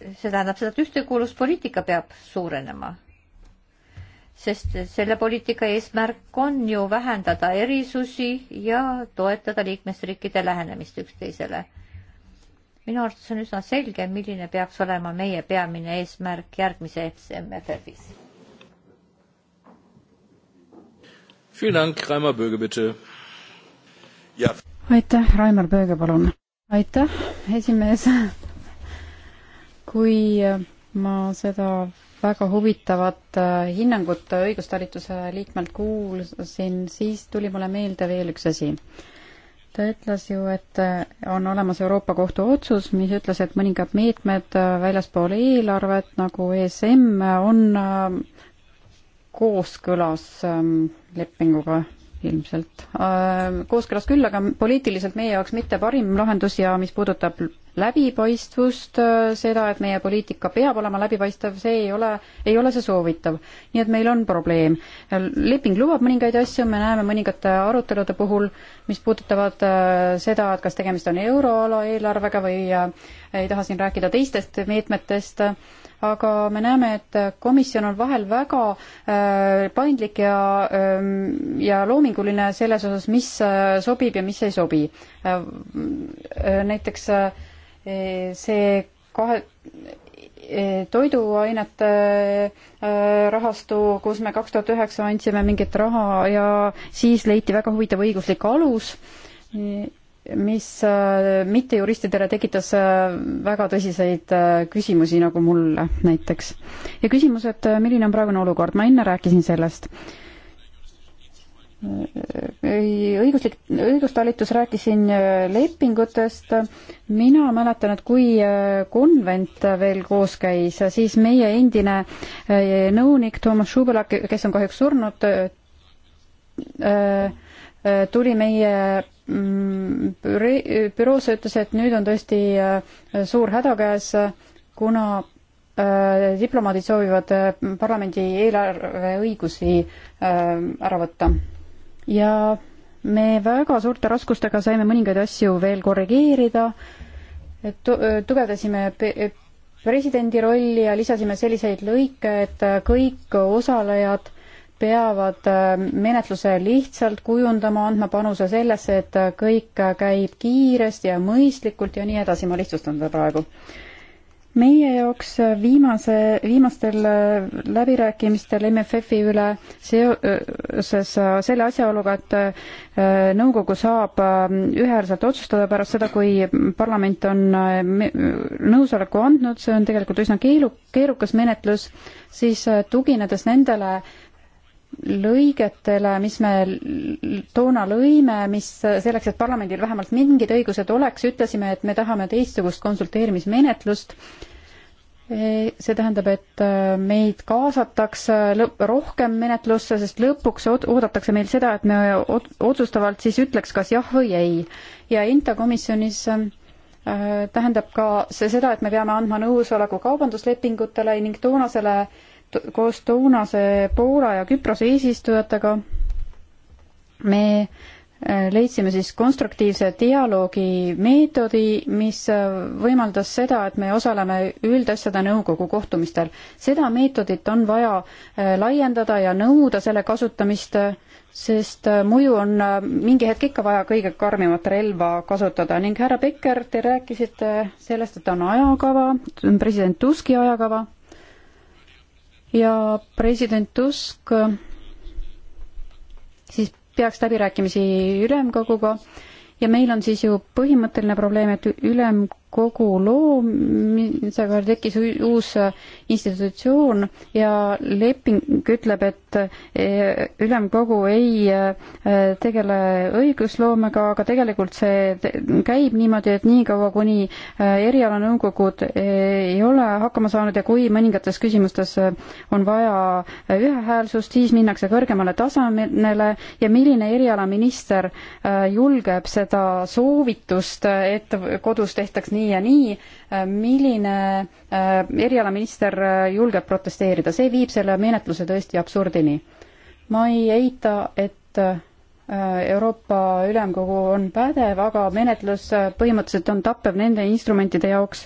see tähendab seda, et ühtekuuluvuspoliitika peab suurenema. sest selle poliitika eesmärk on ju vähendada erisusi ja toetada liikmesriikide lähenemist üksteisele. minu arvates on üsna selge, milline peaks olema meie peamine eesmärk järgmise MFF-is. aitäh, Raimar Pööge, palun aitäh, esimees. kui ma seda väga huvitavat äh, hinnangut õigustalituse liikmelt kuulsin, siis tuli mulle meelde veel üks asi. ta ütles ju, et äh, on olemas Euroopa Kohtu otsus, mis ütles, et mõningad meetmed äh, väljaspool eelarvet nagu ESM on kooskõlas ähm, lepinguga ilmselt. Äh, kooskõlas küll, aga poliitiliselt meie jaoks mitte parim lahendus ja mis puudutab läbipaistvust, äh, seda, et meie poliitika peab olema läbipaistev, see ei ole, ei ole see soovitav. nii et meil on probleem. leping lubab mõningaid asju, me näeme mõningate arutelude puhul, mis puudutavad äh, seda, et kas tegemist on euroala eelarvega või äh, ei taha siin rääkida teistest meetmetest, aga me näeme, et komisjon on vahel väga paindlik ja, ähm, ja loominguline selles osas, mis sobib ja mis ei sobi. näiteks äh, see kahe, e, toiduainete e, rahastu, kus me kaks tuhat üheksa andsime mingit raha ja siis leiti väga huvitav õiguslik alus, mis e, mittejuristidele tekitas väga tõsiseid küsimusi, nagu mulle näiteks. ja küsimus, et milline on praegune olukord, ma enne rääkisin sellest õiguslik, õigustalitus rääkis siin äh, lepingutest. mina mäletan, et kui äh, konvent veel koos käis, siis meie endine äh, nõunik Toomas Šubela, kes on kahjuks surnud, tuli meie mm, büroosse, ütles, et nüüd on tõesti suur häda käes, kuna diplomaadid soovivad parlamendi eelarveõigusi ära võtta ja me väga suurte raskustega saime mõningaid asju veel korrigeerida, et tugevdasime presidendi rolli ja lisasime selliseid lõike, et kõik osalejad peavad äh, menetluse lihtsalt kujundama, andma panuse sellesse, et kõik käib kiiresti ja mõistlikult ja nii edasi, ma lihtsustan seda praegu meie jaoks viimase, viimastel äh, läbirääkimistel MFF-i üle seoses äh, selle asjaoluga, et äh, nõukogu saab ühehäälselt otsustada pärast seda, kui parlament on nõusoleku andnud, see on tegelikult üsna keelu, keerukas menetlus, siis tuginedes nendele äh, lõigetele, mis me toona lõime, mis selleks, et parlamendil vähemalt mingid õigused oleks, ütlesime, et me tahame teistsugust konsulteerimismenetlust. see tähendab, et meid kaasatakse lõpp, rohkem menetlusse, sest lõpuks oodatakse meil seda, et me otsustavalt siis ütleks, kas jah või ei. ja INTA komisjonis äh, tähendab ka see seda, et me peame andma nõusoleku kaubanduslepingutele ning toonasele äh, koos toonase Poola ja Küprose eesistujatega me äh, leidsime siis konstruktiivse dialoogi meetodi, mis äh, võimaldas seda, et me osaleme üldasjade nõukogu kohtumistel. seda meetodit on vaja äh, laiendada ja nõuda selle kasutamist, sest muidu on mingi hetk ikka vaja kõige karmimat relva kasutada ning härra Becker, te rääkisite sellest, et on ajakava, president Tuski ajakava ja president Tusk siis peaks läbirääkimisi ülemkoguga ja meil on siis ju põhimõtteline probleem, et ülem kogu loomisega tekkis uus institutsioon ja leping ütleb, et e, ülemkogu ei e, tegele õigusloomega, aga tegelikult see käib niimoodi, et niikaua, kuni e, erialanõukogud ei ole hakkama saanud ja kui mõningates küsimustes on vaja ühehäälsust, siis minnakse kõrgemale tasemele ja milline erialaminister julgeb seda soovitust, et kodus tehtaks nii, nii ja nii, äh, milline äh, erialaminister äh, julgeb protesteerida, see viib selle menetluse tõesti absurdini. ma ei eita, et Euroopa Ülemkogu on pädev, aga menetlus põhimõtteliselt on tappev nende instrumentide jaoks,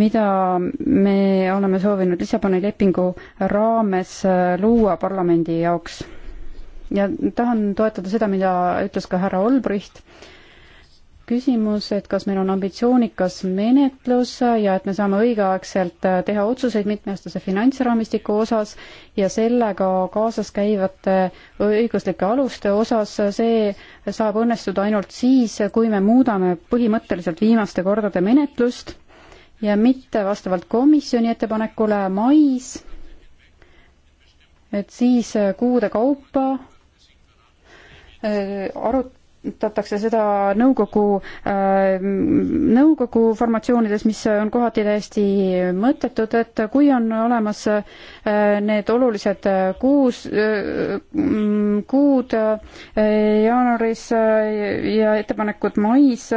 mida me oleme soovinud Lissaboni lepingu raames luua parlamendi jaoks. ja tahan toetada seda, mida ütles ka härra Olbricht, küsimus, et kas meil on ambitsioonikas menetlus ja et me saame õigeaegselt äh, teha otsuseid mitmeaastase finantsraamistiku osas ja sellega kaasas käivate õiguslike aluste osas, see saab õnnestuda ainult siis, kui me muudame põhimõtteliselt viimaste kordade menetlust ja mitte vastavalt komisjoni ettepanekule mais, et siis kuude kaupa äh, arut-, kasutatakse seda nõukogu, äh, nõukogu formatsioonides, mis on kohati täiesti mõttetud, et kui on olemas äh, need olulised äh, kuus, mm, kuud jaanuaris ja ettepanekud mais,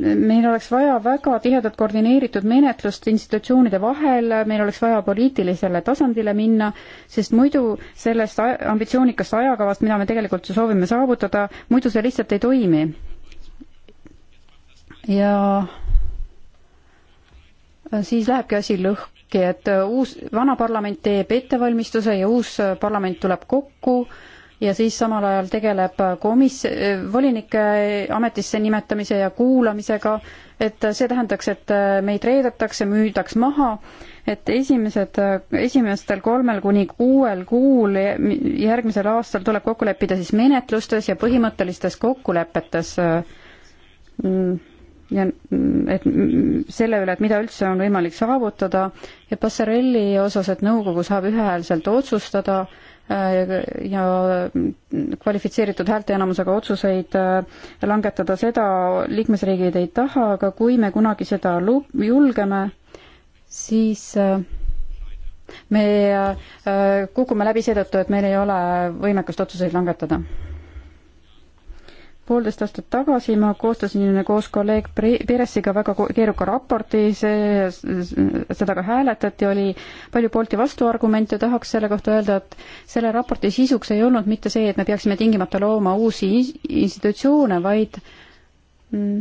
meil oleks vaja väga tihedat koordineeritud menetlust institutsioonide vahel, meil oleks vaja poliitilisele tasandile minna, sest muidu sellest ambitsioonikast ajakavast, mida me tegelikult ju soovime saavutada, muidu see lihtsalt ei toimi. ja siis lähebki asi lõhki, et uus, vana parlament teeb ettevalmistuse ja uus parlament tuleb kokku äh, ja siis samal ajal tegeleb komis-, volinike ametisse nimetamise ja kuulamisega, et see tähendaks, et meid reedetakse, müüdaks maha, et esimesed, esimestel kolmel kuni kuuel kuul järgmisel aastal tuleb kokku leppida siis menetlustes ja põhimõttelistes kokkulepetes ja et selle üle, et mida üldse on võimalik saavutada ja Passarelli osas, et nõukogu saab ühehäälselt otsustada, ja kvalifitseeritud häälteenamusega otsuseid äh, langetada, seda liikmesriigid ei taha, aga kui me kunagi seda julgeme, siis äh, me äh, kukume läbi seetõttu, et meil ei ole võimekust otsuseid langetada poolteist aastat tagasi ma koostasin koos kolleeg Peressiga väga keeruka raporti, see, seda ka hääletati, oli palju poolt ja vastuargumente, tahaks selle kohta öelda, et selle raporti sisuks ei olnud mitte see, et me peaksime tingimata looma uusi institutsioone, vaid mm,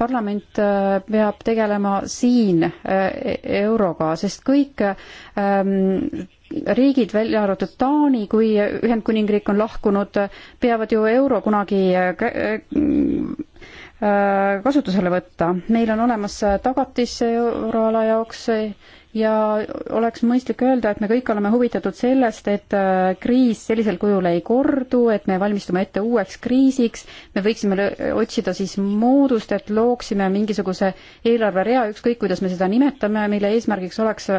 parlament äh, peab tegelema siin äh, e-, euroga, sest kõik ähm, riigid, välja arvatud Taani, kui Ühendkuningriik on lahkunud, peavad ju euro kunagi äh, kasutusele võtta. meil on olemas tagatis euroala jaoks ja oleks mõistlik öelda, et me kõik oleme huvitatud sellest, et äh, kriis sellisel kujul ei kordu, et me valmistume ette uueks kriisiks, me võiksime otsida siis moodust, et looksime mingisuguse eelarverea, ükskõik kuidas me seda nimetame, mille eesmärgiks oleks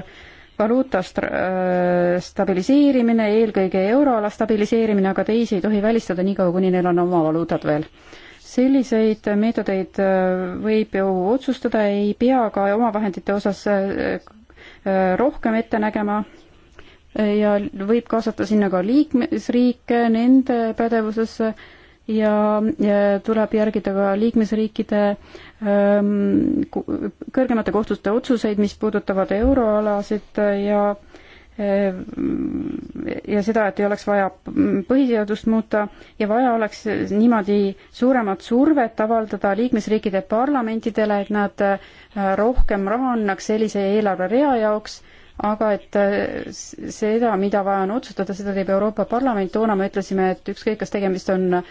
valuuta äh, stabiliseerimine, eelkõige euroala stabiliseerimine, aga teisi ei tohi välistada niikaua, kuni neil on oma valuutad veel. selliseid meetodeid äh, võib ju otsustada, ei pea ka omavahendite osas äh, rohkem ette nägema ja võib kaasata sinna ka liikmesriike nende pädevusesse ja tuleb järgida ka liikmesriikide ähm, kõrgemate kohtute otsuseid, mis puudutavad euroalasid ja äh, ja seda, et ei oleks vaja põhiseadust muuta ja vaja oleks niimoodi suuremat survet avaldada liikmesriikide parlamentidele, et nad äh, rohkem raha annaks sellise eelarverea jaoks aga et äh, seda, mida vaja on otsustada, seda teeb Euroopa Parlament, toona me ütlesime, et ükskõik, kas tegemist on äh,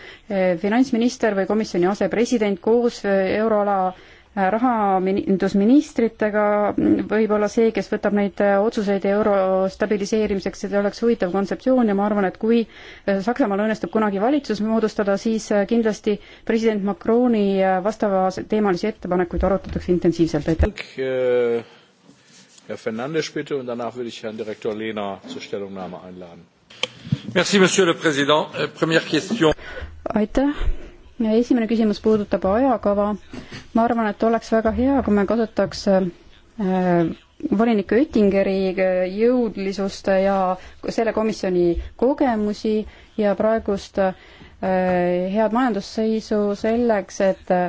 finantsminister või komisjoni asepresident koos äh, euroala rahamindusministritega, võib-olla see, kes võtab neid otsuseid euro stabiliseerimiseks, see oleks huvitav kontseptsioon ja ma arvan, et kui Saksamaal õnnestub kunagi valitsus moodustada, siis kindlasti president Macroni vastavateemalisi ettepanekuid arutatakse intensiivselt, aitäh! Herr Fernandes bitte und danach würde ich Herrn Direktor Lehner zur Stellungnahme einladen. Merci, Monsieur le Président. Euh, première question. Aitäh. Ja esimene küsimus puudutab ajakava. ma arvan, et oleks väga hea, kui me kasutaks äh, volinik Oettingeri äh, jõudlisust ja selle komisjoni kogemusi ja praegust äh, head majandusseisu selleks, et äh,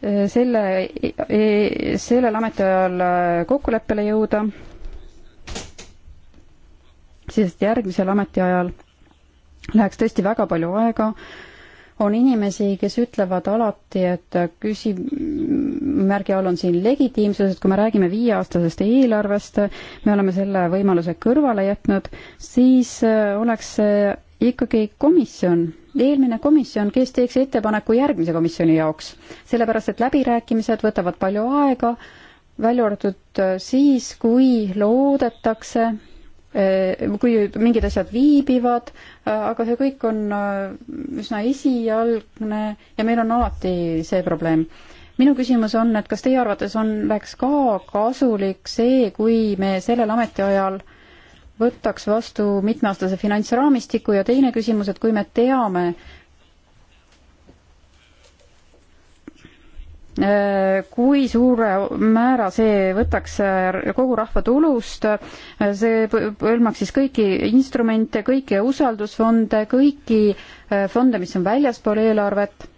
selle, sellel ametiajal kokkuleppele jõuda, sest järgmisel ametiajal läheks tõesti väga palju aega, on inimesi, kes ütlevad alati, et küsimärgi all on siin legitiimsus, et kui me räägime viieaastasest eelarvest, me oleme selle võimaluse kõrvale jätnud, siis oleks see ikkagi komisjon, eelmine komisjon, kes teeks ettepaneku järgmise komisjoni jaoks, sellepärast et läbirääkimised võtavad palju aega, välja arvatud äh, siis, kui loodetakse, äh, kui mingid asjad viibivad, äh, aga see kõik on üsna esialgne ja meil on alati see probleem minu küsimus on, et kas teie arvates on, oleks ka kasulik see, kui me sellel ametiajal võtaks vastu mitmeaastase finantsraamistiku ja teine küsimus, et kui me teame, äh, kui suure määra see võtaks äh, kogu rahva tulust, äh, see hõlmaks siis kõiki instrumente, kõiki usaldusfonde, kõiki fonde, mis on väljaspool eelarvet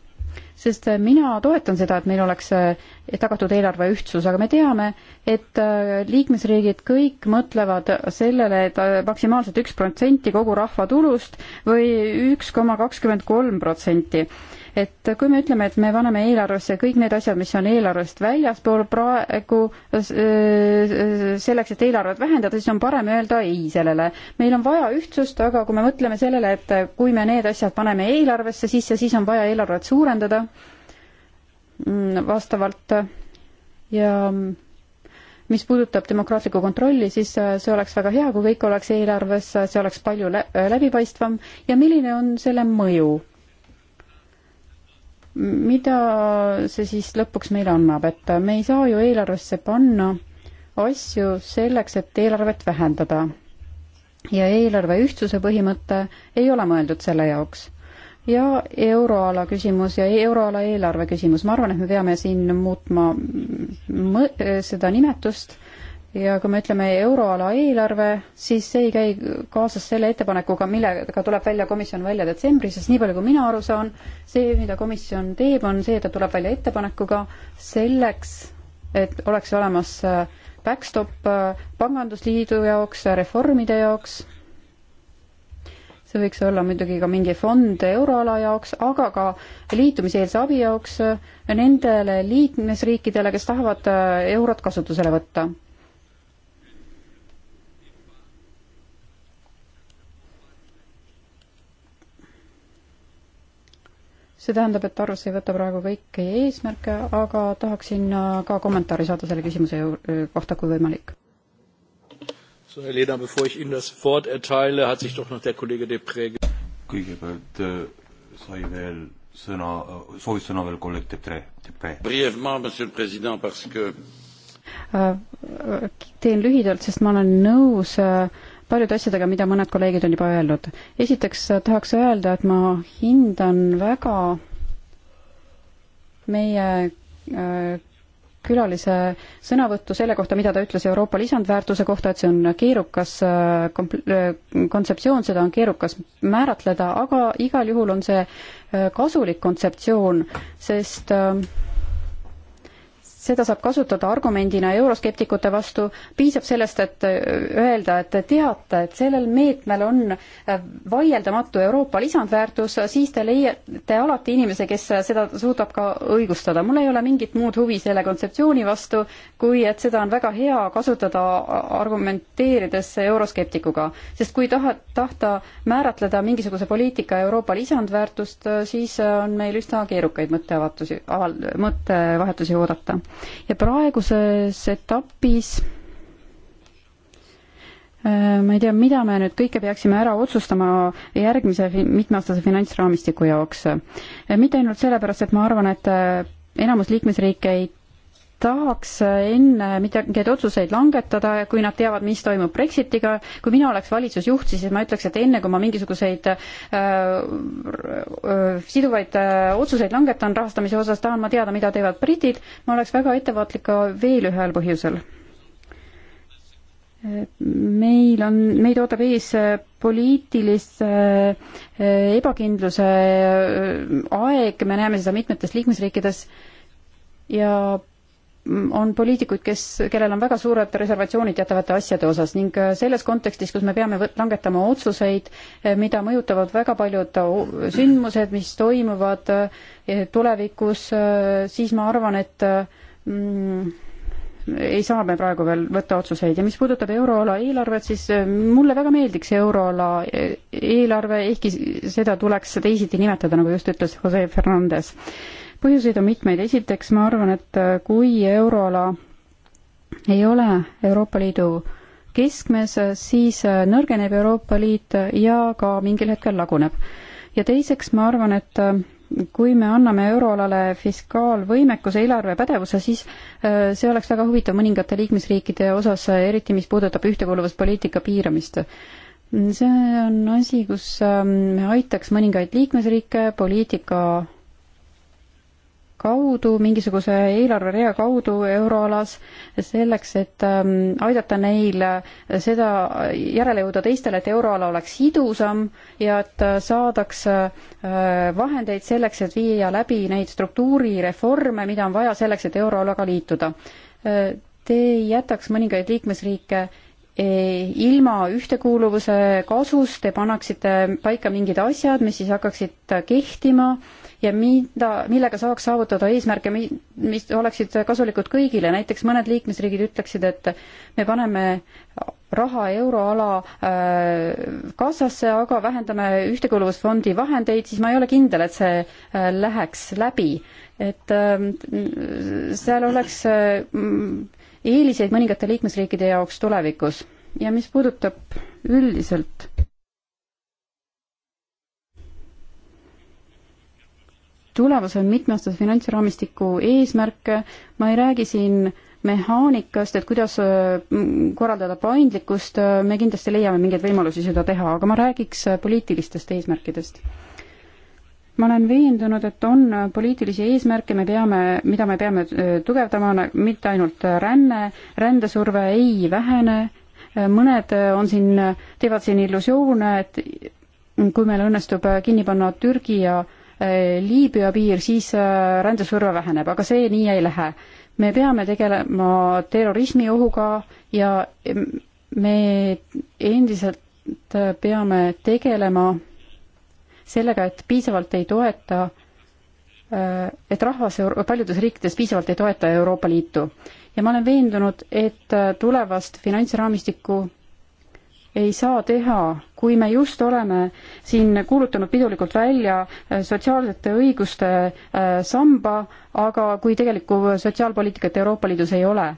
sest äh, mina toetan seda, et meil oleks äh, tagatud eelarve ühtsus, aga me teame, et äh, liikmesriigid kõik mõtlevad sellele et, et maksimaalselt üks protsenti kogu rahva tulust või üks koma kakskümmend kolm protsenti et kui me ütleme, et me paneme eelarvesse kõik need asjad, mis on eelarvest väljaspool praegu selleks, et eelarvet vähendada, siis on parem öelda ei sellele. meil on vaja ühtsust, aga kui me mõtleme sellele, et kui me need asjad paneme eelarvesse sisse, siis on vaja eelarvet suurendada mm, vastavalt ja mis puudutab demokraatlikku kontrolli, siis see oleks väga hea, kui kõik oleks eelarves, see oleks palju läbipaistvam ja milline on selle mõju? mida see siis lõpuks meile annab, et me ei saa ju eelarvesse panna asju selleks, et eelarvet vähendada. ja eelarve ühtsuse põhimõte ei ole mõeldud selle jaoks. ja euroala küsimus ja euroala eelarve küsimus, ma arvan, et me peame siin muutma mõ-, seda nimetust ja kui me ütleme euroala eelarve, siis see ei käi kaasas selle ettepanekuga, millega tuleb välja komisjon välja detsembris, sest nii palju, kui mina aru saan, see, mida komisjon teeb, on see, et ta tuleb välja ettepanekuga selleks, et oleks olemas äh, backstop äh, pangandusliidu jaoks, äh, reformide jaoks, see võiks olla muidugi ka mingi fond euroala jaoks, aga ka liitumiseelse abi jaoks nendele liikmesriikidele, kes tahavad eurot kasutusele võtta see tähendab, et arvesse ei võta praegu kõiki eesmärke, aga tahaksin äh, ka kommentaari saada selle küsimuse äh, kohta, kui võimalik. So Herr Lehner, bevor ich Ihnen das Wort erteile, hat sich doch noch der Kollege Depré kõigepealt äh, sai veel sõna, soovis sõna veel kolleeg Depré, Depré. Brièvement, monsieur le president, parce que teen lühidalt, sest ma olen nõus äh, paljude asjadega, mida mõned kolleegid on juba öelnud. esiteks äh, tahaks öelda, et ma hindan väga meie äh, külalise sõnavõttu selle kohta, mida ta ütles Euroopa lisandväärtuse kohta, et see on keerukas äh, kontseptsioon, seda on keerukas määratleda, aga igal juhul on see kasulik kontseptsioon, sest äh, seda saab kasutada argumendina euroskeptikute vastu, piisab sellest, et äh, öelda, et te teate, et sellel meetmel on äh, vaieldamatu Euroopa lisandväärtus, siis te leiate alati inimese, kes äh, seda suudab ka õigustada. mul ei ole mingit muud huvi selle kontseptsiooni vastu, kui et seda on väga hea kasutada argumenteerides euroskeptikuga. sest kui taha, tahta määratleda mingisuguse poliitika Euroopa lisandväärtust, siis on meil üsna keerukaid mõtteavatusi, aval-, mõttevahetusi oodata ja praeguses etapis äh, ma ei tea, mida me nüüd kõike peaksime ära otsustama järgmise mitmeaastase finantsraamistiku jaoks. Äh, mitte ainult sellepärast, et ma arvan, et äh, enamus liikmesriike ei tahaks enne mingeid otsuseid langetada, kui nad teavad, mis toimub Brexitiga. kui mina oleks valitsusjuht, siis ma ütleks, et enne kui ma mingisuguseid äh, äh, siduvaid äh, otsuseid langetan rahastamise osas, tahan ma teada, mida teevad britid. ma oleks väga ettevaatlik ka veel ühel põhjusel. meil on, meid ootab ees poliitilise äh, ebakindluse äh, aeg, me näeme seda mitmetes liikmesriikides ja on poliitikuid, kes, kellel on väga suured reservatsioonid teatavate asjade osas ning äh, selles kontekstis, kus me peame võt-, langetama otsuseid, äh, mida mõjutavad väga paljud sündmused, mis toimuvad äh, tulevikus, siis ma arvan, et mm, ei saa me praegu veel võtta otsuseid ja mis puudutab euroala eelarvet, siis mulle väga meeldiks euroala eelarve, ehkki seda tuleks teisiti nimetada, nagu just ütles Jose Fernandez põhjuseid on mitmeid, esiteks ma arvan, et äh, kui euroala ei ole Euroopa Liidu keskmes, siis äh, nõrgeneb Euroopa Liit ja ka mingil hetkel laguneb. ja teiseks ma arvan, et äh, kui me anname euroalale fiskaalvõimekuse eelarvepädevuse, siis see oleks väga huvitav mõningate liikmesriikide osas, eriti mis puudutab ühtekuuluvuspoliitika piiramist. see on asi, kus me ähm, aitaks mõningaid liikmesriike poliitika kaudu, mingisuguse eelarverea kaudu euroalas, selleks, et ähm, aidata neil äh, seda järele jõuda teistele, et euroala oleks sidusam ja et äh, saadaks äh, vahendeid selleks, et viia läbi neid struktuurireforme, mida on vaja selleks, et euroalaga liituda. Te ei jätaks mõningaid liikmesriike e, ilma ühtekuuluvuse kasust, te panaksite paika mingid asjad, mis siis hakkaksid kehtima äh, ja mida, millega saaks saavutada eesmärke, mis oleksid kasulikud kõigile, näiteks mõned liikmesriigid ütleksid, et me paneme raha euroala äh, kassasse, aga vähendame ühtekuuluvusfondi vahendeid, siis ma ei ole kindel, et see äh, läheks läbi. et ähm, seal oleks äh, eeliseid mõningate liikmesriikide jaoks tulevikus ja mis puudutab üldiselt tulevase mitmeaastase finantsraamistiku eesmärke, ma ei räägi siin mehaanikast, et kuidas mm, korraldada paindlikkust, me kindlasti leiame mingeid võimalusi seda teha, aga ma räägiks poliitilistest eesmärkidest. ma olen veendunud, et on poliitilisi eesmärke, me peame, mida me peame äh, tugevdama, mitte ainult ränne, rändesurve ei vähene, mõned äh, on siin, teevad siin illusioone, et kui meil õnnestub kinni panna Türgi ja äh, Liibüa piir, siis äh, rändesurve väheneb, aga see nii ei lähe. me peame tegelema terrorismiohuga ja me endiselt äh, peame tegelema sellega, et piisavalt ei toeta, äh, et rahvas paljudes riikides piisavalt ei toeta Euroopa Liitu. ja ma olen veendunud, et tulevast finantsraamistikku ei saa teha, kui me just oleme siin kuulutanud pidulikult välja äh, sotsiaalsete õiguste äh, samba, aga kui tegelikku sotsiaalpoliitikat Euroopa Liidus ei ole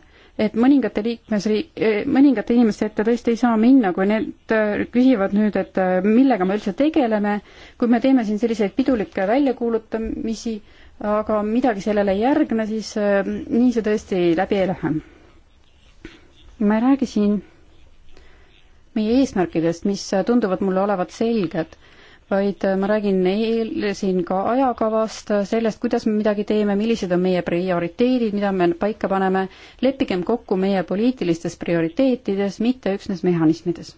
et mõningate liikmesriik, äh, mõningate inimeste ette tõesti ei saa minna, kui need küsivad nüüd, et millega me üldse tegeleme, kui me teeme siin selliseid pidulikke väljakuulutamisi, aga midagi sellele ei järgne, siis nii see tõesti läbi ei lähe. ma ei räägi siin meie eesmärkidest, mis tunduvad mulle olevat selged, vaid ma räägin eel, siin ka ajakavast, sellest, kuidas me midagi teeme, millised on meie prioriteedid, mida me paika paneme, leppigem kokku meie poliitilistes prioriteetides, mitte üksnes mehhanismides.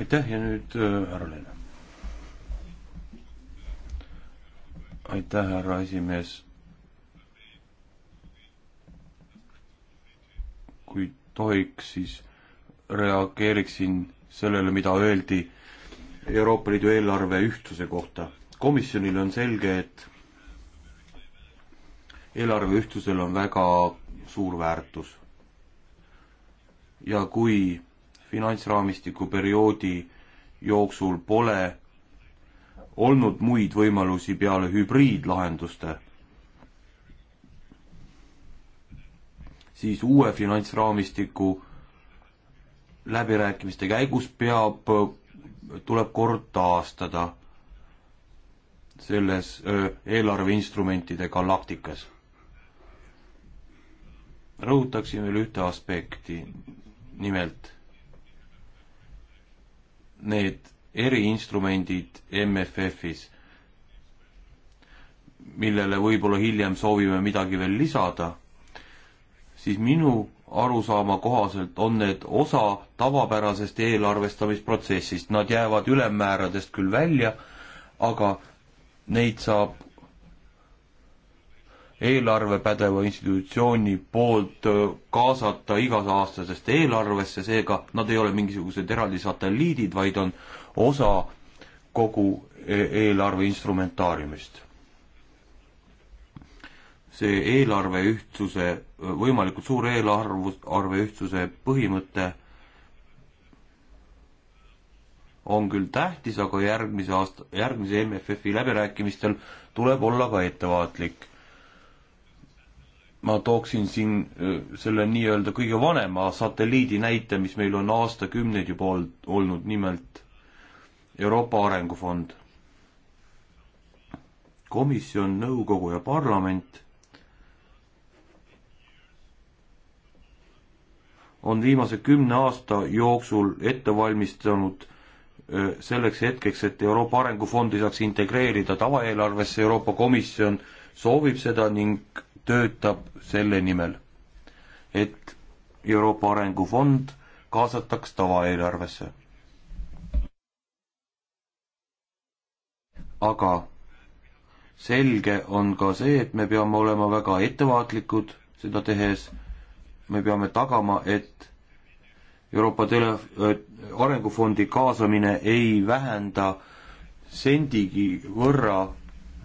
aitäh ja nüüd äh, härra Leena. aitäh, härra esimees tohiks, siis reageeriksin sellele, mida öeldi Euroopa Liidu eelarve ühtsuse kohta. komisjonile on selge, et eelarve ühtsusel on väga suur väärtus. ja kui finantsraamistiku perioodi jooksul pole olnud muid võimalusi peale hübriidlahenduste siis uue finantsraamistiku läbirääkimiste käigus peab, tuleb kord taastada selles eelarveinstrumentide galaktikas. rõhutaksin veel ühte aspekti, nimelt need eriinstrumendid MFF-is, millele võib-olla hiljem soovime midagi veel lisada siis minu arusaama kohaselt on need osa tavapärasest eelarvestamisprotsessist, nad jäävad ülemmääradest küll välja, aga neid saab eelarvepädeva institutsiooni poolt kaasata igasaaastasest eelarvesse, seega nad ei ole mingisugused eraldi satelliidid, vaid on osa kogu e-, eelarve instrumentaariumist see eelarve ühtsuse, võimalikult suur eelarvus, arve ühtsuse põhimõte on küll tähtis, aga järgmise aasta, järgmise MFF-i läbirääkimistel tuleb olla ka ettevaatlik. ma tooksin siin äh, selle nii-öelda kõige vanema satelliidi näite, mis meil on aastakümneid juba ol-, olnud, nimelt Euroopa Arengufond komisjon, nõukogu ja parlament on viimase kümne aasta jooksul ette valmistanud selleks hetkeks, et Euroopa Arengufondi saaks integreerida tavaeelarvesse, Euroopa Komisjon soovib seda ning töötab selle nimel, et Euroopa Arengufond kaasataks tavaeelarvesse. aga selge on ka see, et me peame olema väga ettevaatlikud seda tehes me peame tagama, et Euroopa tele-, äh, arengufondi kaasamine ei vähenda sendigi võrra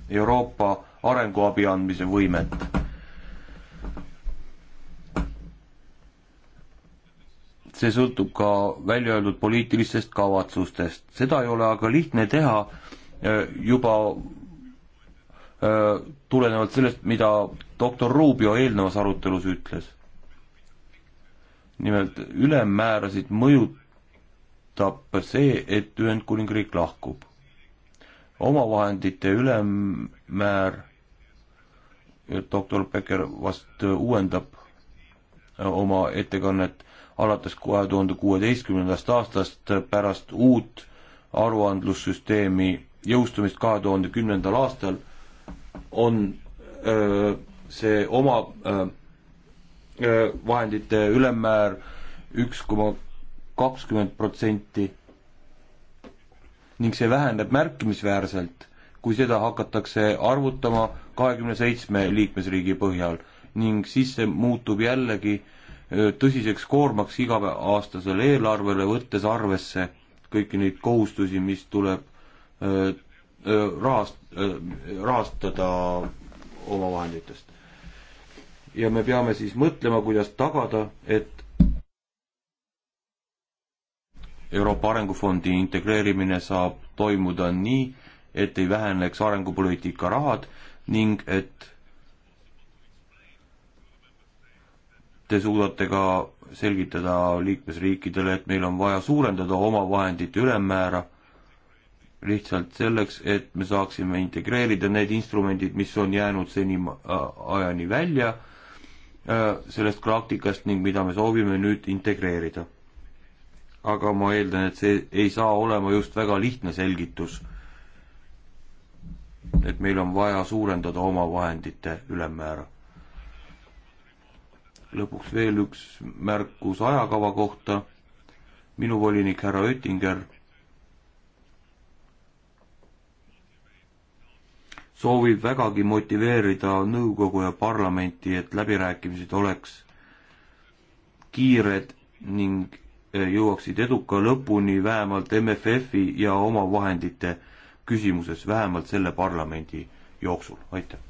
Euroopa arenguabi andmise võimet. see sõltub ka välja öeldud poliitilistest kavatsustest, seda ei ole aga lihtne teha äh, juba äh, tulenevalt sellest, mida doktor Rubio eelnevas arutelus ütles nimelt ülemmäärasid mõjutab see, et Ühendkuningriik lahkub. omavahendite ülemmäär, doktor Becker vast uuendab äh, oma ettekannet alates kahe tuhande kuueteistkümnendast aastast pärast uut aruandlussüsteemi jõustumist kahe tuhande kümnendal aastal on öö, äh, see oma öö, äh, Äh, vahendite ülemmäär üks koma kakskümmend protsenti ning see vähendab märkimisväärselt, kui seda hakatakse arvutama kahekümne seitsme liikmesriigi põhjal ning siis see muutub jällegi äh, tõsiseks koormaks iga-aastasele eelarvele, võttes arvesse kõiki neid kohustusi, mis tuleb äh, rahast, rahastada omavahenditest ja me peame siis mõtlema, kuidas tagada, et Euroopa Arengufondi integreerimine saab toimuda nii, et ei väheneks arengupoliitika rahad ning et te suudate ka selgitada liikmesriikidele, et meil on vaja suurendada omavahendite ülemmäära lihtsalt selleks, et me saaksime integreerida need instrumendid, mis on jäänud seni äh, ajani välja Äh, sellest praktikast ning mida me soovime nüüd integreerida. aga ma eeldan, et see ei saa olema just väga lihtne selgitus. et meil on vaja suurendada oma vahendite ülemmäära. lõpuks veel üks märkus ajakava kohta. minu volinik härra Oettinger soovib vägagi motiveerida nõukogu ja parlamenti, et läbirääkimised oleks kiired ning eh, jõuaksid eduka lõpuni vähemalt MFF-i ja omavahendite küsimuses, vähemalt selle parlamendi jooksul, aitäh.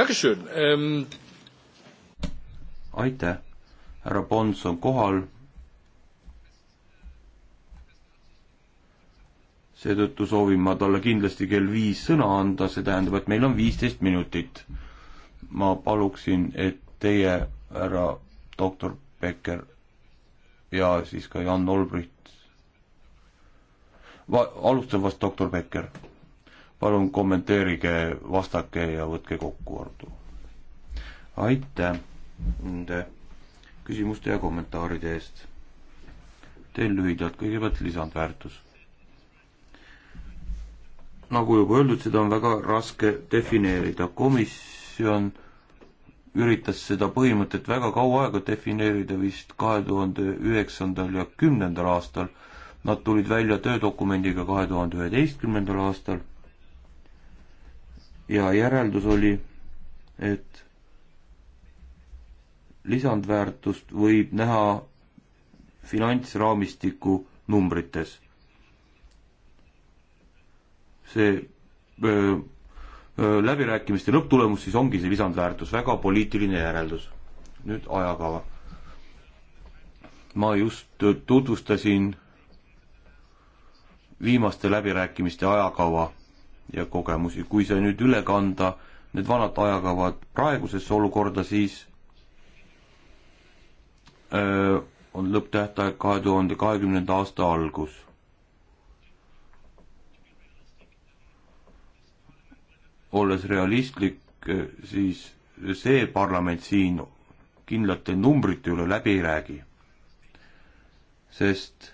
Ähm. aitäh, härra Pons on kohal seetõttu soovin ma talle kindlasti kell viis sõna anda, see tähendab, et meil on viisteist minutit. ma paluksin, et teie, härra doktor Becker ja siis ka Jan Olbrit, alustan vast doktor Becker. palun kommenteerige, vastake ja võtke kokku, Ardo. aitäh nende küsimuste ja kommentaaride eest. Teil lühidalt kõigepealt lisandväärtus nagu juba öeldud, seda on väga raske defineerida. komisjon üritas seda põhimõtet väga kaua aega defineerida, vist kahe tuhande üheksandal ja kümnendal aastal. Nad tulid välja töödokumendiga kahe tuhande üheteistkümnendal aastal. ja järeldus oli, et lisandväärtust võib näha finantsraamistiku numbrites see öö, öö, läbirääkimiste lõpptulemus siis ongi see lisandväärtus, väga poliitiline järeldus. nüüd ajakava. ma just tutvustasin viimaste läbirääkimiste ajakava ja kogemusi, kui see nüüd üle kanda, need vanad ajakavad praegusesse olukorda, siis öö, on lõpptähtaeg kahe tuhande kahekümnenda aasta algus olles realistlik, eh, siis see parlament siin kindlate numbrite üle läbi ei räägi. sest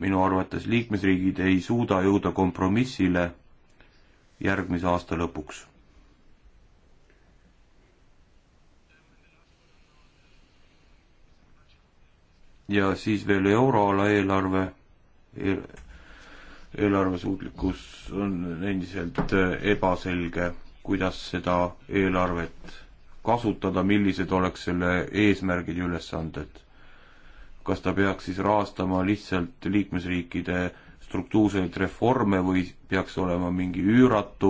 minu arvates liikmesriigid ei suuda jõuda kompromissile järgmise aasta lõpuks. ja siis veel euroala eelarve eelarvesuutlikkus on endiselt ebaselge, kuidas seda eelarvet kasutada, millised oleks selle eesmärgid ja ülesanded. kas ta peaks siis rahastama lihtsalt liikmesriikide struktuurseid reforme või peaks olema mingi üüratu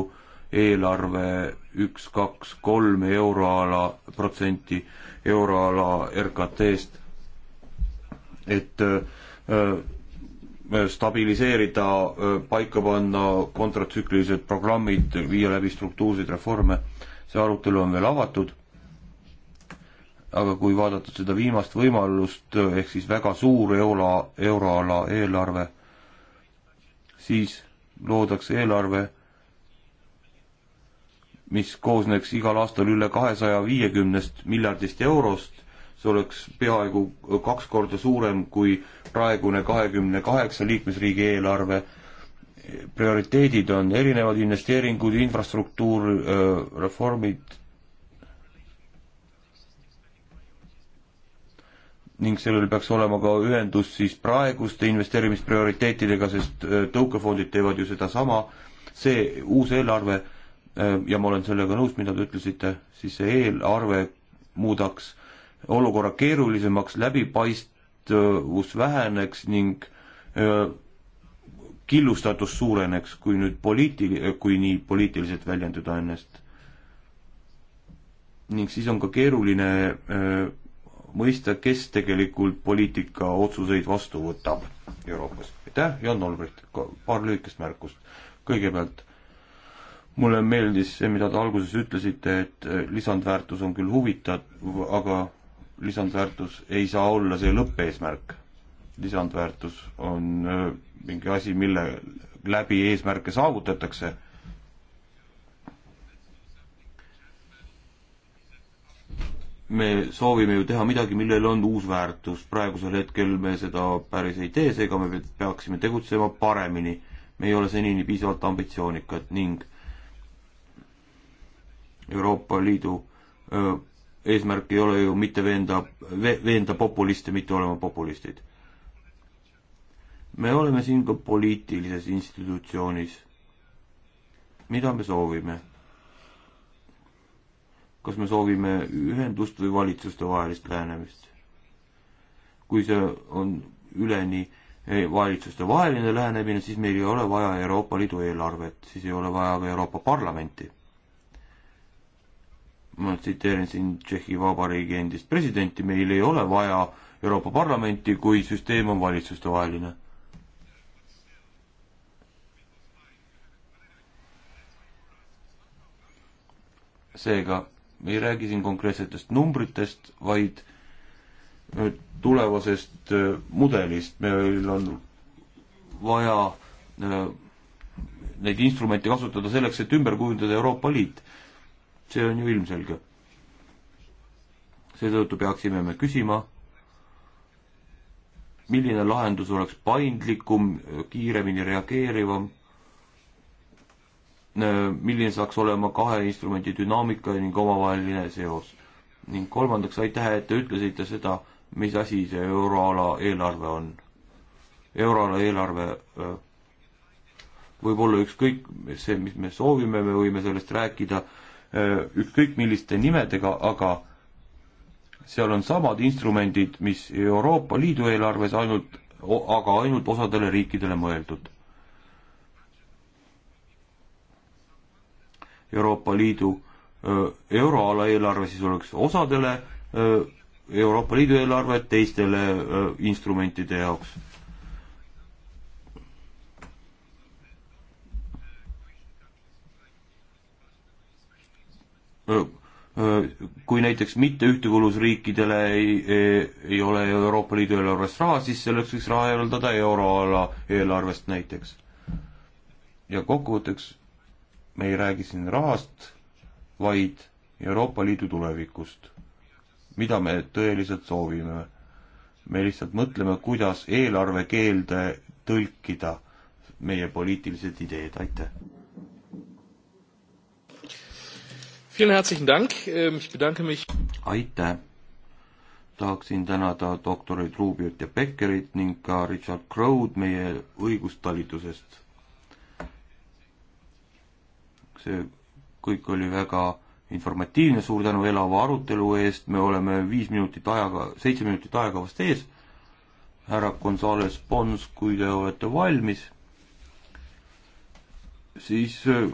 eelarve üks, kaks, kolm euroala protsenti euroala RKT-st, et öö, äh, Äh, stabiliseerida, äh, paika panna kontratsüklilised programmid, viia läbi struktuurseid reforme, see arutelu on veel avatud, aga kui vaadata seda viimast võimalust, äh, ehk siis väga suur euro, euroala eelarve, siis loodakse eelarve, mis koosneks igal aastal üle kahesaja viiekümnest miljardist eurost see oleks peaaegu kaks korda suurem kui praegune kahekümne kaheksa liikmesriigi eelarve. prioriteedid on erinevad investeeringud, infrastruktuur, reformid ning sellel peaks olema ka ühendus siis praeguste investeerimisprioriteetidega, sest tõukefondid teevad ju sedasama. see uus eelarve ja ma olen sellega nõus, mida te ütlesite, siis see eelarve muudaks olukorra keerulisemaks, läbipaistvus väheneks ning killustatus suureneks, kui nüüd poliiti-, kui nii poliitiliselt väljenduda ennast. ning siis on ka keeruline öö, mõista, kes tegelikult poliitika otsuseid vastu võtab Euroopas. aitäh, Jan Olbrit, paar lühikest märkust. kõigepealt, mulle meeldis see, mida te alguses ütlesite, et lisandväärtus on küll huvitav, aga lisandväärtus ei saa olla see lõppeesmärk. lisandväärtus on mingi asi, mille läbi eesmärke saavutatakse. me soovime ju teha midagi, millel on uus väärtus, praegusel hetkel me seda päris ei tee, seega me peaksime tegutsema paremini. me ei ole senini piisavalt ambitsioonikad ning Euroopa Liidu öö, eesmärk ei ole ju mitte veenda, veenda populiste mitte olema populistid. me oleme siin ka poliitilises institutsioonis. mida me soovime? kas me soovime ühendust või valitsuste vahelist lähenemist? kui see on üleni eh, valitsuste vaheline lähenemine, siis meil ei ole vaja Euroopa Liidu eelarvet, siis ei ole vaja ka Euroopa Parlamenti ma tsiteerin siin Tšehhi Vabariigi endist presidenti, meil ei ole vaja Euroopa Parlamenti, kui süsteem on valitsustevaheline. seega me ei räägi siin konkreetsetest numbritest, vaid äh, tulevasest äh, mudelist, meil on vaja äh, neid instrumente kasutada selleks, et ümber kujundada Euroopa Liit see on ju ilmselge. seetõttu peaksime me küsima, milline lahendus oleks paindlikum, kiiremini reageerivam, milline saaks olema kahe instrumendi dünaamika ning omavaheline seos. ning kolmandaks, aitäh, et te ütlesite seda, mis asi see euroala eelarve on. euroala eelarve äh, võib olla ükskõik see, mis me soovime, me võime sellest rääkida Äh, ükskõik milliste nimedega, aga seal on samad instrumendid, mis Euroopa Liidu eelarves ainult, aga ainult osadele riikidele mõeldud. Euroopa Liidu äh, euroala eelarve siis oleks osadele äh, Euroopa Liidu eelarve teistele instrumentide jaoks kui näiteks mitteühtekuuluvusriikidele ei, ei, ei ole Euroopa Liidu eelarvest raha, siis selleks võiks raha eraldada euroala eelarvest näiteks. ja kokkuvõtteks me ei räägi siin rahast, vaid Euroopa Liidu tulevikust, mida me tõeliselt soovime. me lihtsalt mõtleme, kuidas eelarvekeelde tõlkida meie poliitilised ideed, aitäh! Vielen herzlichen Dank, ähm, ich bedanke mich. aitäh! tahaksin tänada doktoreid Rubiot ja Beckerit ning ka Richard Crowd meie õigustalitusest. see kõik oli väga informatiivne, suur tänu elava arutelu eest, me oleme viis minutit ajaga, seitse minutit aega vast ees. härra Gonzales Pons, kui te olete valmis, siis äh,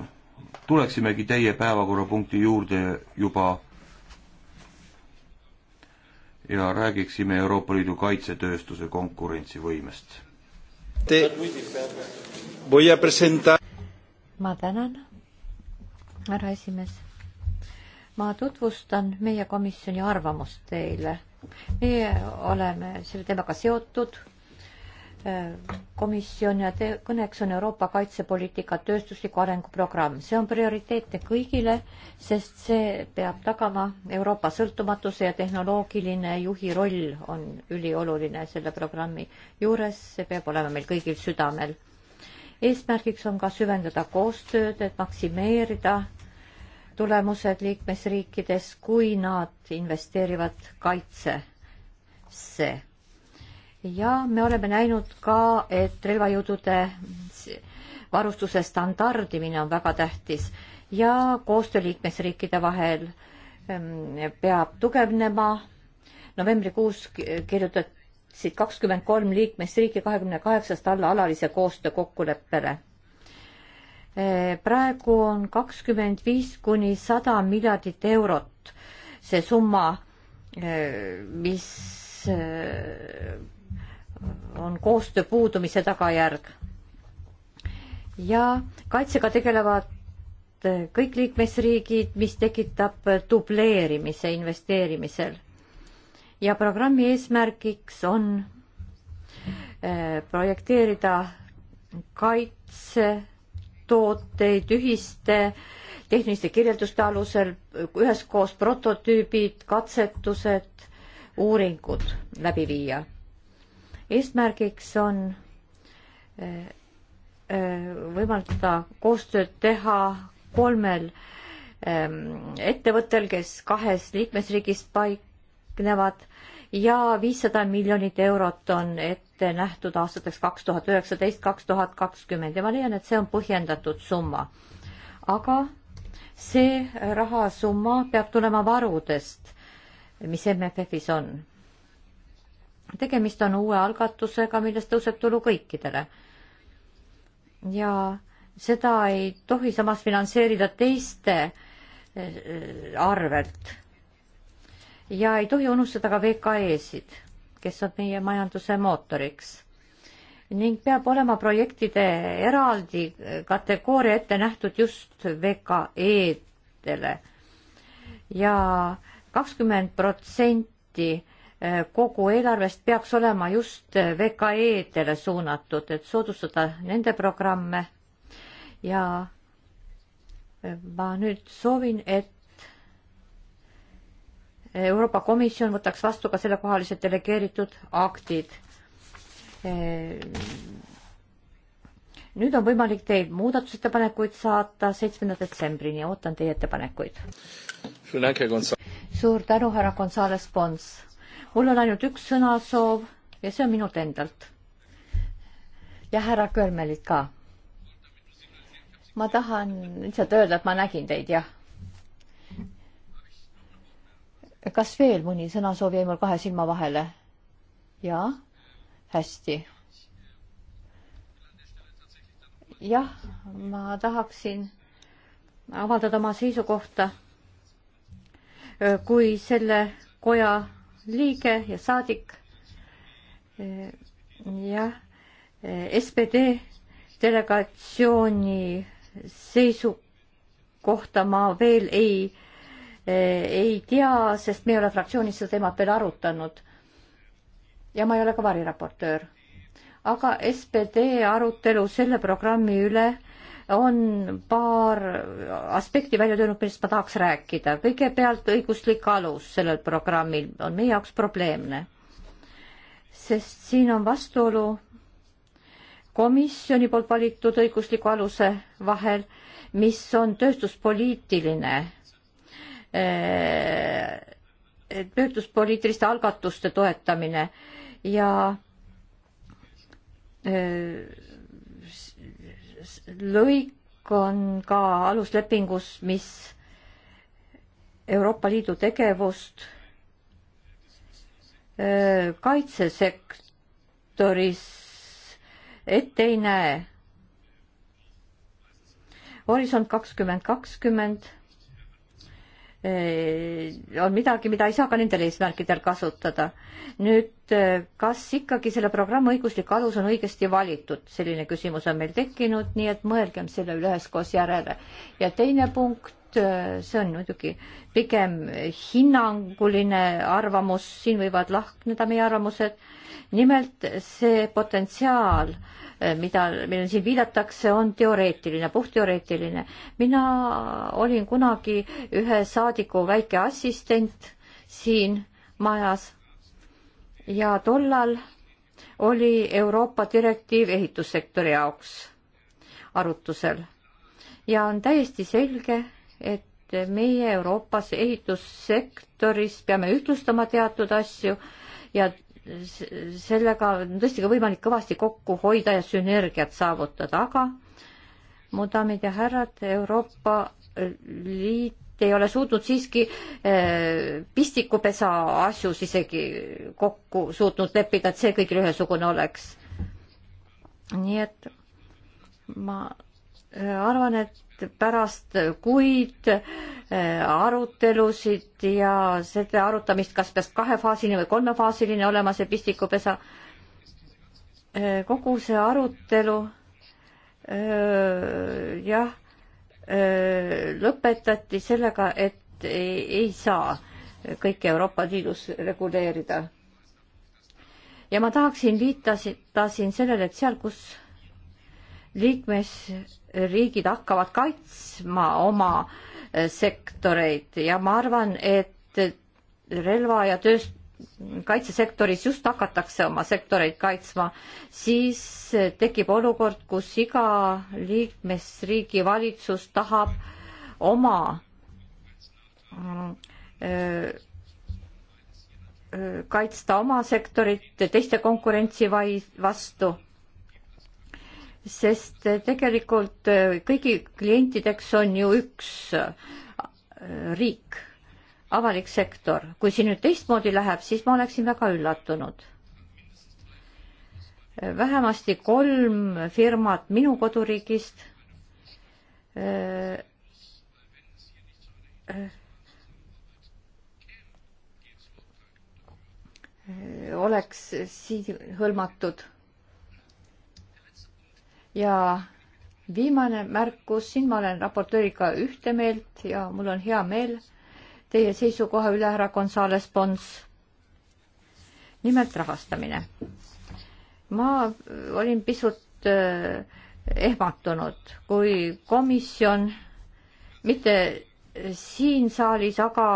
tuleksimegi teie päevakorrapunkti juurde juba ja räägiksime Euroopa Liidu kaitsetööstuse konkurentsivõimest. ma tänan, härra esimees. ma tutvustan meie komisjoni arvamust teile. meie oleme selle teemaga seotud komisjon ja te, kõneks on Euroopa kaitsepoliitika tööstusliku arenguprogramm. see on prioriteetne kõigile, sest see peab tagama Euroopa sõltumatuse ja tehnoloogiline juhi roll on ülioluline selle programmi juures, see peab olema meil kõigil südamel. eesmärgiks on ka süvendada koostööd, et maksimeerida tulemused liikmesriikides, kui nad investeerivad kaitsesse ja me oleme näinud ka, et relvajõudude varustuse standardimine on väga tähtis ja koostöö liikmesriikide vahel ehm, peab tugevnema. novembrikuus kirjutasid kakskümmend kolm liikmesriiki kahekümne kaheksast alla alalise koostöö kokkuleppele. Ehm, praegu on kakskümmend viis kuni sada miljardit eurot see summa, ehm, mis on koostöö puudumise tagajärg. ja kaitsega tegelevad äh, kõik liikmesriigid, mis tekitab äh, dubleerimise investeerimisel. ja programmi eesmärgiks on äh, projekteerida kaitsetooteid ühiste tehniliste kirjelduste alusel, üheskoos prototüübid, katsetused, uuringud läbi viia eesmärgiks on eh, eh, võimaldada koostööd teha kolmel ehm, ettevõttel, kes kahes liikmesriigis paiknevad ja viissada miljonit eurot on ette nähtud aastateks kaks tuhat üheksateist, kaks tuhat kakskümmend ja ma leian, et see on põhjendatud summa. aga see rahasumma peab tulema varudest, mis MFF-is on tegemist on uue algatusega, millest tõuseb tulu kõikidele. ja seda ei tohi samas finantseerida teiste äh, arvelt. ja ei tohi unustada ka VKE-sid, kes on meie majanduse mootoriks ning peab olema projektide eraldi kategooria ette nähtud just VKE-dele ja kakskümmend protsenti Eh, kogu eelarvest peaks olema just eh, VKE-dele suunatud, et soodustada nende programme. ja eh, ma nüüd soovin, et Euroopa Komisjon võtaks vastu ka sellekohalised delegeeritud aktid. nüüd on võimalik teil muudatusettepanekuid saata seitsmenda detsembrini, ootan teie ettepanekuid. suur tänu, härra Gonzales Pons mul on ainult üks sõnasoov ja see on minult endalt. ja härra Körmelit ka. ma tahan lihtsalt öelda, et ma nägin teid, jah. kas veel mõni sõnasoov jäi mul kahe silma vahele? jaa, hästi. jah, ma tahaksin avaldada oma seisukohta kui selle koja liige ja saadik. jah, SPD delegatsiooni seisukohta ma veel ei, ei tea, sest me ei ole fraktsioonis seda teemat veel arutanud. ja ma ei ole ka variraportöör. aga SPD arutelu selle programmi üle on paar aspekti välja tulnud, millest ma tahaks rääkida. kõigepealt õiguslik alus sellel programmil on meie jaoks probleemne, sest siin on vastuolu komisjoni poolt valitud õigusliku aluse vahel, mis on tööstuspoliitiline, eh, tööstuspoliitiliste algatuste toetamine ja öö, eh, lõik on ka aluslepingus, mis Euroopa Liidu tegevust kaitsesektoris ette ei näe. horisont kakskümmend kakskümmend Äh, on midagi, mida ei saa ka nendel eesmärkidel kasutada. nüüd, äh, kas ikkagi selle programmi õiguslik alus on õigesti valitud, selline küsimus on meil tekkinud, nii et mõelgem selle üle üheskoos järele. ja teine punkt, äh, see on muidugi pigem hinnanguline arvamus, siin võivad lahkneda meie arvamused, nimelt see potentsiaal äh, Eh, mida, millele siin viidatakse, on teoreetiline, puhtteoreetiline. mina olin kunagi ühe saadiku väike assistent siin majas ja tollal oli Euroopa direktiiv ehitussektori jaoks arutusel ja on täiesti selge, et meie Euroopas ehitussektoris peame ühtlustama teatud asju ja sellega on tõesti ka võimalik kõvasti kokku hoida ja sünergiat saavutada, aga mu daamid ja härrad, Euroopa Liit ei ole suutnud siiski eh, pistikupesa asjus isegi kokku suutnud leppida, et see kõigil ühesugune oleks. nii et ma eh, arvan, et et pärast kuid äh, arutelusid ja seda arutamist, kas peaks kahefaasiline või kolmefaasiline olema see pistikupesa, äh, kogu see arutelu äh, jah, lõpetati sellega, et ei, ei saa kõike Euroopa Liidus reguleerida. ja ma tahaksin viitada siin sellele, et seal, kus liikmesriigid hakkavad kaitsma oma äh, sektoreid ja ma arvan, et relva ja tööst-, kaitsesektoris just hakatakse oma sektoreid kaitsma, siis äh, tekib olukord, kus iga liikmesriigi valitsus tahab oma öö, äh, öö, kaitsta oma sektorit teiste konkurentsi vai-, vastu sest tegelikult äh, kõigi klientideks on ju üks äh, riik, avalik sektor. kui see nüüd teistmoodi läheb, siis ma oleksin väga üllatunud. Äh, vähemasti kolm firmat minu koduriigist oleks siin hõlmatud ja viimane märkus, siin ma olen raportööriga ühte meelt ja mul on hea meel teie seisukoha üle, härra Gonzales Pons. nimelt rahastamine. ma olin pisut äh, ehmatunud, kui komisjon mitte siin saalis, aga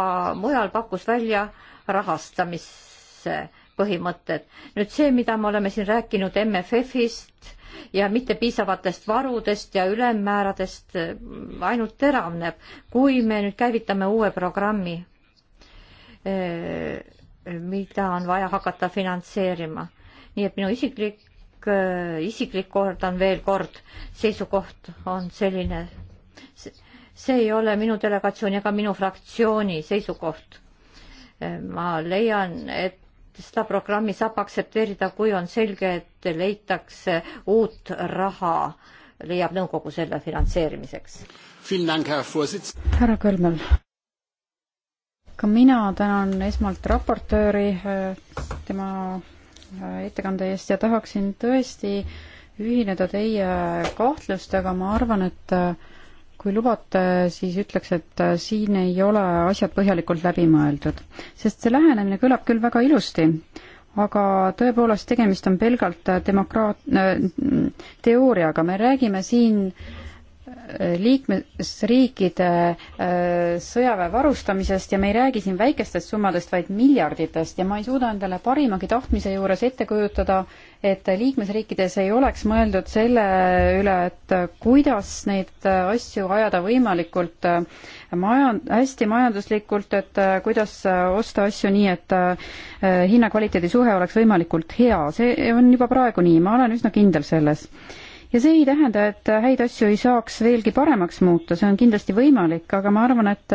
mujal pakkus välja rahastamise põhimõtted. nüüd see, mida me oleme siin rääkinud MFF-ist ja mitte piisavatest varudest ja ülemmääradest äh, ainult teravneb. kui me nüüd käivitame uue programmi, äh, mida on vaja hakata finantseerima, nii et minu isiklik, äh, isiklik kordan veel kord, seisukoht on selline. see ei ole minu delegatsiooni ega minu fraktsiooni seisukoht ma leian, et et seda programmi saab aktsepteerida, kui on selge, et leitakse uut raha, leiab nõukogu selle finantseerimiseks. härra Kõlmel. ka mina tänan esmalt raportööri äh, tema äh, ettekande eest ja tahaksin tõesti ühineda teie kahtlustega, ma arvan, et äh, kui lubate, siis ütleks, et äh, siin ei ole asjad põhjalikult läbi mõeldud, sest see lähenemine kõlab küll väga ilusti, aga tõepoolest, tegemist on pelgalt äh, demokraat- äh,, teooriaga, me räägime siin äh, liikmesriikide äh, sõjaväe varustamisest ja me ei räägi siin väikestest summadest, vaid miljarditest ja ma ei suuda endale parimagi tahtmise juures ette kujutada, et liikmesriikides ei oleks mõeldud selle üle, et kuidas neid äh, asju ajada võimalikult äh, majan-, hästi majanduslikult, et kuidas osta asju nii, et hinna-kvaliteedi suhe oleks võimalikult hea, see on juba praegu nii, ma olen üsna kindel selles ja see ei tähenda, et häid asju ei saaks veelgi paremaks muuta, see on kindlasti võimalik, aga ma arvan, et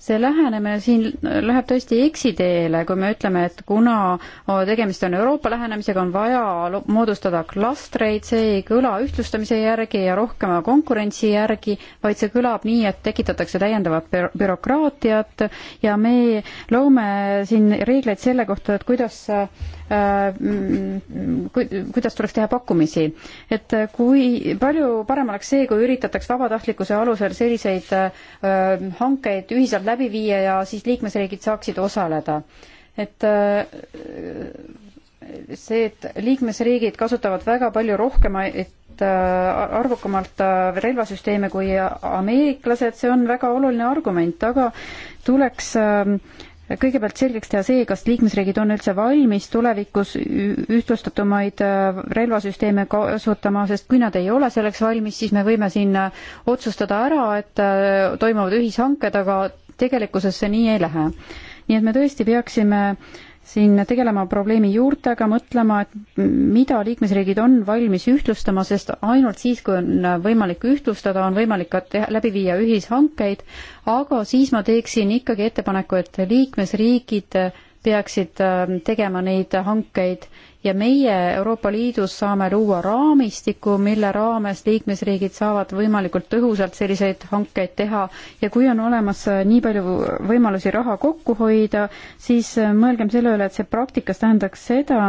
see lähenemine siin läheb tõesti eksiteele, kui me ütleme, et kuna tegemist on Euroopa lähenemisega, on vaja moodustada klastreid, see ei kõla ühtlustamise järgi ja rohkema konkurentsi järgi, vaid see kõlab nii, et tekitatakse täiendavat bürokraatiat ja me loome siin reegleid selle kohta, et kuidas Äh, mm, mm, kuidas tuleks teha pakkumisi. et kui palju parem oleks see, kui üritataks vabatahtlikkuse alusel selliseid äh, hankeid ühiselt läbi viia ja siis liikmesriigid saaksid osaleda. et äh, see, et liikmesriigid kasutavad väga palju rohkemaid arvukamalt relvasüsteeme kui ameeriklased, see on väga oluline argument, aga tuleks äh, kõigepealt selgeks teha see, kas liikmesriigid on üldse valmis tulevikus ühtlustatumaid äh, relvasüsteeme kasutama, sest kui nad ei ole selleks valmis, siis me võime siin äh, otsustada ära, et äh, toimuvad ühishanked, aga tegelikkuses see nii ei lähe. nii et me tõesti peaksime äh, siin tegelema probleemi juurtega, mõtlema, et mida liikmesriigid on valmis ühtlustama, sest ainult siis, kui on võimalik ühtlustada, on võimalik ka teha, läbi viia ühishankeid, aga siis ma teeksin ikkagi ettepaneku, et liikmesriigid peaksid äh, tegema neid hankeid ja meie Euroopa Liidus saame luua raamistiku, mille raames liikmesriigid saavad võimalikult tõhusalt selliseid hankeid teha ja kui on olemas nii palju võimalusi raha kokku hoida, siis mõelgem selle üle, et see praktikas tähendaks seda,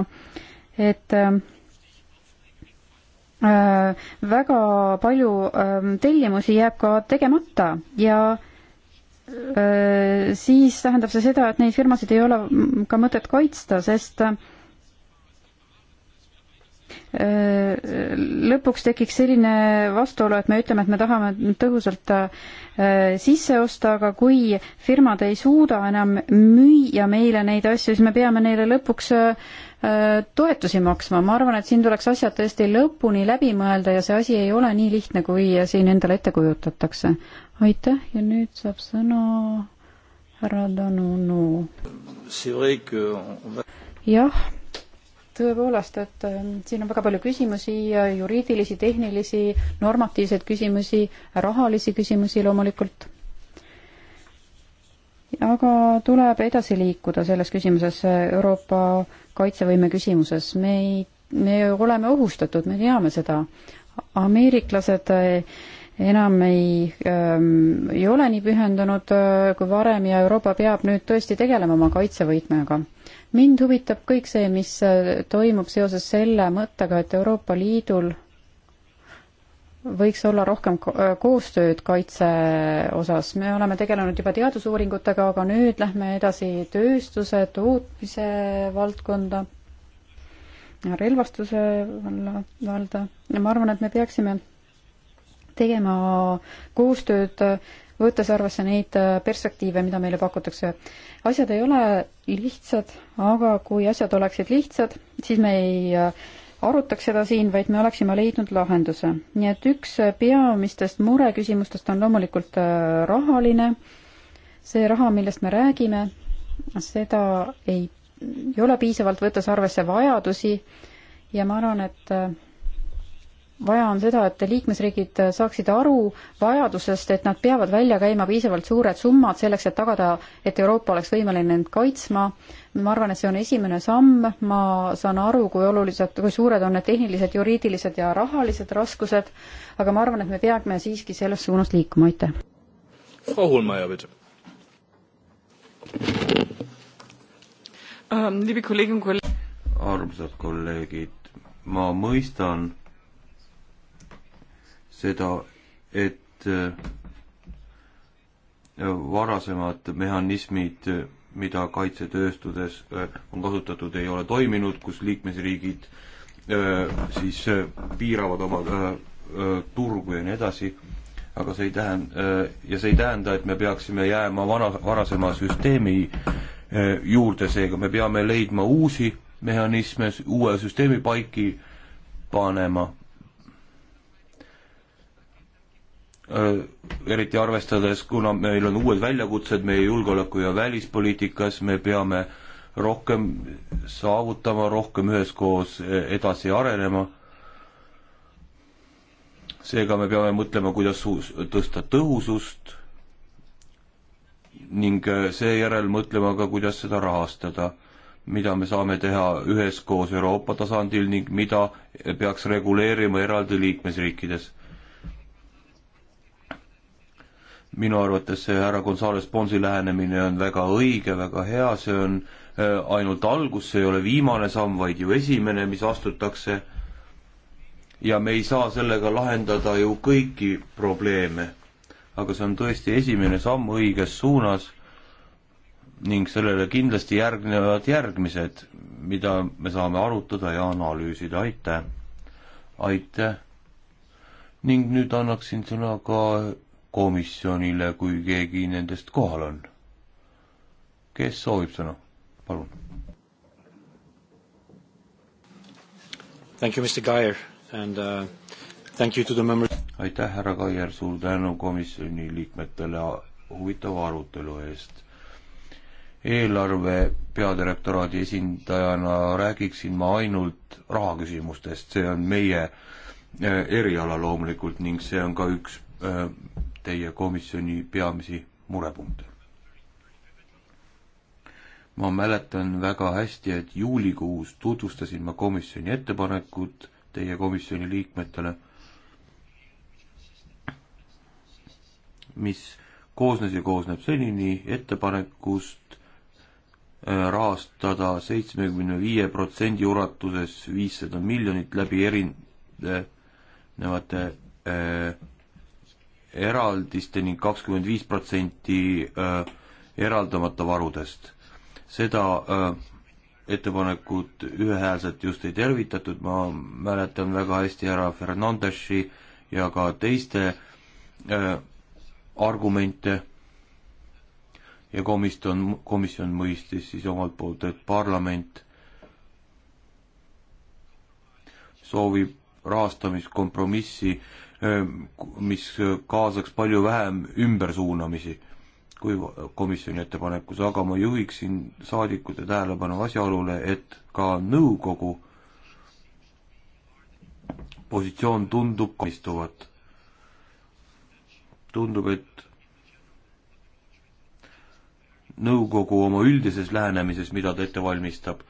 et äh, väga palju ähm, tellimusi jääb ka tegemata ja äh, siis tähendab see seda, et neid firmasid ei ole ka mõtet kaitsta, sest äh, lõpuks tekiks selline vastuolu, et me ütleme, et me tahame tõhusalt äh, sisse osta, aga kui firmad ei suuda enam müüa meile neid asju, siis me peame neile lõpuks äh, toetusi maksma. ma arvan, et siin tuleks asjad tõesti lõpuni läbi mõelda ja see asi ei ole nii lihtne, kui siin endale ette kujutatakse. aitäh ja nüüd saab sõna härra Danunu. jah tõepoolest, et ähm, siin on väga palju küsimusi, äh, juriidilisi, tehnilisi, normatiivseid küsimusi, rahalisi küsimusi loomulikult. aga tuleb edasi liikuda selles küsimuses, äh, Euroopa kaitsevõime küsimuses. me ei, me oleme ohustatud, me teame seda. ameeriklased äh, enam ei ähm,, ei ole nii pühendunud kui varem ja Euroopa peab nüüd tõesti tegelema oma kaitsevõitmega mind huvitab kõik see, mis äh, toimub seoses selle mõttega, et Euroopa Liidul võiks olla rohkem äh, koostööd kaitse osas. me oleme tegelenud juba teadusuuringutega, aga nüüd lähme edasi tööstuse, tootmise valdkonda, relvastuse valla, valda ja ma arvan, et me peaksime tegema koostööd äh, võttes arvesse neid äh, perspektiive, mida meile pakutakse. asjad ei ole lihtsad, aga kui asjad oleksid lihtsad, siis me ei äh, arutaks seda siin, vaid me oleksime leidnud lahenduse. nii et üks äh, peamistest mureküsimustest on loomulikult rahaline, see raha, millest me räägime, seda ei, ei ole piisavalt, võttes arvesse vajadusi ja ma arvan, et vaja on seda, et liikmesriigid saaksid aru vajadusest, et nad peavad välja käima piisavalt suured summad selleks, et tagada, et Euroopa oleks võimeline end kaitsma. ma arvan, et see on esimene samm, ma saan aru, kui olulised, kui suured on need tehnilised, juriidilised ja rahalised raskused, aga ma arvan, et me peame siiski selles suunas liikuma, aitäh. Frau Hohlmeier, bitte. Ähm, armsad kolleegid, ma mõistan seda, et äh, varasemad mehhanismid, mida kaitsetööstuses äh, on kasutatud, ei ole toiminud, kus liikmesriigid äh, siis piiravad oma turgu ja nii edasi, aga see ei tähenda, ja see ei tähenda, et me peaksime jääma vana, varasema süsteemi juurde, seega me peame leidma uusi mehhanisme, uue süsteemi paiki panema Äh, eriti arvestades, kuna meil on uued väljakutsed meie julgeoleku ja välispoliitikas, me peame rohkem saavutama, rohkem üheskoos äh, edasi arenema. seega me peame mõtlema, kuidas tõsta tõhusust ning äh, seejärel mõtlema ka, kuidas seda rahastada, mida me saame teha üheskoos Euroopa tasandil ning mida peaks reguleerima eraldi liikmesriikides minu arvates see härra Gonzales Ponsi lähenemine on väga õige, väga hea, see on äh, ainult algus, see ei ole viimane samm, vaid ju esimene, mis astutakse. ja me ei saa sellega lahendada ju kõiki probleeme. aga see on tõesti esimene samm õiges suunas ning sellele kindlasti järgnevad järgmised, mida me saame arutada ja analüüsida, aitäh! aitäh! ning nüüd annaksin sõna ka komisjonile, kui keegi nendest kohal on. kes soovib sõna? palun. Thank you, Mr Geyer and uh, thank you to the members. aitäh, härra Kaier, suur tänu komisjoni liikmetele huvitava arutelu eest. eelarve peadirektoraadi esindajana räägiksin ma ainult rahaküsimustest, see on meie äh, eriala loomulikult ning see on ka üks äh, teie komisjoni peamisi murepunkte? ma mäletan väga hästi, et juulikuus tutvustasin ma komisjoni ettepanekut teie komisjoni liikmetele, mis koosnes ja koosneb senini ettepanekust äh, rahastada seitsmekümne viie protsendi ulatuses viissada miljonit läbi erinevate äh, eraldiste ning kakskümmend viis protsenti äh, eraldamata varudest. seda äh, ettepanekut ühehäälselt just ei tervitatud, ma mäletan väga hästi härra Fernandesi ja ka teiste äh, argumente ja komisjon, komisjon mõistis siis omalt poolt, et parlament soovib rahastamiskompromissi Ehm, mis kaasaks palju vähem ümbersuunamisi kui komisjoni ettepanekus, aga ma juhiksin saadikute tähelepanu asjaolule, et ka nõukogu positsioon tundub kaistuvat. tundub, et nõukogu oma üldises lähenemises, mida ta ette valmistab,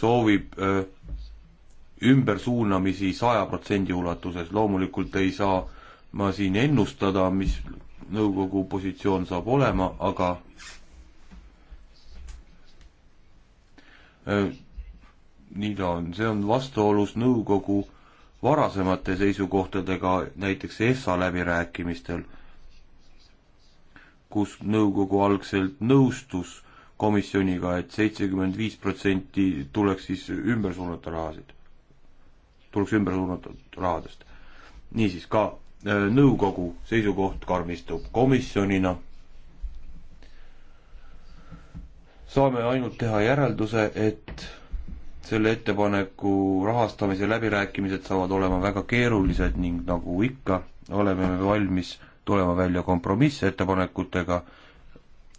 soovib ehm, ümbersuunamisi saja protsendi ulatuses, loomulikult ei saa ma siin ennustada, mis nõukogu positsioon saab olema, aga äh, nii ta on, see on vastuolus nõukogu varasemate seisukohtadega, näiteks EFSA läbirääkimistel, kus nõukogu algselt nõustus komisjoniga et, et seitsekümmend viis protsenti tuleks siis ümber suunata rahasid tuleks ümber suunatud rahadest. niisiis, ka äh, nõukogu seisukoht karmistub komisjonina. saame ainult teha järelduse, et selle ettepaneku rahastamise läbirääkimised saavad olema väga keerulised ning nagu ikka, oleme me valmis tulema välja kompromissettepanekutega,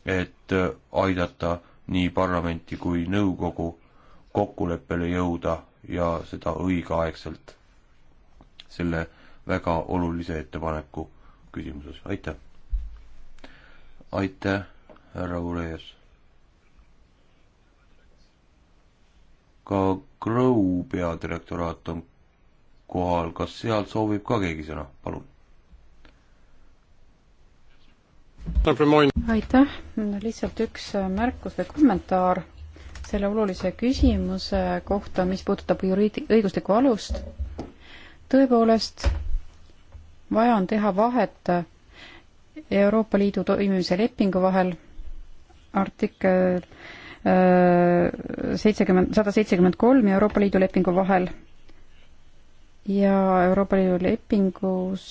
et äh, aidata nii parlamenti kui nõukogu kokkuleppele jõuda ja seda õigeaegselt selle väga olulise ettepaneku küsimuses, aitäh! aitäh, härra Urejas! ka Grow peadirektoraat on kohal, kas sealt soovib ka keegi sõna, palun? aitäh, lihtsalt üks märkus või kommentaar selle olulise küsimuse kohta, mis puudutab juriidi-, õiguslikku alust. tõepoolest, vaja on teha vahet Euroopa Liidu toimimise lepingu vahel, artikkel äh, seitsekümmend, sada seitsekümmend kolm ja Euroopa Liidu lepingu vahel ja Euroopa Liidu lepingus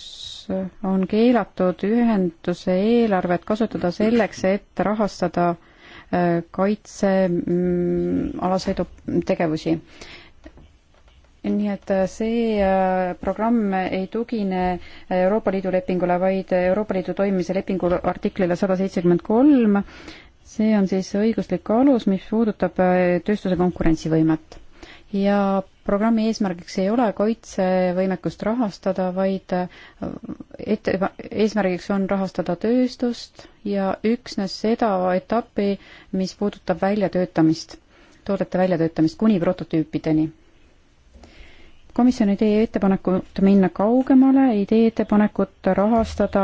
on keelatud ühenduse eelarvet kasutada selleks, et rahastada äh, kaitsealaseid mm, tegevusi nii et äh, see äh, programm ei tugine äh, Euroopa Liidu lepingule, vaid Euroopa Liidu toimimise lepingu artiklile sada seitsekümmend kolm. see on siis õiguslik alus, mis puudutab tööstuse konkurentsivõimet. ja programmi eesmärgiks ei ole kaitsevõimekust rahastada, vaid äh, ette, eesmärgiks on rahastada tööstust ja üksnes seda etappi, mis puudutab väljatöötamist, toodete väljatöötamist kuni prototüüpideni. komisjon ei tee ettepanekut minna kaugemale, ei tee ettepanekut rahastada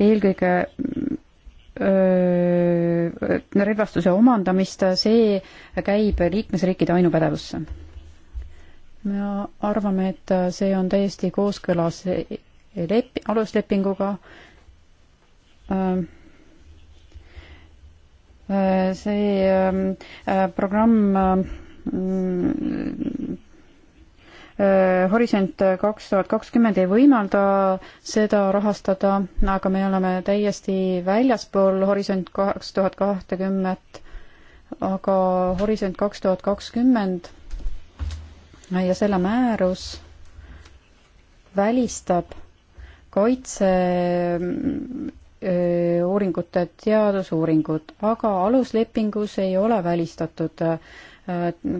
eelkõige öö, äh, relvastuse omandamist, see käib liikmesriikide ainupädevusse me arvame, et see on täiesti kooskõlas lep-, aluslepinguga. Ähm, äh, see ähm, äh, programm äh, Horisont kaks tuhat kakskümmend ei võimalda seda rahastada, aga me oleme täiesti väljaspool Horisont kaks tuhat kahtekümmet, aga Horisont kaks tuhat kakskümmend ja selle määrus välistab kaitse mm, uuringute teadusuuringud, aga aluslepingus ei ole välistatud äh,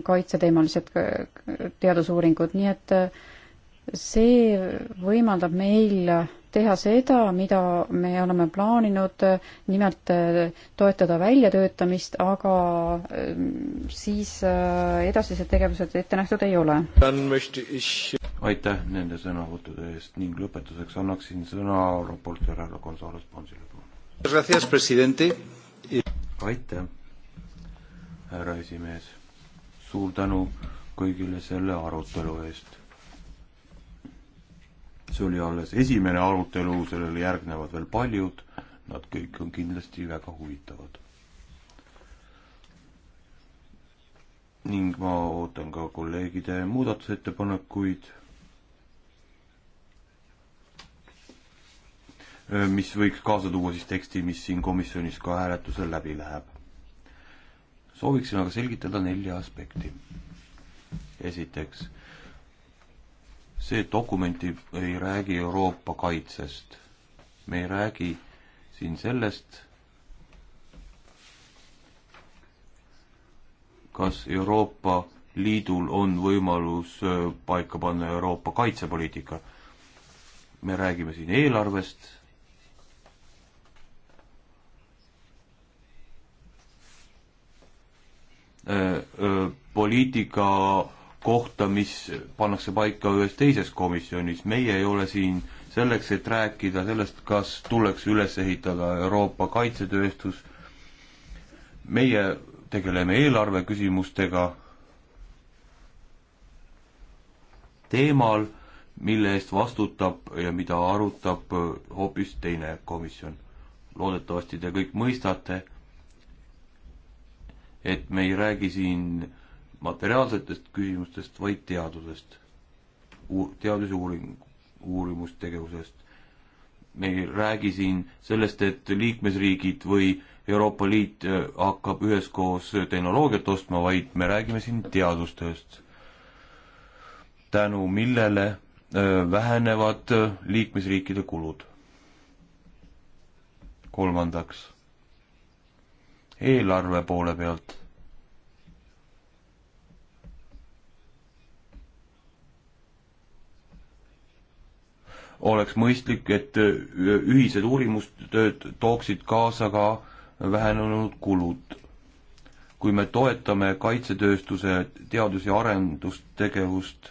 kaitseteemalised äh, teadusuuringud, nii et äh, see võimaldab meil teha seda, mida me oleme plaaninud, nimelt äh, toetada väljatöötamist, aga äh, siis äh, edasised tegevused ette nähtud ei ole. aitäh nende sõnavõttude eest ning lõpetuseks annaksin sõna raportöör härra Gonzales Ponsile. aitäh, härra esimees. suur tänu kõigile selle arutelu eest see oli alles esimene arutelu, sellele järgnevad veel paljud, nad kõik on kindlasti väga huvitavad. ning ma ootan ka kolleegide muudatusettepanekuid, mis võiks kaasa tuua siis teksti, mis siin komisjonis ka hääletusel läbi läheb. sooviksin aga selgitada nelja aspekti. esiteks see dokument ei räägi Euroopa kaitsest. me ei räägi siin sellest, kas Euroopa Liidul on võimalus äh, paika panna Euroopa kaitsepoliitika. me räägime siin eelarvest, äh, äh, poliitika kohta, mis pannakse paika ühes teises komisjonis, meie ei ole siin selleks, et rääkida sellest, kas tuleks üles ehitada Euroopa kaitsetööstus, meie tegeleme eelarve küsimustega, teemal, mille eest vastutab ja mida arutab hoopis teine komisjon. loodetavasti te kõik mõistate, et me ei räägi siin materiaalsetest küsimustest, vaid teadusest U, teadusuuring, uurimustegevusest. me ei räägi siin sellest, et liikmesriigid või Euroopa Liit äh, hakkab üheskoos tehnoloogiat ostma, vaid me räägime siin teadustööst, tänu millele äh, vähenevad äh, liikmesriikide kulud. kolmandaks, eelarve poole pealt oleks mõistlik, et äh, ühised uurimustööd tooksid kaasa ka vähenenud kulud. kui me toetame kaitsetööstuse teadus- ja arendustegevust,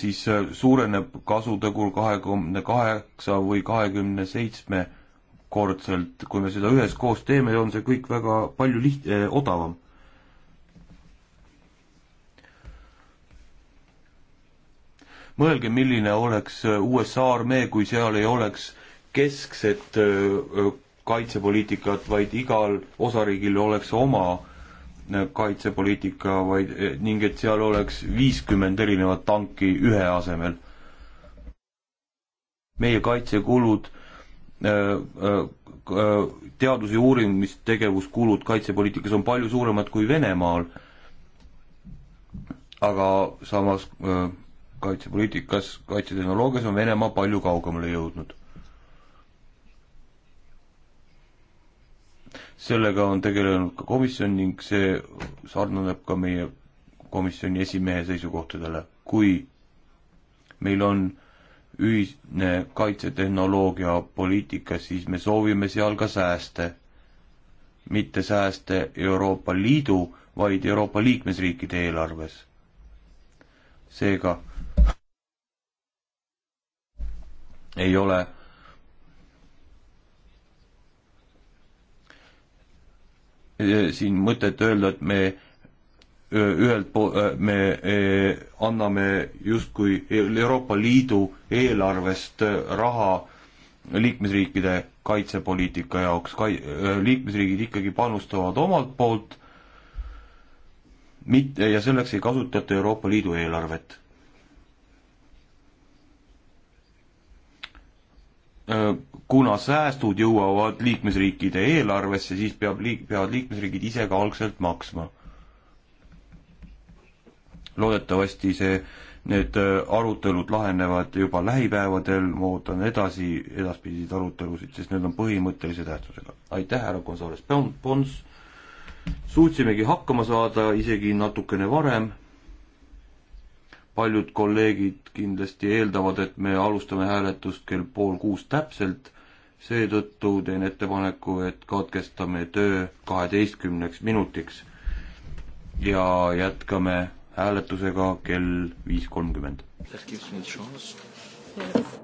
siis äh, suureneb kasutegur kahekümne kaheksa või kahekümne seitsme kordselt, kui me seda üheskoos teeme, on see kõik väga palju liht-, eh, odavam mõelge, milline oleks äh, USA armee, kui seal ei oleks keskset äh, äh, kaitsepoliitikat, vaid igal osariigil oleks oma kaitsepoliitika, vaid ning et seal oleks viiskümmend erinevat tanki ühe asemel. meie kaitsekulud, teadus- ja uurimistegevuskulud kaitsepoliitikas on palju suuremad kui Venemaal, aga samas öö, kaitsepoliitikas, kaitsetehnoloogias on Venemaa palju kaugemale jõudnud. sellega on tegelenud ka komisjon ning see sarnaneb ka meie komisjoni esimehe seisukohtadele. kui meil on ühine kaitsetehnoloogia poliitika, siis me soovime seal ka sääste. mitte sääste Euroopa Liidu, vaid Euroopa liikmesriikide eelarves seega ei ole siin mõtet öelda, et me ühelt po-, me e, anname justkui Euroopa Liidu eelarvest raha liikmesriikide kaitsepoliitika jaoks, kai-, liikmesriigid ikkagi panustavad omalt poolt mitte, ja selleks ei kasutata Euroopa Liidu eelarvet. Äh, kuna säästud jõuavad liikmesriikide eelarvesse, siis peab liik-, peavad liikmesriigid ise ka algselt maksma. loodetavasti see, need äh, arutelud lahenevad juba lähipäevadel, ma ootan edasi edaspidiseid arutelusid, sest need on põhimõttelise tähtsusega. aitäh, härra Gonzales Pons, Pons suutsimegi hakkama saada isegi natukene varem. paljud kolleegid kindlasti eeldavad, et me alustame hääletust kell pool kuus täpselt, seetõttu teen ettepaneku, et katkestame töö kaheteistkümneks minutiks ja jätkame hääletusega kell viis kolmkümmend. That gives me a chance. Yeah.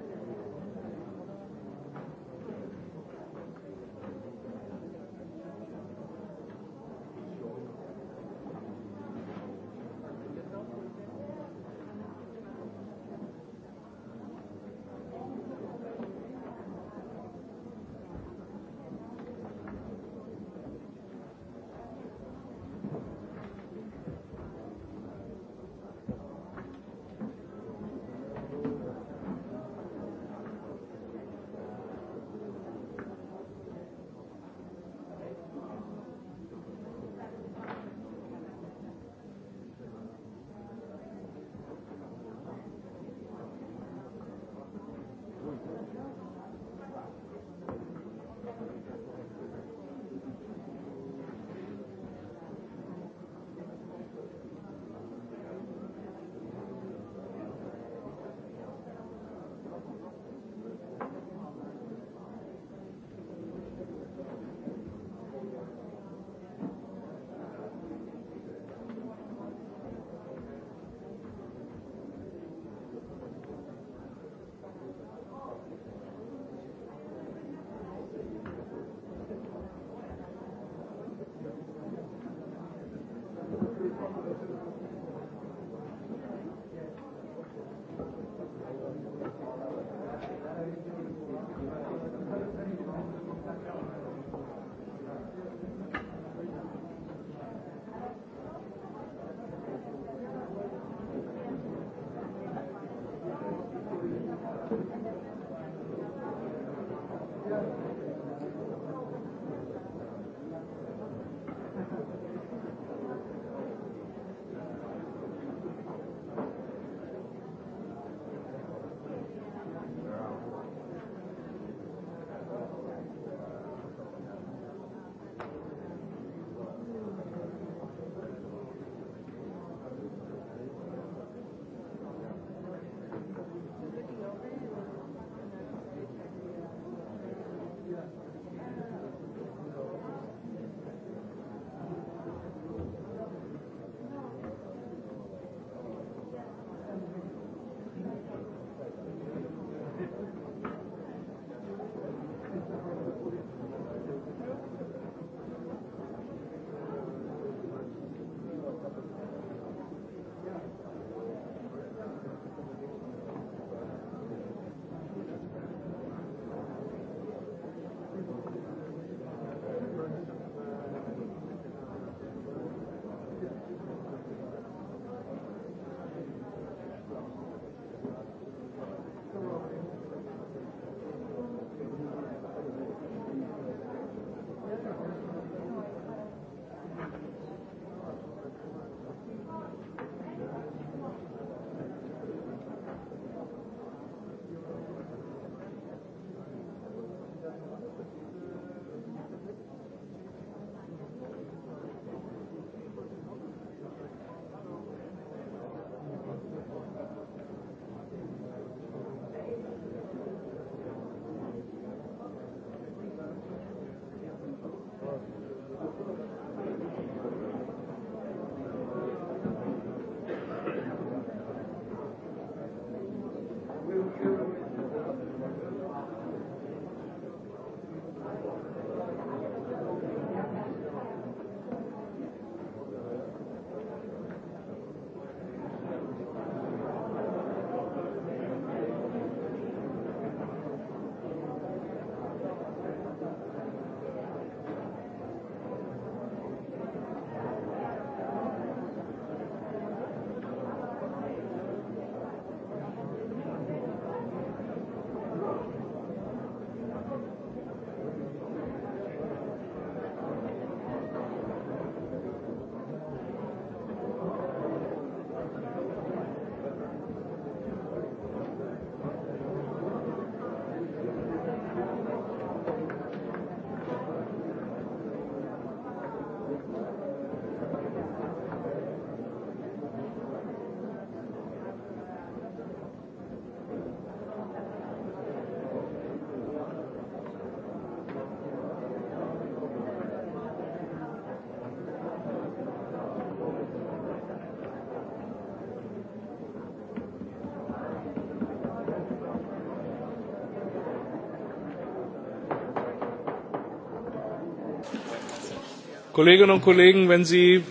Kolleginnen und Kollegen, wenn Sie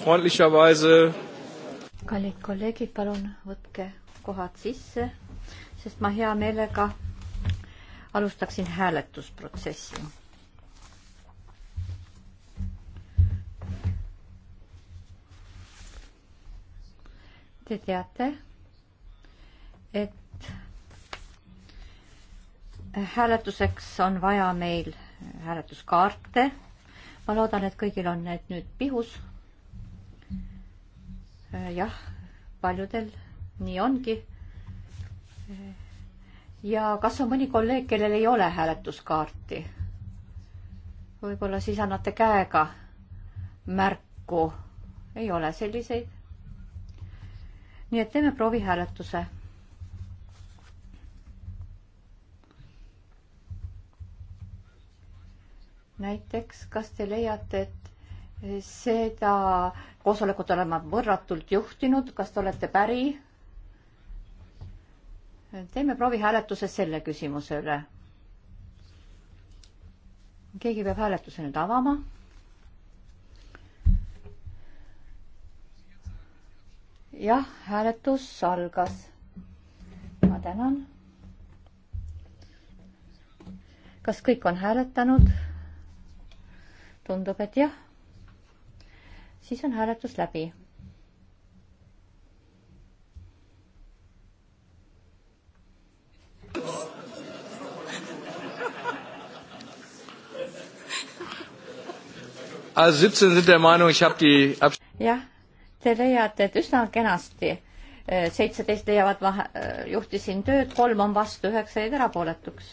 freundlicherweise kallid kolleegid, palun võtke kohad sisse, sest ma hea meelega alustaksin hääletusprotsessi. Te teate, et hääletuseks on vaja meil hääletuskaarte ma loodan, et kõigil on need nüüd pihus. Äh, jah, paljudel nii ongi. Äh, ja kas on mõni kolleeg, kellel ei ole hääletuskaarti? võib-olla siis annate käega märku. ei ole selliseid? nii et teeme proovihääletuse näiteks, kas te leiate, et seda koosolekut olen ma võrratult juhtinud, kas te olete päri? teeme proovi hääletuse selle küsimuse üle. keegi peab hääletuse nüüd avama. jah, hääletus algas. ma tänan kas kõik on hääletanud? tundub, et jah. siis on hääletus läbi. jah, te leiate, et üsna kenasti äh, seitseteist leiavad, ma äh, juhtisin tööd, kolm on vastu, üheksa jäid erapooletuks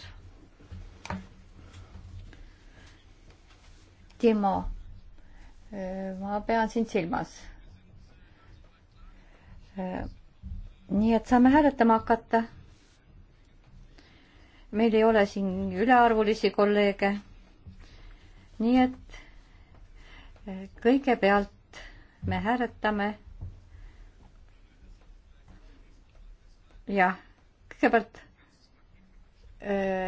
Timo, ma pean sind silmas. nii et saame hääletama hakata. meil ei ole siin ülearvulisi kolleege. nii et kõigepealt me hääletame. jah, kõigepealt,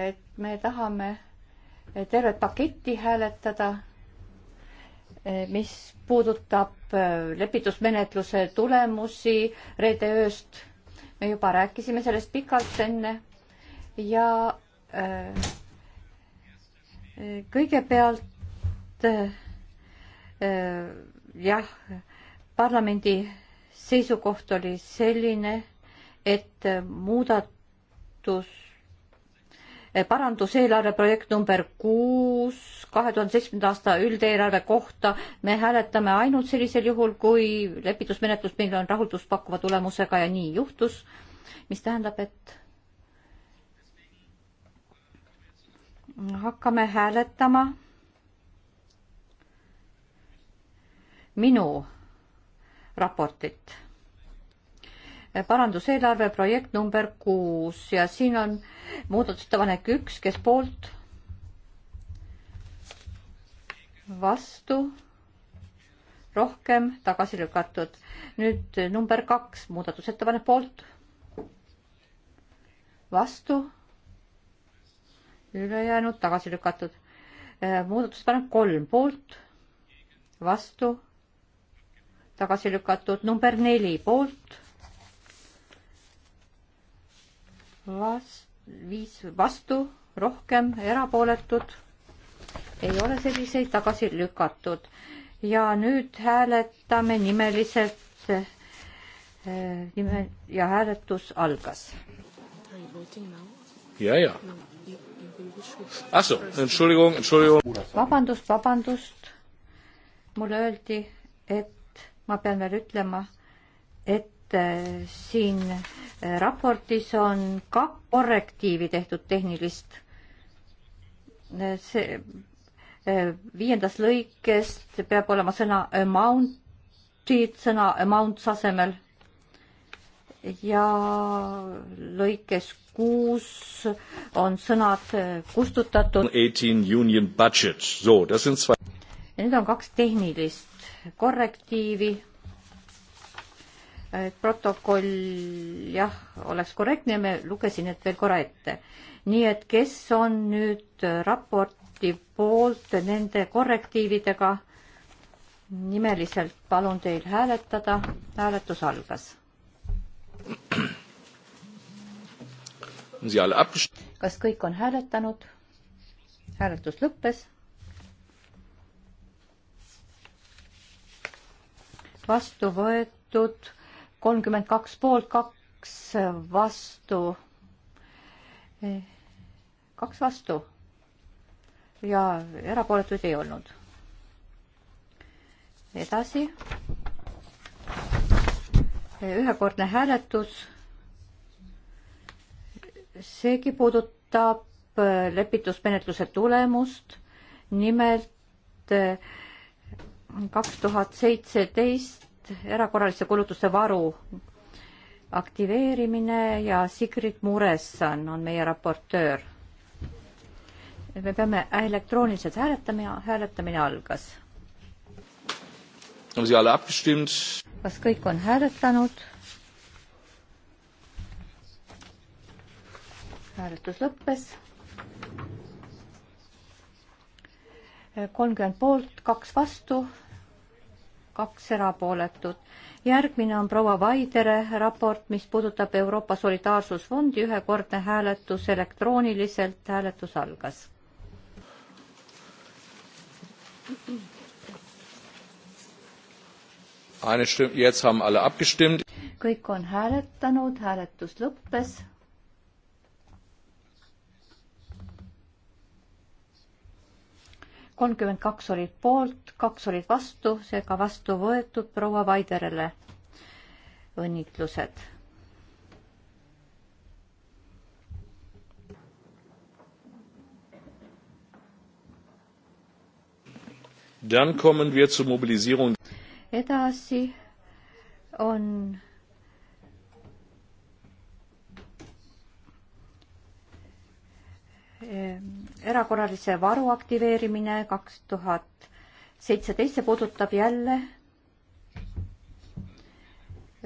et me tahame tervet paketti hääletada Eh, mis puudutab eh, lepitusmenetluse tulemusi reede ööst. me juba rääkisime sellest pikalt enne ja eh, kõigepealt jah, parlamendi seisukoht oli selline, et muudatus paranduseelarve projekt number kuus kahe tuhande seitsmenda aasta üldeelarve kohta me hääletame ainult sellisel juhul, kui lepitusmenetlus meil on rahuldust pakkuva tulemusega ja nii juhtus, mis tähendab, et hakkame hääletama minu raportit paranduseelarve projekt number kuus ja siin on muudatusettepanek üks, kes poolt, vastu, rohkem tagasi lükatud. nüüd number kaks, muudatusettepanek poolt, vastu, ülejäänud tagasi lükatud. Eh, muudatusettepanek kolm poolt, vastu, tagasi lükatud, number neli poolt Vast-, viis vastu, rohkem erapooletud ei ole selliseid tagasi lükatud. ja nüüd hääletame nimeliselt äh,, nime ja hääletus algas. ja, ja. Ah, vabandust, vabandust. mulle öeldi, et ma pean veel ütlema, et et eh, siin eh, raportis on kaks korrektiivi tehtud tehnilist. Eh, see viiendas lõikest peab olema sõna amounted sõna amounts asemel ja lõikes kuus on sõnad kustutatud. Need on kaks tehnilist korrektiivi et protokoll jah, oleks korrektne, me lugesin need veel korra ette. nii et kes on nüüd raporti poolt nende korrektiividega, nimeliselt palun teil hääletada, hääletus algas. kas kõik on hääletanud? hääletus lõppes vastu võetud kolmkümmend kaks poolt, kaks vastu, kaks vastu ja erapooletuid ei olnud. edasi. ühekordne hääletus. seegi puudutab lepitusmenetluse tulemust. nimelt eh, kaks tuhat seitseteist et erakorraliste kulutuste varu aktiveerimine ja Sigrid Muressan on meie raportöör. me peame elektrooniliselt hääletama ja hääletamine algas. kas kõik on hääletanud? hääletus lõppes. kolmkümmend poolt, kaks vastu, kaks erapooletut. järgmine on proua Vaidere raport, mis puudutab Euroopa Solidaarsusfondi ühekordne hääletus elektrooniliselt, hääletus algas. kõik on hääletanud, hääletus lõppes kolmkümmend kaks olid poolt, kaks olid vastu, seega vastu võetud proua Vaiderele õnnitlused. Dann kommen wir zur Mobilisierung. Edasi on ähm, erakorralise varu aktiveerimine kaks tuhat seitseteist, see puudutab jälle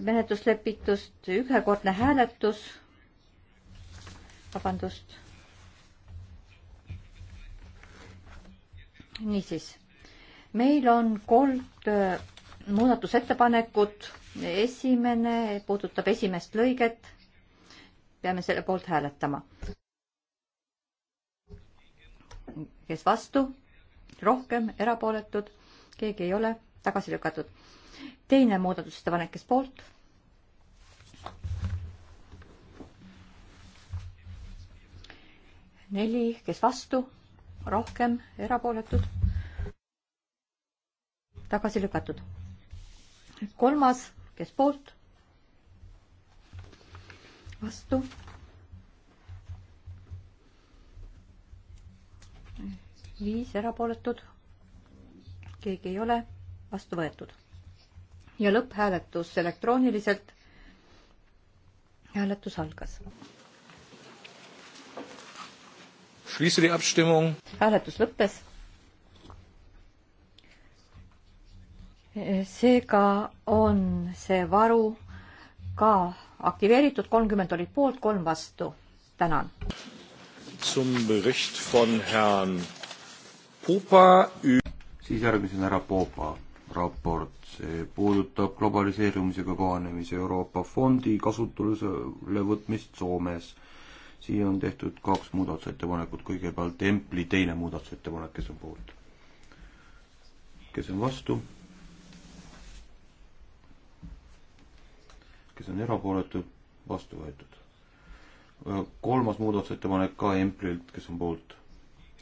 menetluslepitust, ühekordne hääletus, vabandust. niisiis, meil on kolm muudatusettepanekut, esimene puudutab esimest lõiget, peame selle poolt hääletama kes vastu, rohkem erapooletud, keegi ei ole, tagasi lükatud. teine muudatusettepanek, kes poolt? neli, kes vastu, rohkem erapooletud, tagasi lükatud. kolmas, kes poolt? vastu viis erapooletut, keegi ei ole, vastu võetud. ja lõpphääletus elektrooniliselt. hääletus algas. hääletus lõppes. seega on see varu ka aktiveeritud, kolmkümmend olid poolt, kolm vastu. tänan. Zum Bericht von Herrn Puba ü-. siis järgmisena härra Puba raport, see puudutab globaliseerumisega kohanemise Euroopa Fondi kasutusele võtmist Soomes. siia on tehtud kaks muudatusettepanekut, kõigepealt Empli teine muudatusettepanek, kes on poolt? kes on vastu? kes on erapooletud, vastu võetud. kolmas muudatusettepanek ka Emplilt, kes on poolt,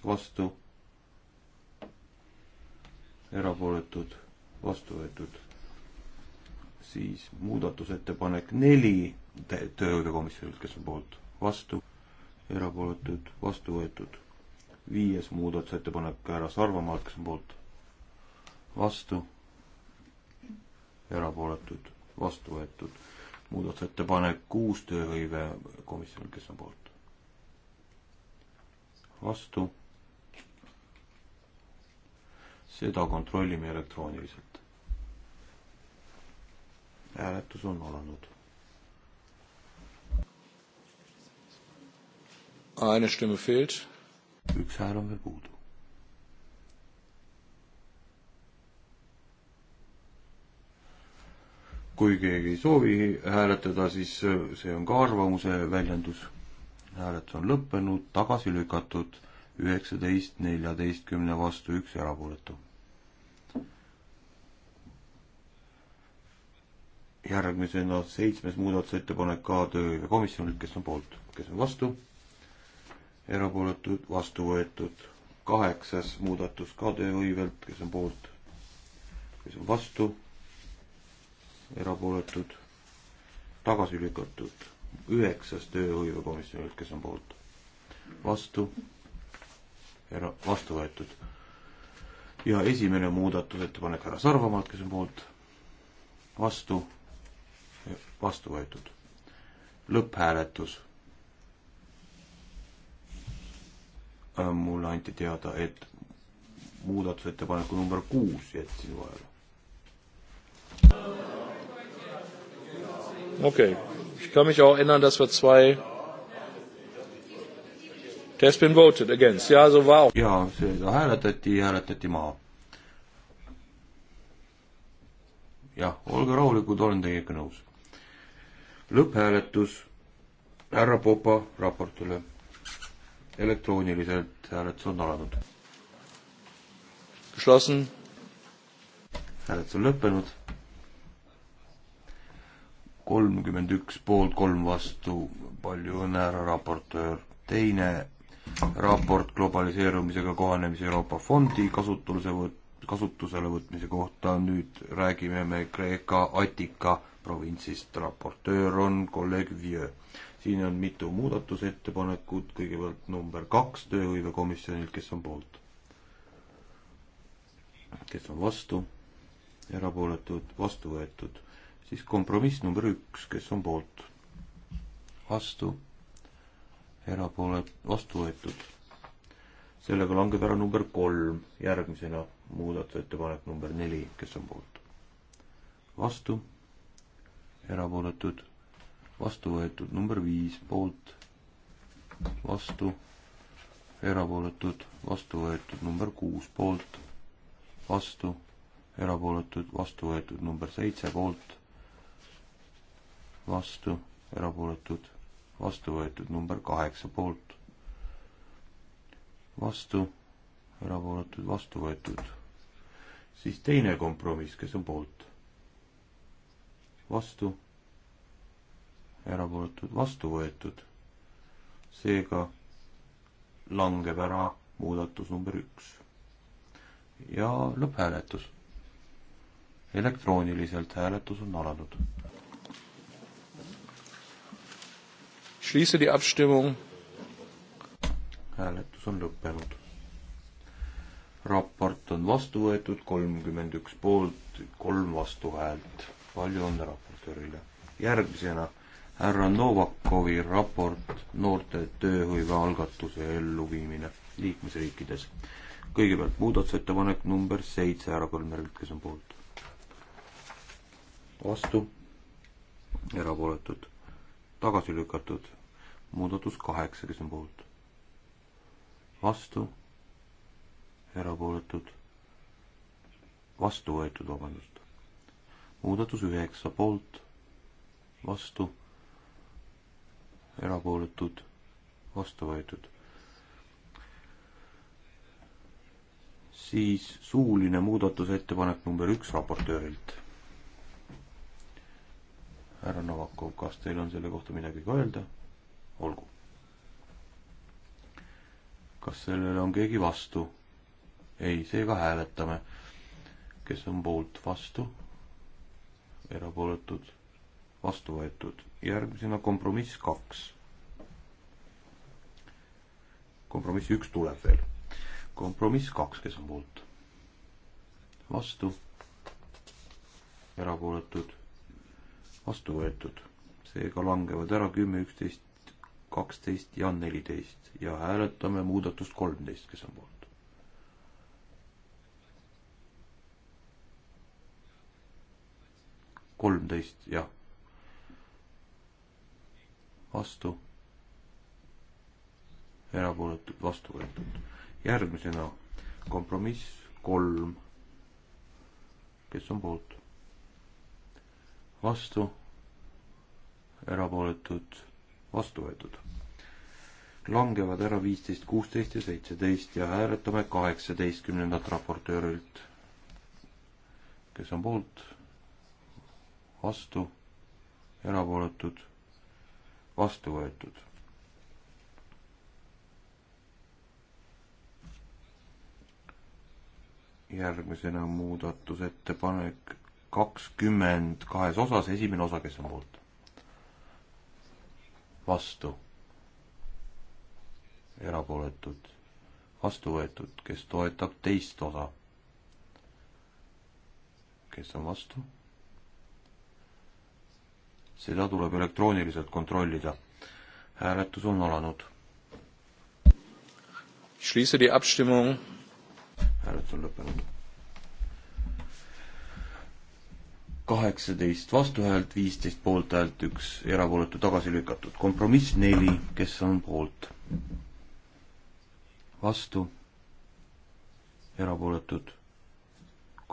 vastu erapooletud, vastu võetud. siis muudatusettepanek neli tööhõivekomisjonilt, kes on poolt, vastu, erapooletud, vastu võetud. viies muudatusettepanek härra Sarvamaalt, kes on poolt, vastu, erapooletud, vastu võetud. muudatusettepanek kuus tööhõivekomisjonilt, kes on poolt, vastu seda kontrollime elektrooniliselt. hääletus on alanud. Eine Stimme fehlt. Üks hääl on veel puudu. kui keegi ei soovi hääletada, siis see on ka arvamuse väljendus. hääletus on lõppenud, tagasi lükatud üheksateist neljateistkümne vastu üks erapooletu. järgmisena seitsmes muudatusettepanek ka tööhõivekomisjonilt, kes on poolt, kes on vastu, erapooletud, vastu võetud. kaheksas muudatus ka tööhõivelt, kes on poolt, kes on vastu, erapooletud, tagasi lükatud. üheksas tööhõivekomisjonilt, kes on poolt, vastu ära vastu võetud. ja esimene muudatusettepanek härra Sarvamaalt, kes on poolt, vastu, vastu võetud. lõpphääletus. Äh, mulle anti teada, et muudatusettepaneku number kuus jätsin vahele. okei okay., ich kann mich auch erinnern, dass wir zwei has been voted against, jaa, see on vao. jaa, seda hääletati, hääletati maha. jah, olge rahulikud, olen teiega nõus. lõpphääletus härra Popa raportile. elektrooniliselt hääletus on alanud. Geschlossen. hääletus on lõppenud. kolmkümmend üks poolt, kolm vastu, palju õnne, härra raportöör. teine raport globaliseerumisega kohanemise Euroopa fondi kasutuse võt-, kasutusele võtmise kohta, nüüd räägime me Kreeka Attika provintsist, raportöör on kolleeg Vieux. siin on mitu muudatusettepanekut, kõigepealt number kaks tööhõivekomisjonilt, kes on poolt? kes on vastu? erapooletud, vastu võetud. siis kompromiss number üks, kes on poolt? vastu erapooled vastu võetud. sellega langeb ära number kolm, järgmisena muudatusettepanek number neli, kes on poolt? vastu, erapooletud, vastu võetud number viis, poolt, vastu, erapooletud, vastu võetud number kuus, poolt, vastu, erapooletud, vastu võetud number seitse, poolt, vastu, erapooletud, vastu võetud number kaheksa poolt, vastu, erapooletud, vastu võetud. siis teine kompromiss, kes on poolt, vastu, erapooletud, vastu võetud. seega langeb ära muudatus number üks. ja lõpphääletus. elektrooniliselt hääletus on alanud. schließe die Abstimmung. hääletus on lõppenud. raport on vastu võetud, kolmkümmend üks poolt, kolm vastuhäält. palju õnne raportöörile. järgmisena härra Novakovi raport noorte tööhõive algatuse elluviimine liikmesriikides. kõigepealt muudatusettepanek number seitse härra Põlmerilt, kes on poolt. vastu, erapooletud tagasi lükatud. muudatus kaheksa, kes on poolt. vastu, erapooletud, vastu võetud, vabandust. muudatus üheksa poolt, vastu, erapooletud, vastu võetud. siis suuline muudatusettepanek number üks raportöörilt härra Novakov, kas teil on selle kohta midagi ka öelda? olgu. kas sellele on keegi vastu? ei, seega hääletame. kes on poolt, vastu? erapooletud, vastu võetud. järgmisena kompromiss kaks. kompromiss üks tuleb veel. kompromiss kaks, kes on poolt? vastu, erapooletud vastu võetud. seega langevad ära kümme, üksteist, kaksteist ja neliteist ja hääletame muudatust kolmteist, kes on poolt. kolmteist, jah. vastu. erapooletud, vastu võetud. järgmisena kompromiss kolm. kes on poolt? vastu, erapooletud, vastu võetud. langevad ära viisteist, kuusteist ja seitseteist ja hääletame kaheksateistkümnendat raportöörilt. kes on poolt, vastu, erapooletud, vastu võetud järgmisena muudatusettepanek kakskümmend kahes osas, esimene osa, kes on poolt? vastu. erapooletud, vastu võetud, kes toetab teist osa? kes on vastu? seda tuleb elektrooniliselt kontrollida. hääletus on alanud. hääletus on lõppenud kaheksateist vastuhäält, viisteist poolthäält, üks erapooletu tagasi lükatud. kompromiss neli, kes on poolt? vastu, erapooletud.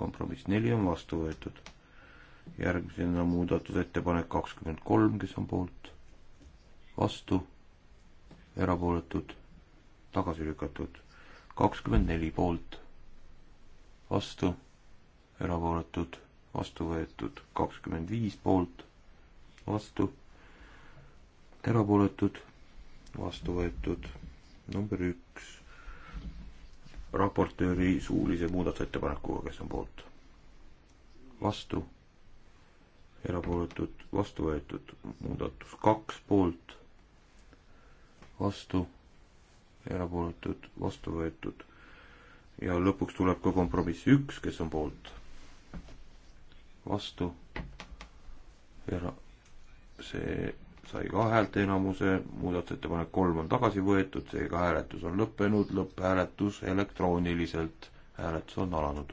kompromiss neli on vastu võetud. järgmisena muudatusettepanek kakskümmend kolm, kes on poolt? vastu, erapooletud, tagasi lükatud. kakskümmend neli poolt, vastu, erapooletud vastu võetud kakskümmend viis poolt, vastu, erapooletud, vastu võetud number üks, raportööri suulise muudatusettepanekuga, kes on poolt, vastu, erapooletud, vastu võetud, muudatus kaks poolt, vastu, erapooletud, vastu võetud ja lõpuks tuleb ka kompromiss üks, kes on poolt vastu. era-, see sai ka häälteenamuse, muudatusettepanek kolm on tagasi võetud, seega hääletus on lõppenud, lõpphääletus elektrooniliselt, hääletus on alanud.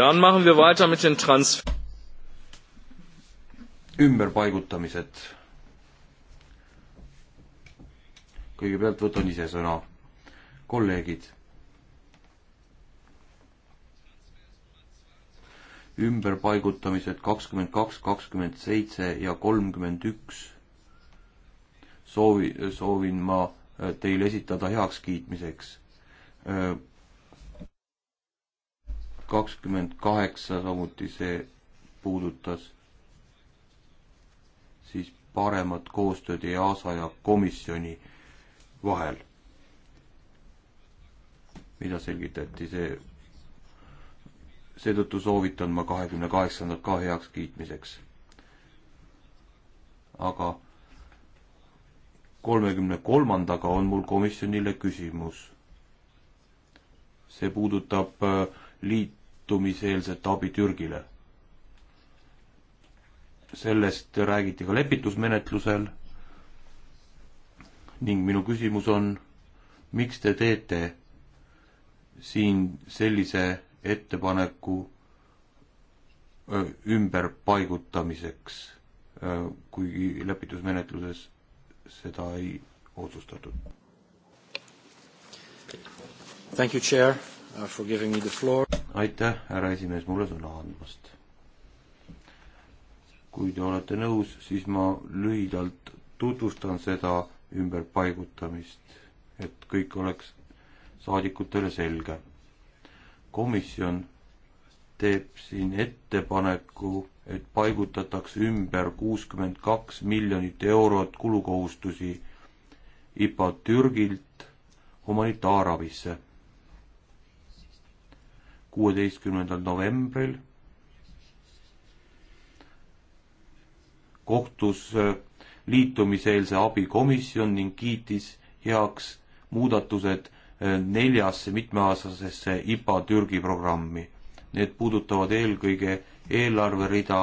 Dann machen wir weiter mit den Trans- ümberpaigutamised. kõigepealt võtan ise sõna. kolleegid. ümberpaigutamised kakskümmend kaks, kakskümmend seitse ja kolmkümmend üks. soovi, soovin ma äh, teile esitada heakskiitmiseks äh, kakskümmend kaheksa samuti see puudutas siis paremat koostööd EASA ja komisjoni vahel, mida selgitati, see, seetõttu soovitan ma kahekümne kaheksandat ka heakskiitmiseks. aga kolmekümne kolmandaga on mul komisjonile küsimus. see puudutab äh, liit, liitumiseelset abi Türgile. sellest räägiti ka lepitusmenetlusel ning minu küsimus on, miks te teete siin sellise ettepaneku ümberpaigutamiseks, kuigi lepitusmenetluses seda ei otsustatud? Thank you, Chair. Uh, for giving me the floor. aitäh, härra esimees, mulle sõna andmast. kui te olete nõus, siis ma lühidalt tutvustan seda ümberpaigutamist, et kõik oleks saadikutele selge. komisjon teeb siin ettepaneku, et paigutatakse ümber kuuskümmend kaks miljonit eurot kulukohustusi IPA Türgilt humanitaarabisse kuueteistkümnendal novembril kohtus äh, liitumiseelse abikomisjon ning kiitis heaks muudatused äh, neljasse mitmeaastasesse IPA Türgi programmi. Need puudutavad eelkõige eelarverida,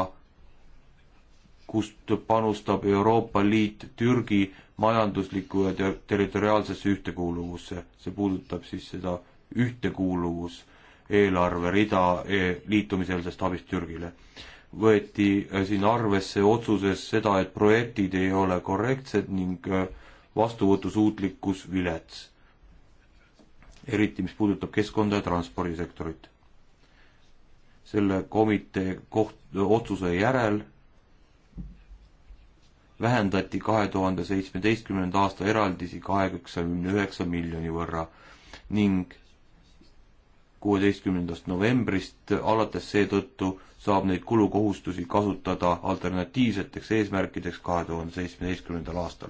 kust panustab Euroopa Liit Türgi majandusliku ja ter territoriaalsesse ühtekuuluvusse. see puudutab siis seda ühtekuuluvus eelarverida e, liitumiseelsest abist Türgile. võeti äh, siin arvesse otsuses seda, et projektid ei ole korrektsed ning äh, vastuvõtusuutlikkus vilets. eriti, mis puudutab keskkonda ja transpordisektorit. selle komitee koht, otsuse järel vähendati kahe tuhande seitsmeteistkümnenda aasta eraldisi kaheksakümne üheksa miljoni võrra ning kuueteistkümnendast novembrist alates seetõttu saab neid kulukohustusi kasutada alternatiivseteks eesmärkideks kahe tuhande seitsmeteistkümnendal aastal.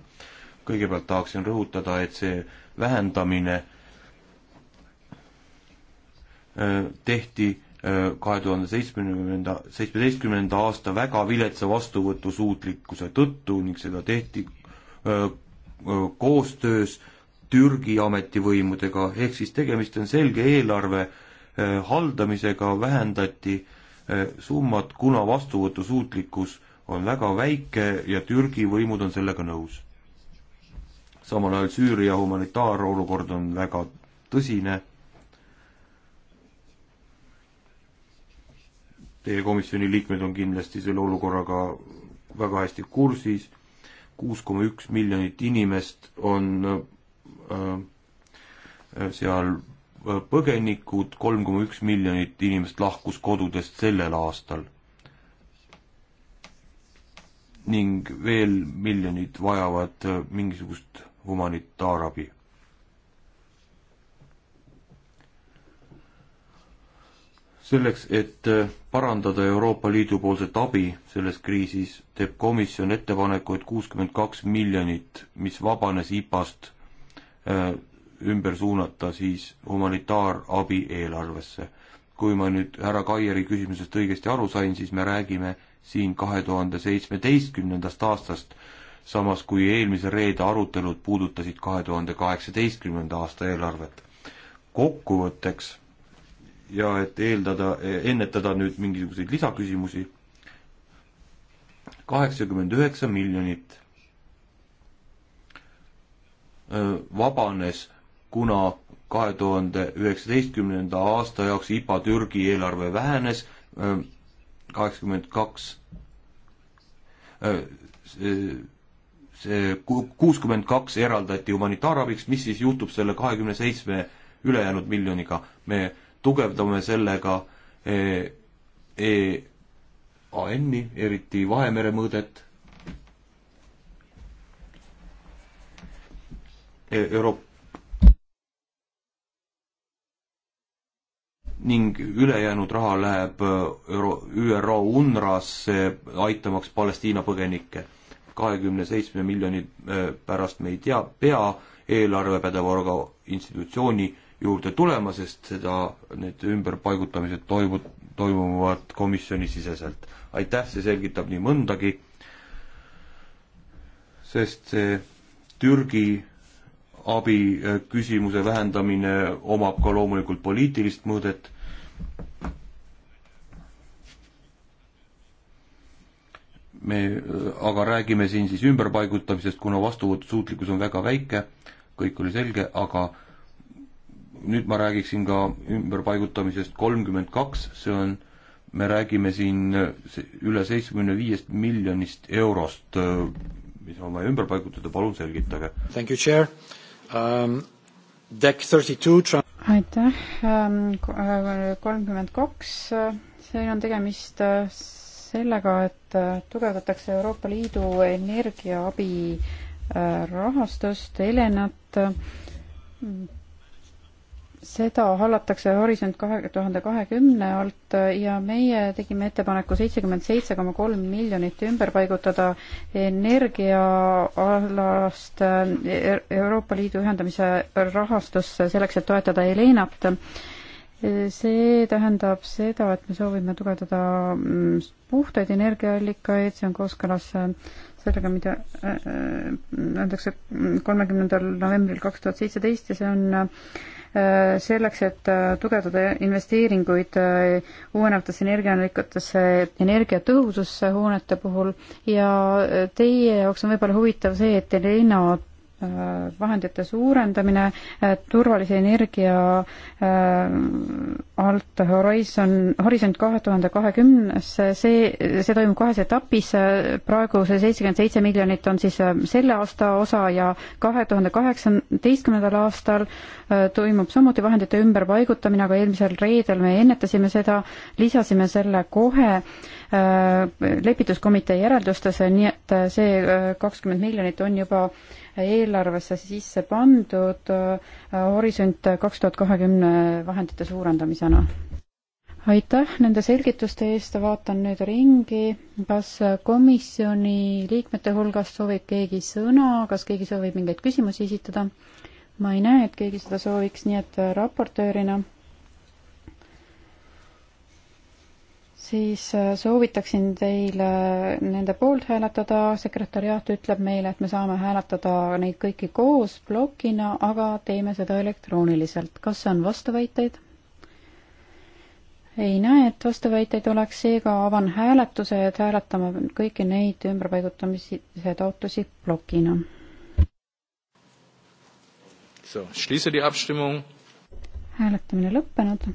kõigepealt tahaksin rõhutada, et see vähendamine äh, tehti äh, kahe tuhande seitsmekümnenda, seitsmeteistkümnenda aasta väga viletsa vastuvõtusuutlikkuse tõttu ning seda tehti öö, äh, öö, koostöös öö, Türgi ametivõimudega, ehk siis tegemist on selge eelarve eh, haldamisega, vähendati eh, summat, kuna vastuvõtusuutlikkus on väga väike ja Türgi võimud on sellega nõus. samal ajal Süüria humanitaarolukord on väga tõsine. Teie komisjoni liikmed on kindlasti selle olukorraga väga hästi kursis, kuus koma üks miljonit inimest on Äh, äh, seal äh, põgenikud, kolm koma üks miljonit inimest lahkus kodudest sellel aastal. ning veel miljonid vajavad mingisugust humanitaarabi. selleks, et parandada Euroopa Liidu poolset abi selles kriisis, teeb komisjon ettepaneku, et kuuskümmend kaks miljonit, mis vabanes IPA-st Äh, ümber suunata siis humanitaarabi eelarvesse. kui ma nüüd härra Kaieri küsimusest õigesti aru sain, siis me räägime siin kahe tuhande seitsmeteistkümnendast aastast, samas kui eelmise reede arutelud puudutasid kahe tuhande kaheksateistkümnenda aasta eelarvet. kokkuvõtteks ja et eeldada, e, ennetada nüüd mingisuguseid lisaküsimusi, kaheksakümmend üheksa miljonit vabanes, kuna kahe tuhande üheksateistkümnenda aasta jaoks IPA Türgi eelarve vähenes kaheksakümmend kaks, see kuuskümmend kaks eraldati humanitaarabiks, mis siis juhtub selle kahekümne seitsme ülejäänud miljoniga, me tugevdame sellega EAN-i, e, eriti Vahemere mõõdet E, Euroopa ning ülejäänud raha läheb e, Euro-, ÜRO UNRWA-sse, aitamaks Palestiina põgenikke. kahekümne seitsme miljoni e, pärast me ei tea, pea eelarvepädeva orga institutsiooni juurde tulema, sest seda, need ümberpaigutamised toimu-, toimuvad komisjonisiseselt. aitäh, see selgitab nii mõndagi, sest see Türgi abi äh, küsimuse vähendamine omab ka loomulikult poliitilist mõõdet. me äh, aga räägime siin siis ümberpaigutamisest, kuna vastuvõtusuutlikkus on väga väike, kõik oli selge, aga nüüd ma räägiksin ka ümberpaigutamisest kolmkümmend kaks, see on, me räägime siin äh, üle seitsmekümne viiest miljonist eurost, mis on vaja ümber paigutada, palun selgitage um,. aitäh, ähm, äh, kolmkümmend kaks, siin on tegemist äh, sellega, et äh, tugevdatakse Euroopa Liidu energiaabi rahastust, Helenat seda hallatakse Horisont kahe tuhande kahekümne alt äh, ja meie tegime ettepaneku seitsekümmend seitse koma kolm miljonit ümber paigutada energiaalast äh, e-, Euroopa Liidu ühendamise rahastusse selleks, et toetada Helenat. see tähendab seda, et me soovime tugevdada mm, puhtaid energiaallikaid, see on kooskõlas äh, sellega, mida öeldakse kolmekümnendal novembril kaks tuhat seitseteist ja see on Äh, selleks, et äh, tugevdada investeeringuid äh, uuenevatesse energiaallikatesse, energiatõhususse hoonete puhul ja teie jaoks on võib-olla huvitav see, et teie linna Äh, vahendite suurendamine, turvalise energia äh, alt Horizon, Horisont kahe tuhande kahekümnes, see, see toimub kahes etapis, äh, praegu see seitsekümmend seitse miljonit on siis selle aasta osa ja kahe tuhande kaheksateistkümnendal aastal toimub samuti vahendite ümberpaigutamine, aga eelmisel reedel me ennetasime seda, lisasime selle kohe lepituskomitee järeldustesse, nii et see kakskümmend miljonit on juba äh, eelarvesse sisse pandud äh, Horisont kaks tuhat kahekümne vahendite suurendamisena. aitäh nende selgituste eest, vaatan nüüd ringi, kas komisjoni liikmete hulgast soovib keegi sõna, kas keegi soovib mingeid küsimusi esitada? ma ei näe, et keegi seda sooviks, nii et raportöörina siis äh, soovitaksin teile nende poolt hääletada, sekretäriaat ütleb meile, et me saame hääletada neid kõiki koos plokina, aga teeme seda elektrooniliselt. kas on vastuväiteid? ei näe, et vastuväiteid oleks, seega avan hääletuse, et hääletame kõiki neid ümberpaigutamise taotlusi plokina. hääletamine lõppenud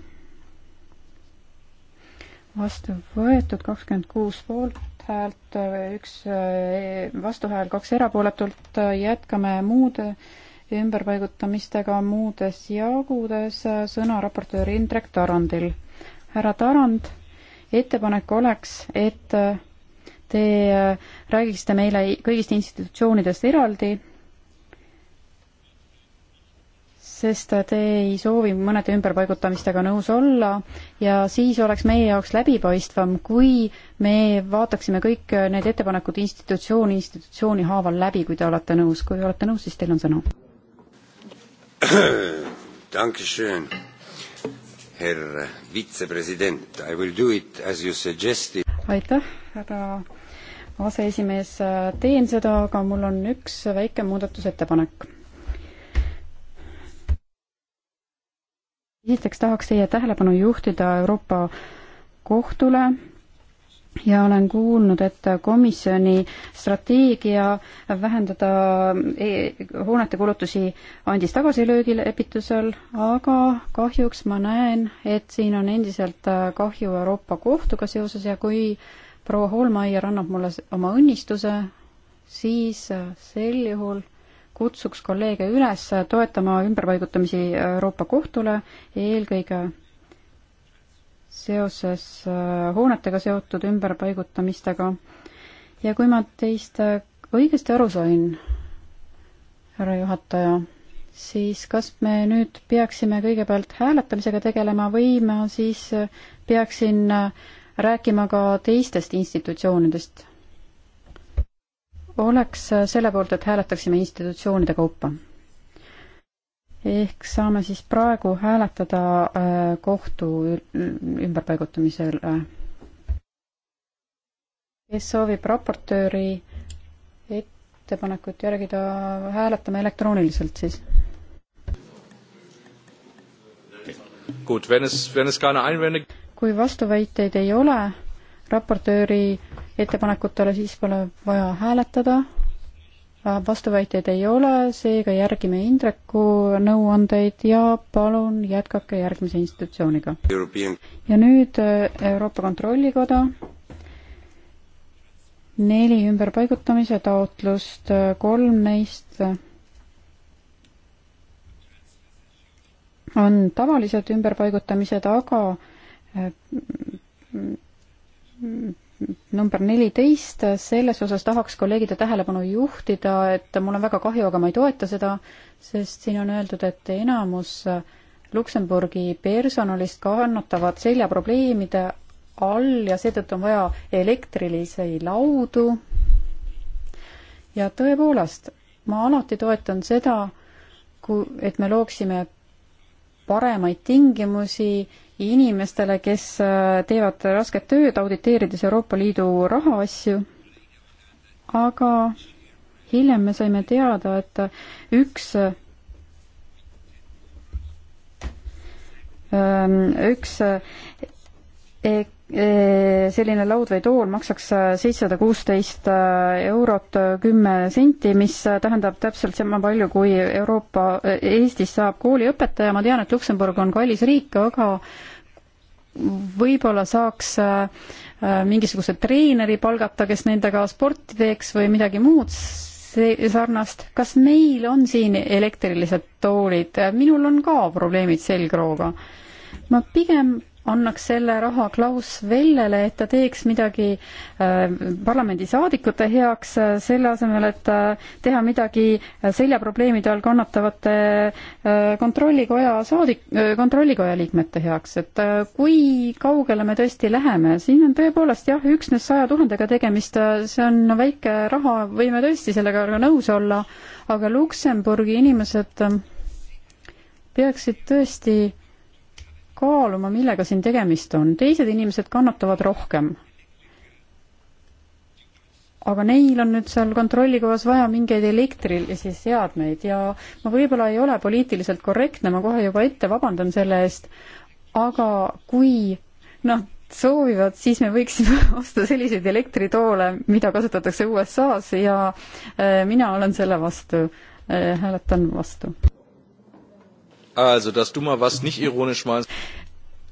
vastu võetud, kakskümmend kuus poolthäält, üks vastuhääl, kaks erapooletult, jätkame muude ümberpaigutamistega muudes jagudes, sõna raportöör Indrek Tarandil. härra Tarand, ettepanek oleks, et te räägiksite meile kõigist institutsioonidest eraldi sest te ei soovi mõnede ümberpaigutamistega nõus olla ja siis oleks meie jaoks läbipaistvam, kui me vaataksime kõik need ettepanekud institutsiooni, institutsiooni haaval läbi, kui te olete nõus. kui olete nõus, siis teil on sõna. [clears throat] Dankeschön, härra vitsepresident, I will do it as you suggested. aitäh, härra aseesimees, teen seda, aga mul on üks väike muudatusettepanek esiteks tahaks teie tähelepanu juhtida Euroopa kohtule ja olen kuulnud, et komisjoni strateegia vähendada e-, hoonete kulutusi andis tagasilöögi lepitusel, aga kahjuks ma näen, et siin on endiselt kahju Euroopa Kohtuga seoses ja kui proua Holmaier annab mulle oma õnnistuse, siis sel juhul kutsuks kolleege üles toetama ümberpaigutamisi Euroopa Kohtule, eelkõige seoses äh, hoonetega seotud ümberpaigutamistega. ja kui ma teist äh, õigesti aru sain, härra juhataja, siis kas me nüüd peaksime kõigepealt hääletamisega tegelema või ma siis äh, peaksin rääkima ka teistest institutsioonidest? oleks selle poolt, et hääletaksime institutsioonide kaupa. ehk saame siis praegu hääletada äh, kohtu ümberpaigutamisel. kes soovib raportööri ettepanekut järgida, hääletame elektrooniliselt siis. kui vastuväiteid ei ole, raportööri ettepanekutele, siis pole vaja hääletada. Äh, vastuväiteid ei ole, seega järgime Indreku nõuandeid ja palun jätkake järgmise institutsiooniga. ja nüüd äh, Euroopa Kontrollikoda. neli ümberpaigutamise taotlust, äh, kolm neist on tavalised ümberpaigutamised, aga number neliteist, selles osas tahaks kolleegide tähelepanu juhtida, et mul on väga kahju, aga ma ei toeta seda, sest siin on öeldud, et enamus Luksemburgi personalist kannatavad seljaprobleemide all ja seetõttu on vaja elektrilisi laudu. ja tõepoolest, ma alati toetan seda, kui, et me looksime paremaid tingimusi inimestele, kes äh, teevad rasket tööd, auditeerides Euroopa Liidu rahaasju, aga hiljem me saime teada, et üks ähm, üks äh, selline laud või tool maksaks äh, seitsesada kuusteist äh, eurot äh, kümme senti, mis tähendab täpselt sama palju, kui Euroopa, Eestis saab kooliõpetaja, ma tean, et Luksemburg on kallis riik, aga võib-olla saaks mingisuguse treeneri palgata, kes nendega sporti teeks või midagi muud sarnast. kas meil on siin elektrilised toolid? minul on ka probleemid selgrooga. ma pigem annaks selle raha Klaus Vellele, et ta teeks midagi äh, parlamendisaadikute heaks, äh, selle asemel, et äh, teha midagi seljaprobleemide all kannatavate kontrollikoja saadik, kontrollikoja liikmete heaks, et kui kaugele me tõesti läheme, siin on tõepoolest jah, üksnes saja tuhandega tegemist, see on väike raha, võime tõesti sellega nõus olla, aga Luksemburgi inimesed peaksid tõesti kaaluma, millega siin tegemist on. teised inimesed kannatavad rohkem. aga neil on nüüd seal kontrollikojas vaja mingeid elektrilisi seadmeid ja ma võib-olla ei ole poliitiliselt korrektne, ma kohe juba ette vabandan selle eest, aga kui noh, soovivad, siis me võiksime [laughs] osta selliseid elektritoole, mida kasutatakse USA-s ja eh, mina olen selle vastu, eh, hääletan vastu. Also, dass du mal was nicht ironisch meinst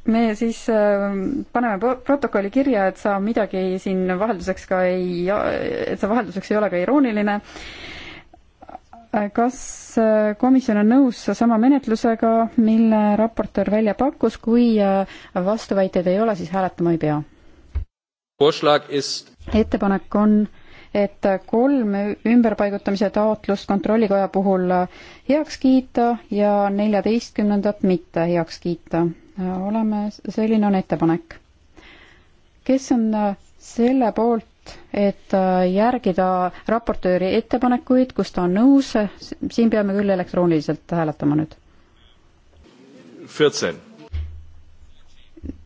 me siis ähm, paneme protokolli kirja, et sa midagi siin vahelduseks ka ei, et sa vahelduseks ei ole ka irooniline. kas äh, komisjon on nõus sama menetlusega, mille raportöör välja pakkus, kui äh, vastuväiteid ei ole, siis hääletama ei pea? ettepanek on et kolm ümberpaigutamise taotlust Kontrollikoja puhul heaks kiita ja neljateistkümnendat mitte heaks kiita. oleme, selline on ettepanek. kes on selle poolt, et järgida raportööri ettepanekuid, kus ta on nõus, siin peame küll elektrooniliselt hääletama nüüd.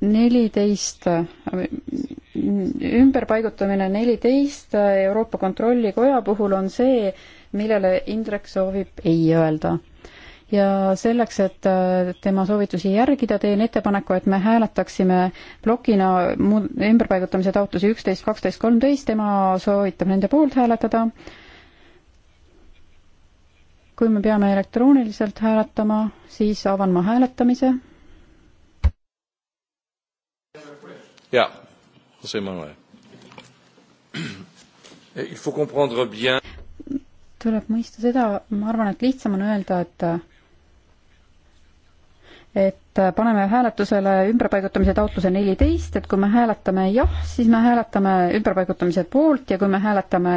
neliteist ümberpaigutamine neliteist Euroopa Kontrollikoja puhul on see, millele Indrek soovib ei öelda. ja selleks, et äh, tema soovitusi järgida, teen ettepaneku, et me hääletaksime plokina ümberpaigutamise taotlusi üksteist, kaksteist, kolmteist, tema soovitab nende poolt hääletada. kui me peame elektrooniliselt hääletama, siis avan ma hääletamise. jaa José Manuel. Il faut comprendre bien. tuleb mõista seda, ma arvan, et lihtsam on öelda, et et paneme hääletusele ümberpaigutamise taotluse neliteist, et kui me hääletame jah, siis me hääletame ümberpaigutamise poolt ja kui me hääletame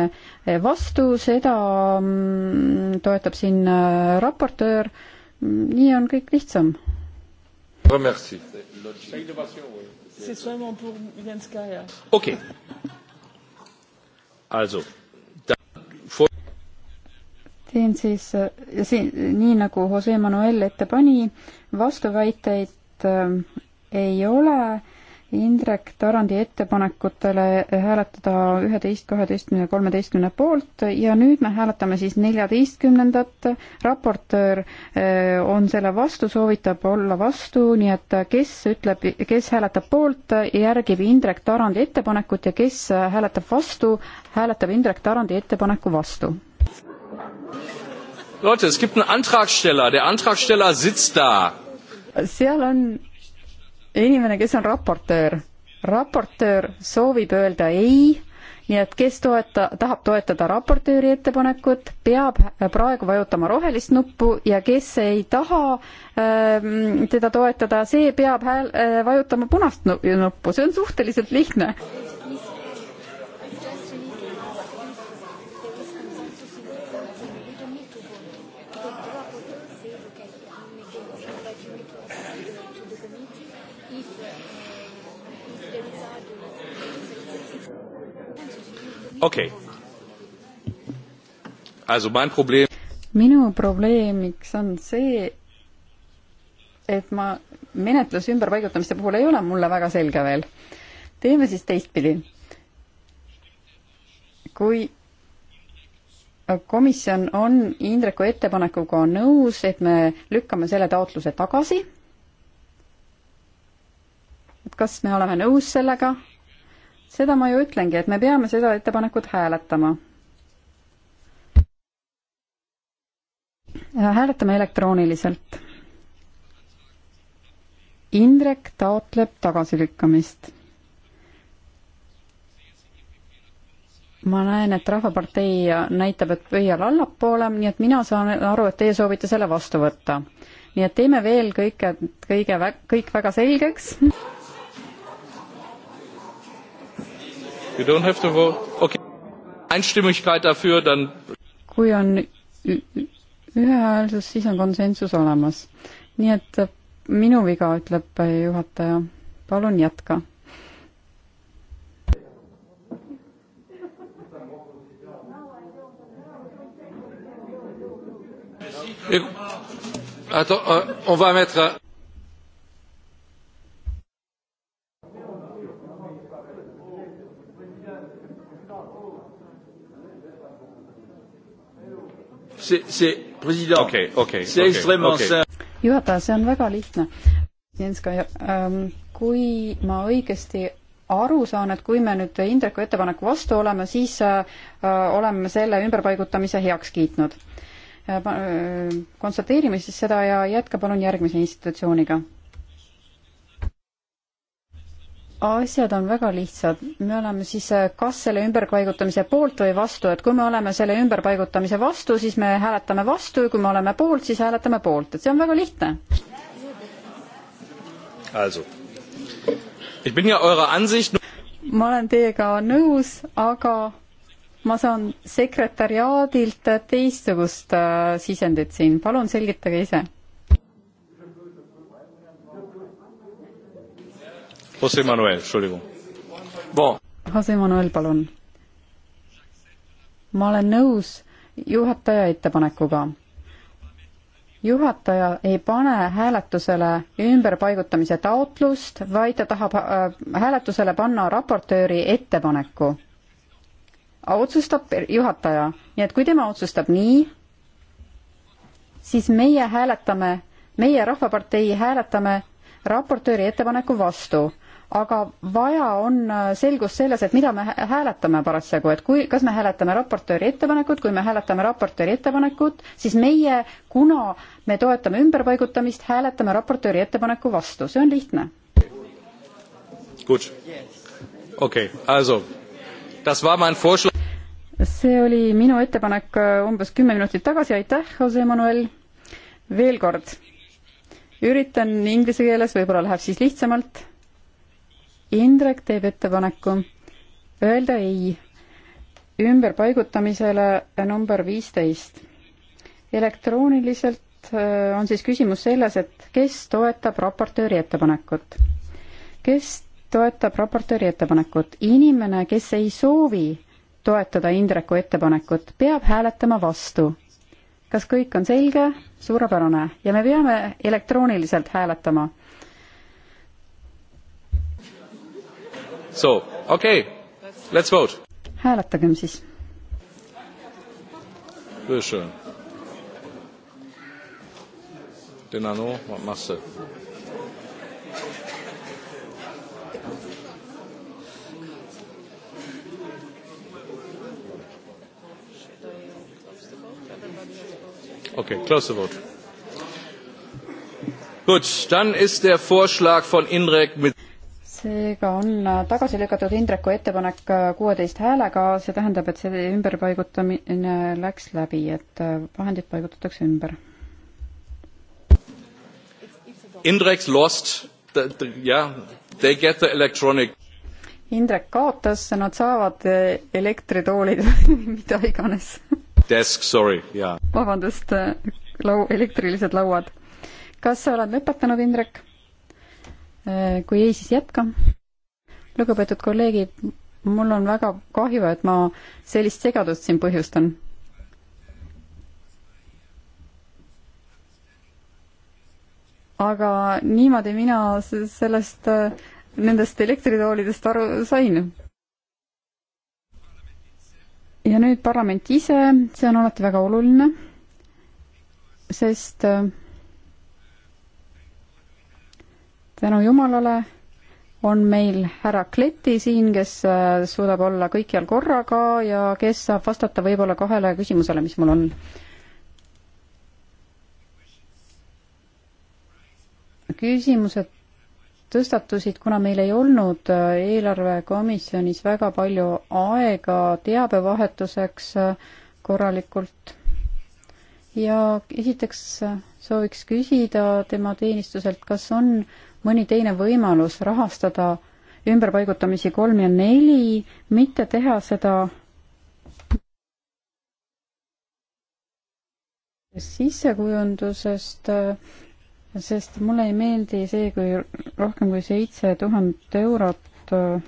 vastu, seda mm, toetab siin äh, raportöör. Mm, nii on kõik lihtsam. Merci c'est seulement pour Jenskaya. Ok. Also. teen siis siin, nii nagu Jose Manuel ette pani, vastuväiteid äh, ei ole Indrek Tarandi ettepanekutele hääletada üheteist, kaheteistkümne ja kolmeteistkümne poolt ja nüüd me hääletame siis neljateistkümnendat. raportöör eh, on selle vastu, soovitab olla vastu, nii et kes ütleb, kes hääletab poolt, järgib Indrek Tarandi ettepanekut ja kes hääletab vastu, hääletab Indrek Tarandi ettepaneku vastu. Leute, es gibt einen Antragsteller, der Antragsteller sitzt da. seal on inimene, kes on raportöör. raportöör soovib öelda ei, nii et kes toeta, tahab toetada raportööri ettepanekut, peab äh, praegu vajutama rohelist nuppu ja kes ei taha ähm, teda toetada, see peab hääl- äh,, vajutama punast nuppu, see on suhteliselt lihtne okei okay.. Problem... minu probleemiks on see, et ma menetluse ümberpaigutamiste puhul ei ole mulle väga selge veel. teeme siis teistpidi. kui komisjon on Indreku ettepanekuga nõus, et me lükkame selle taotluse tagasi, et kas me oleme nõus sellega? seda ma ju ütlengi, et me peame seda ettepanekut hääletama. hääletame elektrooniliselt. Indrek taotleb tagasilükkamist. ma näen, et Rahvapartei näitab, et pöial allapoole, nii et mina saan aru, et teie soovite selle vastu võtta. nii et teeme veel kõike, kõige, kõik väga selgeks You don't have to vote? Okay. Einstimmigkeit dafür, dann kui on ühehäälsus, siis on konsensus olemas. nii et minu viga, ütleb juhataja. palun jätka. Attends, euh, on va mettre euh, see, see president okay,, okay, see okay, ekstreemne okay. see. juhataja, see on väga lihtne. Jenska ähm,, kui ma õigesti aru saan, et kui me nüüd Indreku ettepaneku vastu oleme, siis äh, oleme selle ümberpaigutamise heaks kiitnud äh,. äh konstateerime siis seda ja jätka palun järgmise institutsiooniga asjad on väga lihtsad. me oleme siis äh, kas selle ümberpaigutamise poolt või vastu, et kui me oleme selle ümberpaigutamise vastu, siis me hääletame vastu ja kui me oleme poolt, siis hääletame poolt, et see on väga lihtne. ma olen teiega nõus, aga ma saan sekretäriaadilt teistsugust äh, sisendit siin, palun selgitage ise Jose Manuel, bon. Jose Manuel, palun. ma olen nõus juhataja ettepanekuga. juhataja ei pane hääletusele ümberpaigutamise taotlust, vaid ta tahab äh, hääletusele panna raportööri ettepaneku. otsustab juhataja, nii et kui tema otsustab nii, siis meie hääletame, meie Rahvapartei hääletame raportööri ettepaneku vastu aga vaja on äh, selgust selles, et mida me hääletame parasjagu, et kui, kas me hääletame raportööri ettepanekut, kui me hääletame raportööri ettepanekut, siis meie, kuna me toetame ümberpaigutamist, hääletame raportööri ettepaneku vastu, see on lihtne. okei, also, das war mein Vorschlag. see oli minu ettepanek äh, umbes kümme minutit tagasi, aitäh, Jose Manuel. veel kord, üritan inglise keeles, võib-olla läheb siis lihtsamalt Indrek teeb ettepaneku öelda ei ümberpaigutamisele number viisteist. elektrooniliselt äh, on siis küsimus selles, et kes toetab raportööri ettepanekut. kes toetab raportööri ettepanekut? inimene, kes ei soovi toetada Indreku ettepanekut, peab hääletama vastu. kas kõik on selge? suurepärane. ja me peame elektrooniliselt hääletama So, okei okay,, let's vote. hääletagem siis. Sehr schön. Denano, was machst du? Okay, close the vote. Gut, dann ist der Vorschlag von Inreg mit seega on tagasi lükatud Indreku ettepanek kuueteist häälega, see tähendab, et see ümberpaigutamine läks läbi, et vahendid paigutatakse ümber. Indrek lost, jah, they get the electronic. Indrek kaotas, nad saavad elektritoolid [laughs] mida iganes. Desk, sorry, jaa. vabandust, lau-, elektrilised lauad. kas sa oled lõpetanud, Indrek? Äh, kui ei, siis jätka. lugupeetud kolleegid, mul on väga kahju, et ma sellist segadust siin põhjustan. aga niimoodi mina sellest, äh, nendest elektritoolidest aru sain. ja nüüd parlament ise, see on alati väga oluline, sest äh, tänu Jumalale on meil härra Kleti siin, kes äh, suudab olla kõikjal korraga ja kes saab vastata võib-olla kahele küsimusele, mis mul on. küsimused tõstatusid, kuna meil ei olnud äh, eelarvekomisjonis väga palju aega teabevahetuseks äh, korralikult. ja esiteks sooviks küsida tema teenistuselt, kas on äh, mõni teine võimalus rahastada ümberpaigutamisi kolm ja neli, mitte teha seda sissekujundusest, sest mulle ei meeldi see, kui rohkem kui seitse tuhat eurot äh,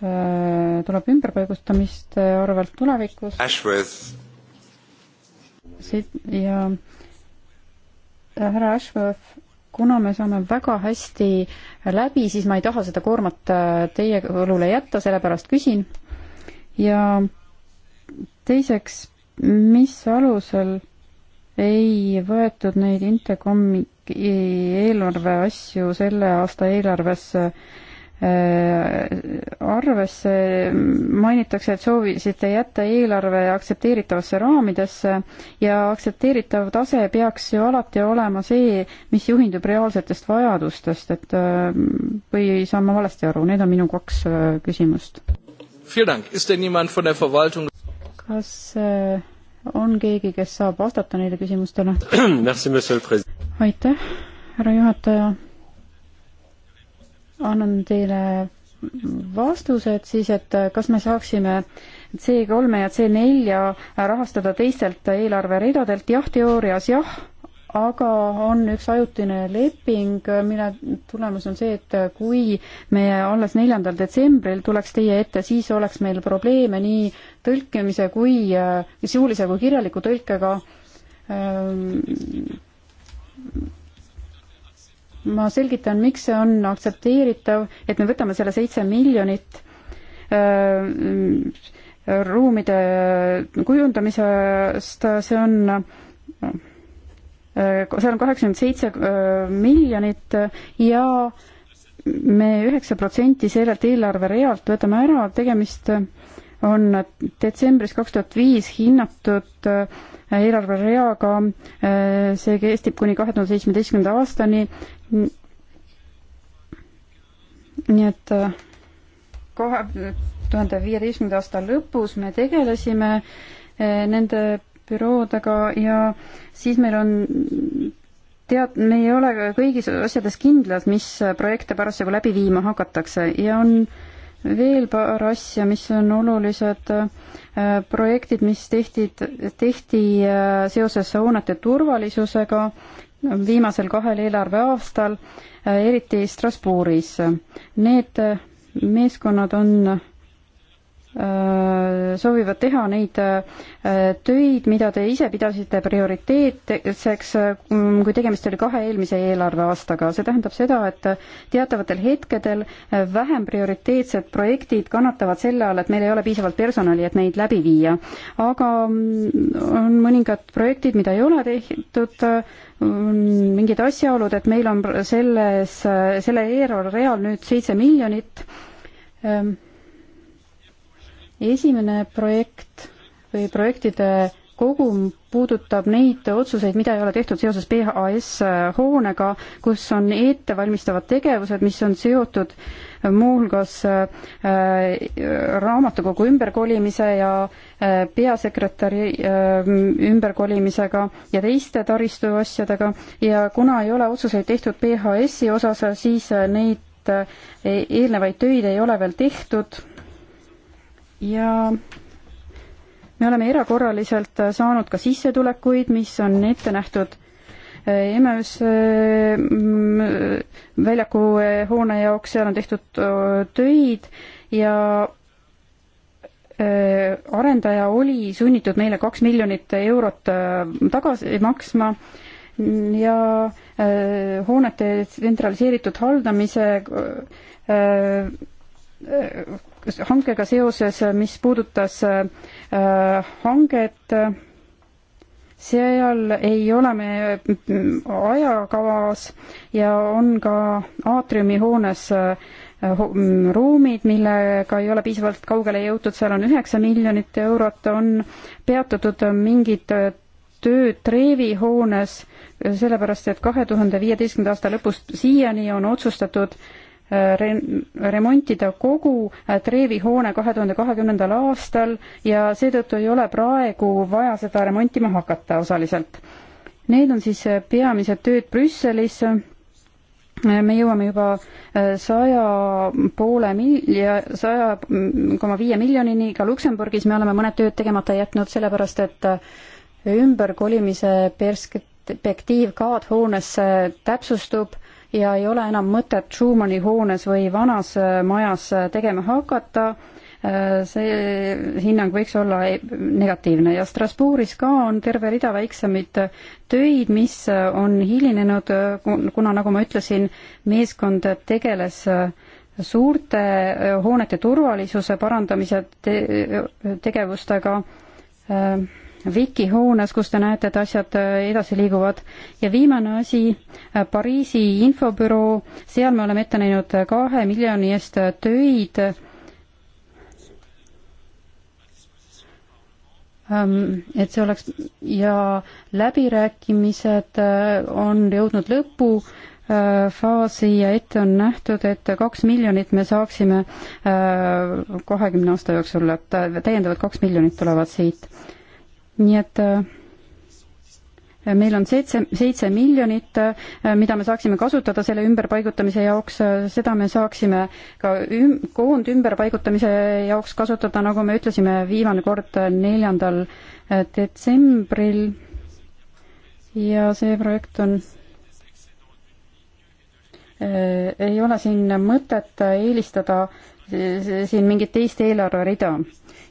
tuleb ümberpaigutamiste arvelt tulevikus. ja äh, härra Ashworth kuna me saame väga hästi läbi, siis ma ei taha seda koormat äh, teie õlule jätta, sellepärast küsin. ja teiseks, mis alusel ei võetud neid Intecomi eelarve asju selle aasta eelarvesse Äh, arvesse mainitakse, et soovisite jätta eelarve aktsepteeritavasse raamidesse ja aktsepteeritav tase peaks ju alati olema see, mis juhindub reaalsetest vajadustest, et äh, või saan ma valesti aru, need on minu kaks äh, küsimust. kas on keegi, kes saab vastata neile küsimustele? [clears throat] aitäh, härra juhataja annan teile vastused siis, et kas me saaksime C3 ja C4 rahastada teistelt eelarveridadelt, jah, teoorias jah, aga on üks ajutine leping, mille tulemus on see, et kui me alles neljandal detsembril tuleks teie ette, siis oleks meil probleeme nii tõlkimise kui, suulise kui kirjaliku tõlkega ehm, ma selgitan, miks see on aktsepteeritav, et me võtame selle seitse miljonit öö, äh, mm, ruumide kujundamisest, see on äh, seal on kaheksakümmend seitse äh, miljonit ja me üheksa protsenti sellelt eelarverealt võtame ära, tegemist on detsembris kaks tuhat viis hinnatud eelarvereaga, see kestib kuni kahe tuhande seitsmeteistkümnenda aastani nii et äh, kahe tuhande viieteistkümnenda aasta lõpus me tegelesime äh, nende büroodega ja siis meil on tead-, me ei ole kõigis asjades kindlad, mis äh, projekte parasjagu läbi viima hakatakse ja on veel paar asja, mis on olulised projektid, mis tehti, tehti seoses hoonete turvalisusega viimasel kahel eelarveaastal, äh, eriti Strasbourgis. Need meeskonnad on Äh, soovivad teha neid äh, töid, mida te ise pidasite prioriteetseks, äh, mm, kui tegemist oli kahe eelmise eelarveaastaga. see tähendab seda, et teatavatel hetkedel vähem prioriteetsed projektid kannatavad selle all, et meil ei ole piisavalt personali, et neid läbi viia. aga mm, on mõningad projektid, mida ei ole tehtud, mingid asjaolud, et meil on selles, selle eelarve real nüüd seitse miljonit ähm, esimene projekt või projektide kogum puudutab neid otsuseid, mida ei ole tehtud seoses PHS hoonega, kus on ettevalmistavad tegevused, mis on seotud muuhulgas äh, raamatukogu ümberkolimise ja äh, peasekretäri äh, ümberkolimisega ja teiste taristuasjadega ja kuna ei ole otsuseid tehtud PHS-i osas, siis neid e-, eelnevaid töid ei ole veel tehtud ja me oleme erakorraliselt saanud ka sissetulekuid, mis on ette nähtud eh, EMS eh, väljaku eh, hoone jaoks, seal on tehtud töid ja arendaja oli sunnitud meile kaks miljonit eurot tagasi maksma ja hoonete tsentraliseeritud haldamise hankega seoses, mis puudutas äh, hanget, seal ei ole me mm, ajakavas ja on ka aatriumi hoones äh, mm, ruumid, millega ei ole piisavalt kaugele jõutud, seal on üheksa miljonit eurot, on peatatud mingid äh, tööd Trevi hoones, sellepärast et kahe tuhande viieteistkümnenda aasta lõpust siiani on otsustatud äh, re-, remontida kogu äh, Trevi hoone kahe tuhande kahekümnendal aastal ja seetõttu ei ole praegu vaja seda remontima hakata osaliselt. Need on siis äh, peamised tööd Brüsselis, me jõuame juba äh, saja poole milja, saja mm, koma viie miljonini, ka Luksemburgis me oleme mõned tööd tegemata jätnud, sellepärast et ümberkolimise perspektiiv kaadhoonesse täpsustub ja ei ole enam mõtet Schumanni hoones või vanas äh, majas äh, tegema hakata, äh, see hinnang võiks olla e-, negatiivne ja Strasbourgis ka on terve rida väiksemaid töid, mis on hilinenud, kuna nagu ma ütlesin, meeskond tegeles suurte hoonete turvalisuse parandamise te tegevustega äh, Vikihoones, kus te näete, et asjad äh, edasi liiguvad. ja viimane asi, äh, Pariisi infobüroo, seal me oleme ette näinud äh, kahe miljoni eest töid ähm, et see oleks ja läbirääkimised on jõudnud lõpu faasi ja ette on nähtud, et kaks miljonit me saaksime kahekümne aasta jooksul, et täiendavad kaks miljonit tulevad siit nii et äh, meil on seitse, seitse miljonit, äh, mida me saaksime kasutada selle ümberpaigutamise jaoks, äh, seda me saaksime ka üm-, koondümberpaigutamise jaoks kasutada, nagu me ütlesime viimane kord neljandal detsembril. ja see projekt on ei ole siin mõtet eelistada siin mingit teist eelarverida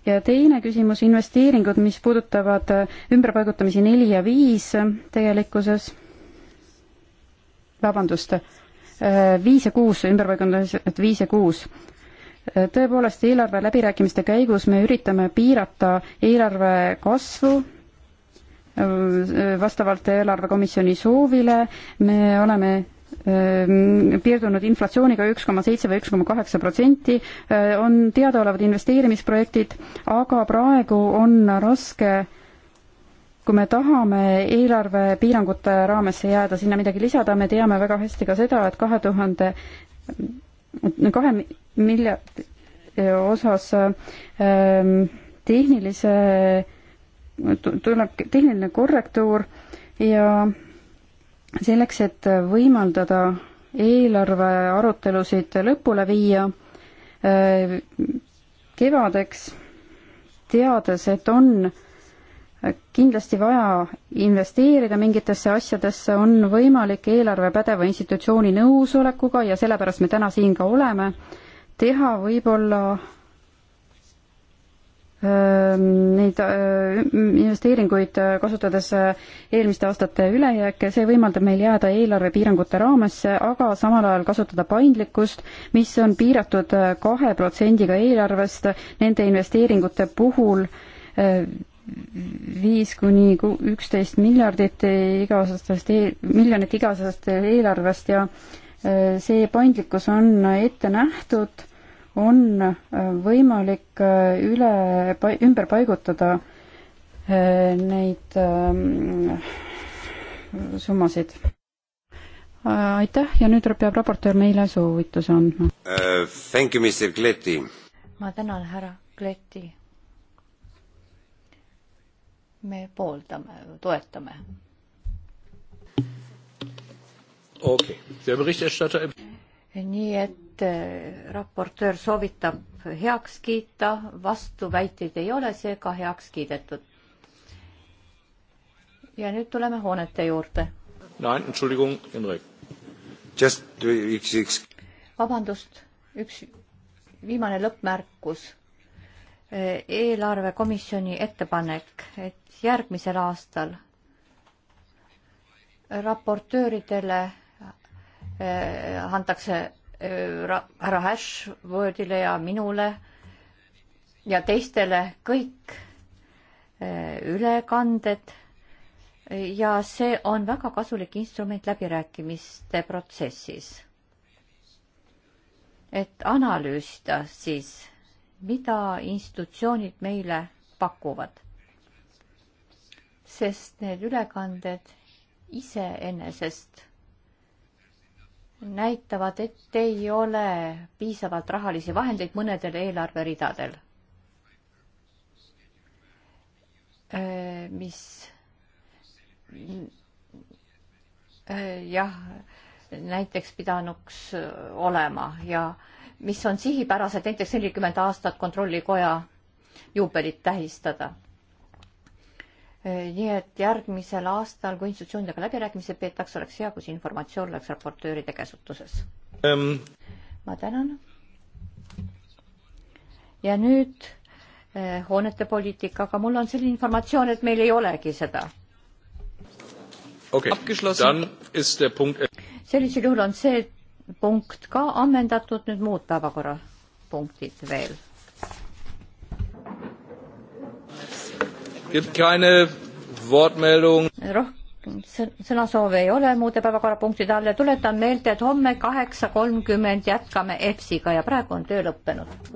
ja teine küsimus, investeeringud, mis puudutavad äh, ümberpaigutamisi neli ja viis äh, tegelikkuses, vabandust, äh, viis ja kuus, ümberpaigutamised viis ja kuus. tõepoolest, eelarve läbirääkimiste käigus me üritame piirata eelarve kasvu vastavalt eelarvekomisjoni soovile, me oleme Ehm, piirdunud inflatsiooniga üks koma seitse või üks koma kaheksa protsenti, eh, on teadaolevad investeerimisprojektid, aga praegu on raske kui me tahame eelarvepiirangute raamesse jääda, sinna midagi lisada, me teame väga hästi ka seda, et kahe tuhande, kahe miljardi osas ehm, tehnilise, tuleb tehniline korrektuur ja selleks, et võimaldada eelarve arutelusid lõpule viia äh, kevadeks, teades, et on kindlasti vaja investeerida mingitesse asjadesse, on võimalik eelarve pädeva institutsiooni nõusolekuga ja sellepärast me täna siin ka oleme, teha võib-olla Ehm, neid ehm, investeeringuid äh, kasutades äh, eelmiste aastate ülejääke, see võimaldab meil jääda eelarvepiirangute raamesse, aga samal ajal kasutada paindlikkust, mis on piiratud äh, kahe protsendiga eelarvest nende investeeringute puhul viis kuni üksteist miljardit iga-aastast e, miljonit iga-aastast eelarvest ja see paindlikkus on ette nähtud on võimalik äh, üle, ümber paigutada äh, neid ähm, summasid. aitäh ja nüüd peab raportöör meile soovituse andma uh,. Thank you, Mr Kleti. ma tänan, härra Kleti. me pooldame, toetame. okei okay., see on Berichterstatter. nii et et raportöör soovitab heaks kiita, vastuväiteid ei ole, seega heaks kiidetud. ja nüüd tuleme hoonete juurde. vabandust, üks viimane lõppmärkus. eelarvekomisjoni ettepanek, et järgmisel aastal raportööridele eh, antakse härra Ashwordile ja minule ja teistele kõik eh, ülekanded ja see on väga kasulik instrument läbirääkimiste protsessis. et analüüsida siis, mida institutsioonid meile pakuvad. sest need ülekanded iseenesest näitavad, et ei ole piisavalt rahalisi vahendeid mõnedel eelarveridadel, mis jah, näiteks pidanuks olema ja mis on sihipärased näiteks nelikümmend aastat Kontrollikoja juubelit tähistada Äh, nii et järgmisel aastal, kui institutsioonidega läbirääkimisi peetakse, oleks hea, kui see informatsioon oleks raportööride käsutuses ähm.. ma tänan. ja nüüd äh, hoonete poliitika, aga mul on selline informatsioon, et meil ei olegi seda. okei, dann ist der punkt er- sellisel juhul on see punkt ka ammendatud, nüüd muud päevakorrapunktid veel rohkem sõnasoove ei ole muude päevakorrapunktide all ja tuletan meelde, et homme kaheksa kolmkümmend jätkame EFSiga ja praegu on töö lõppenud.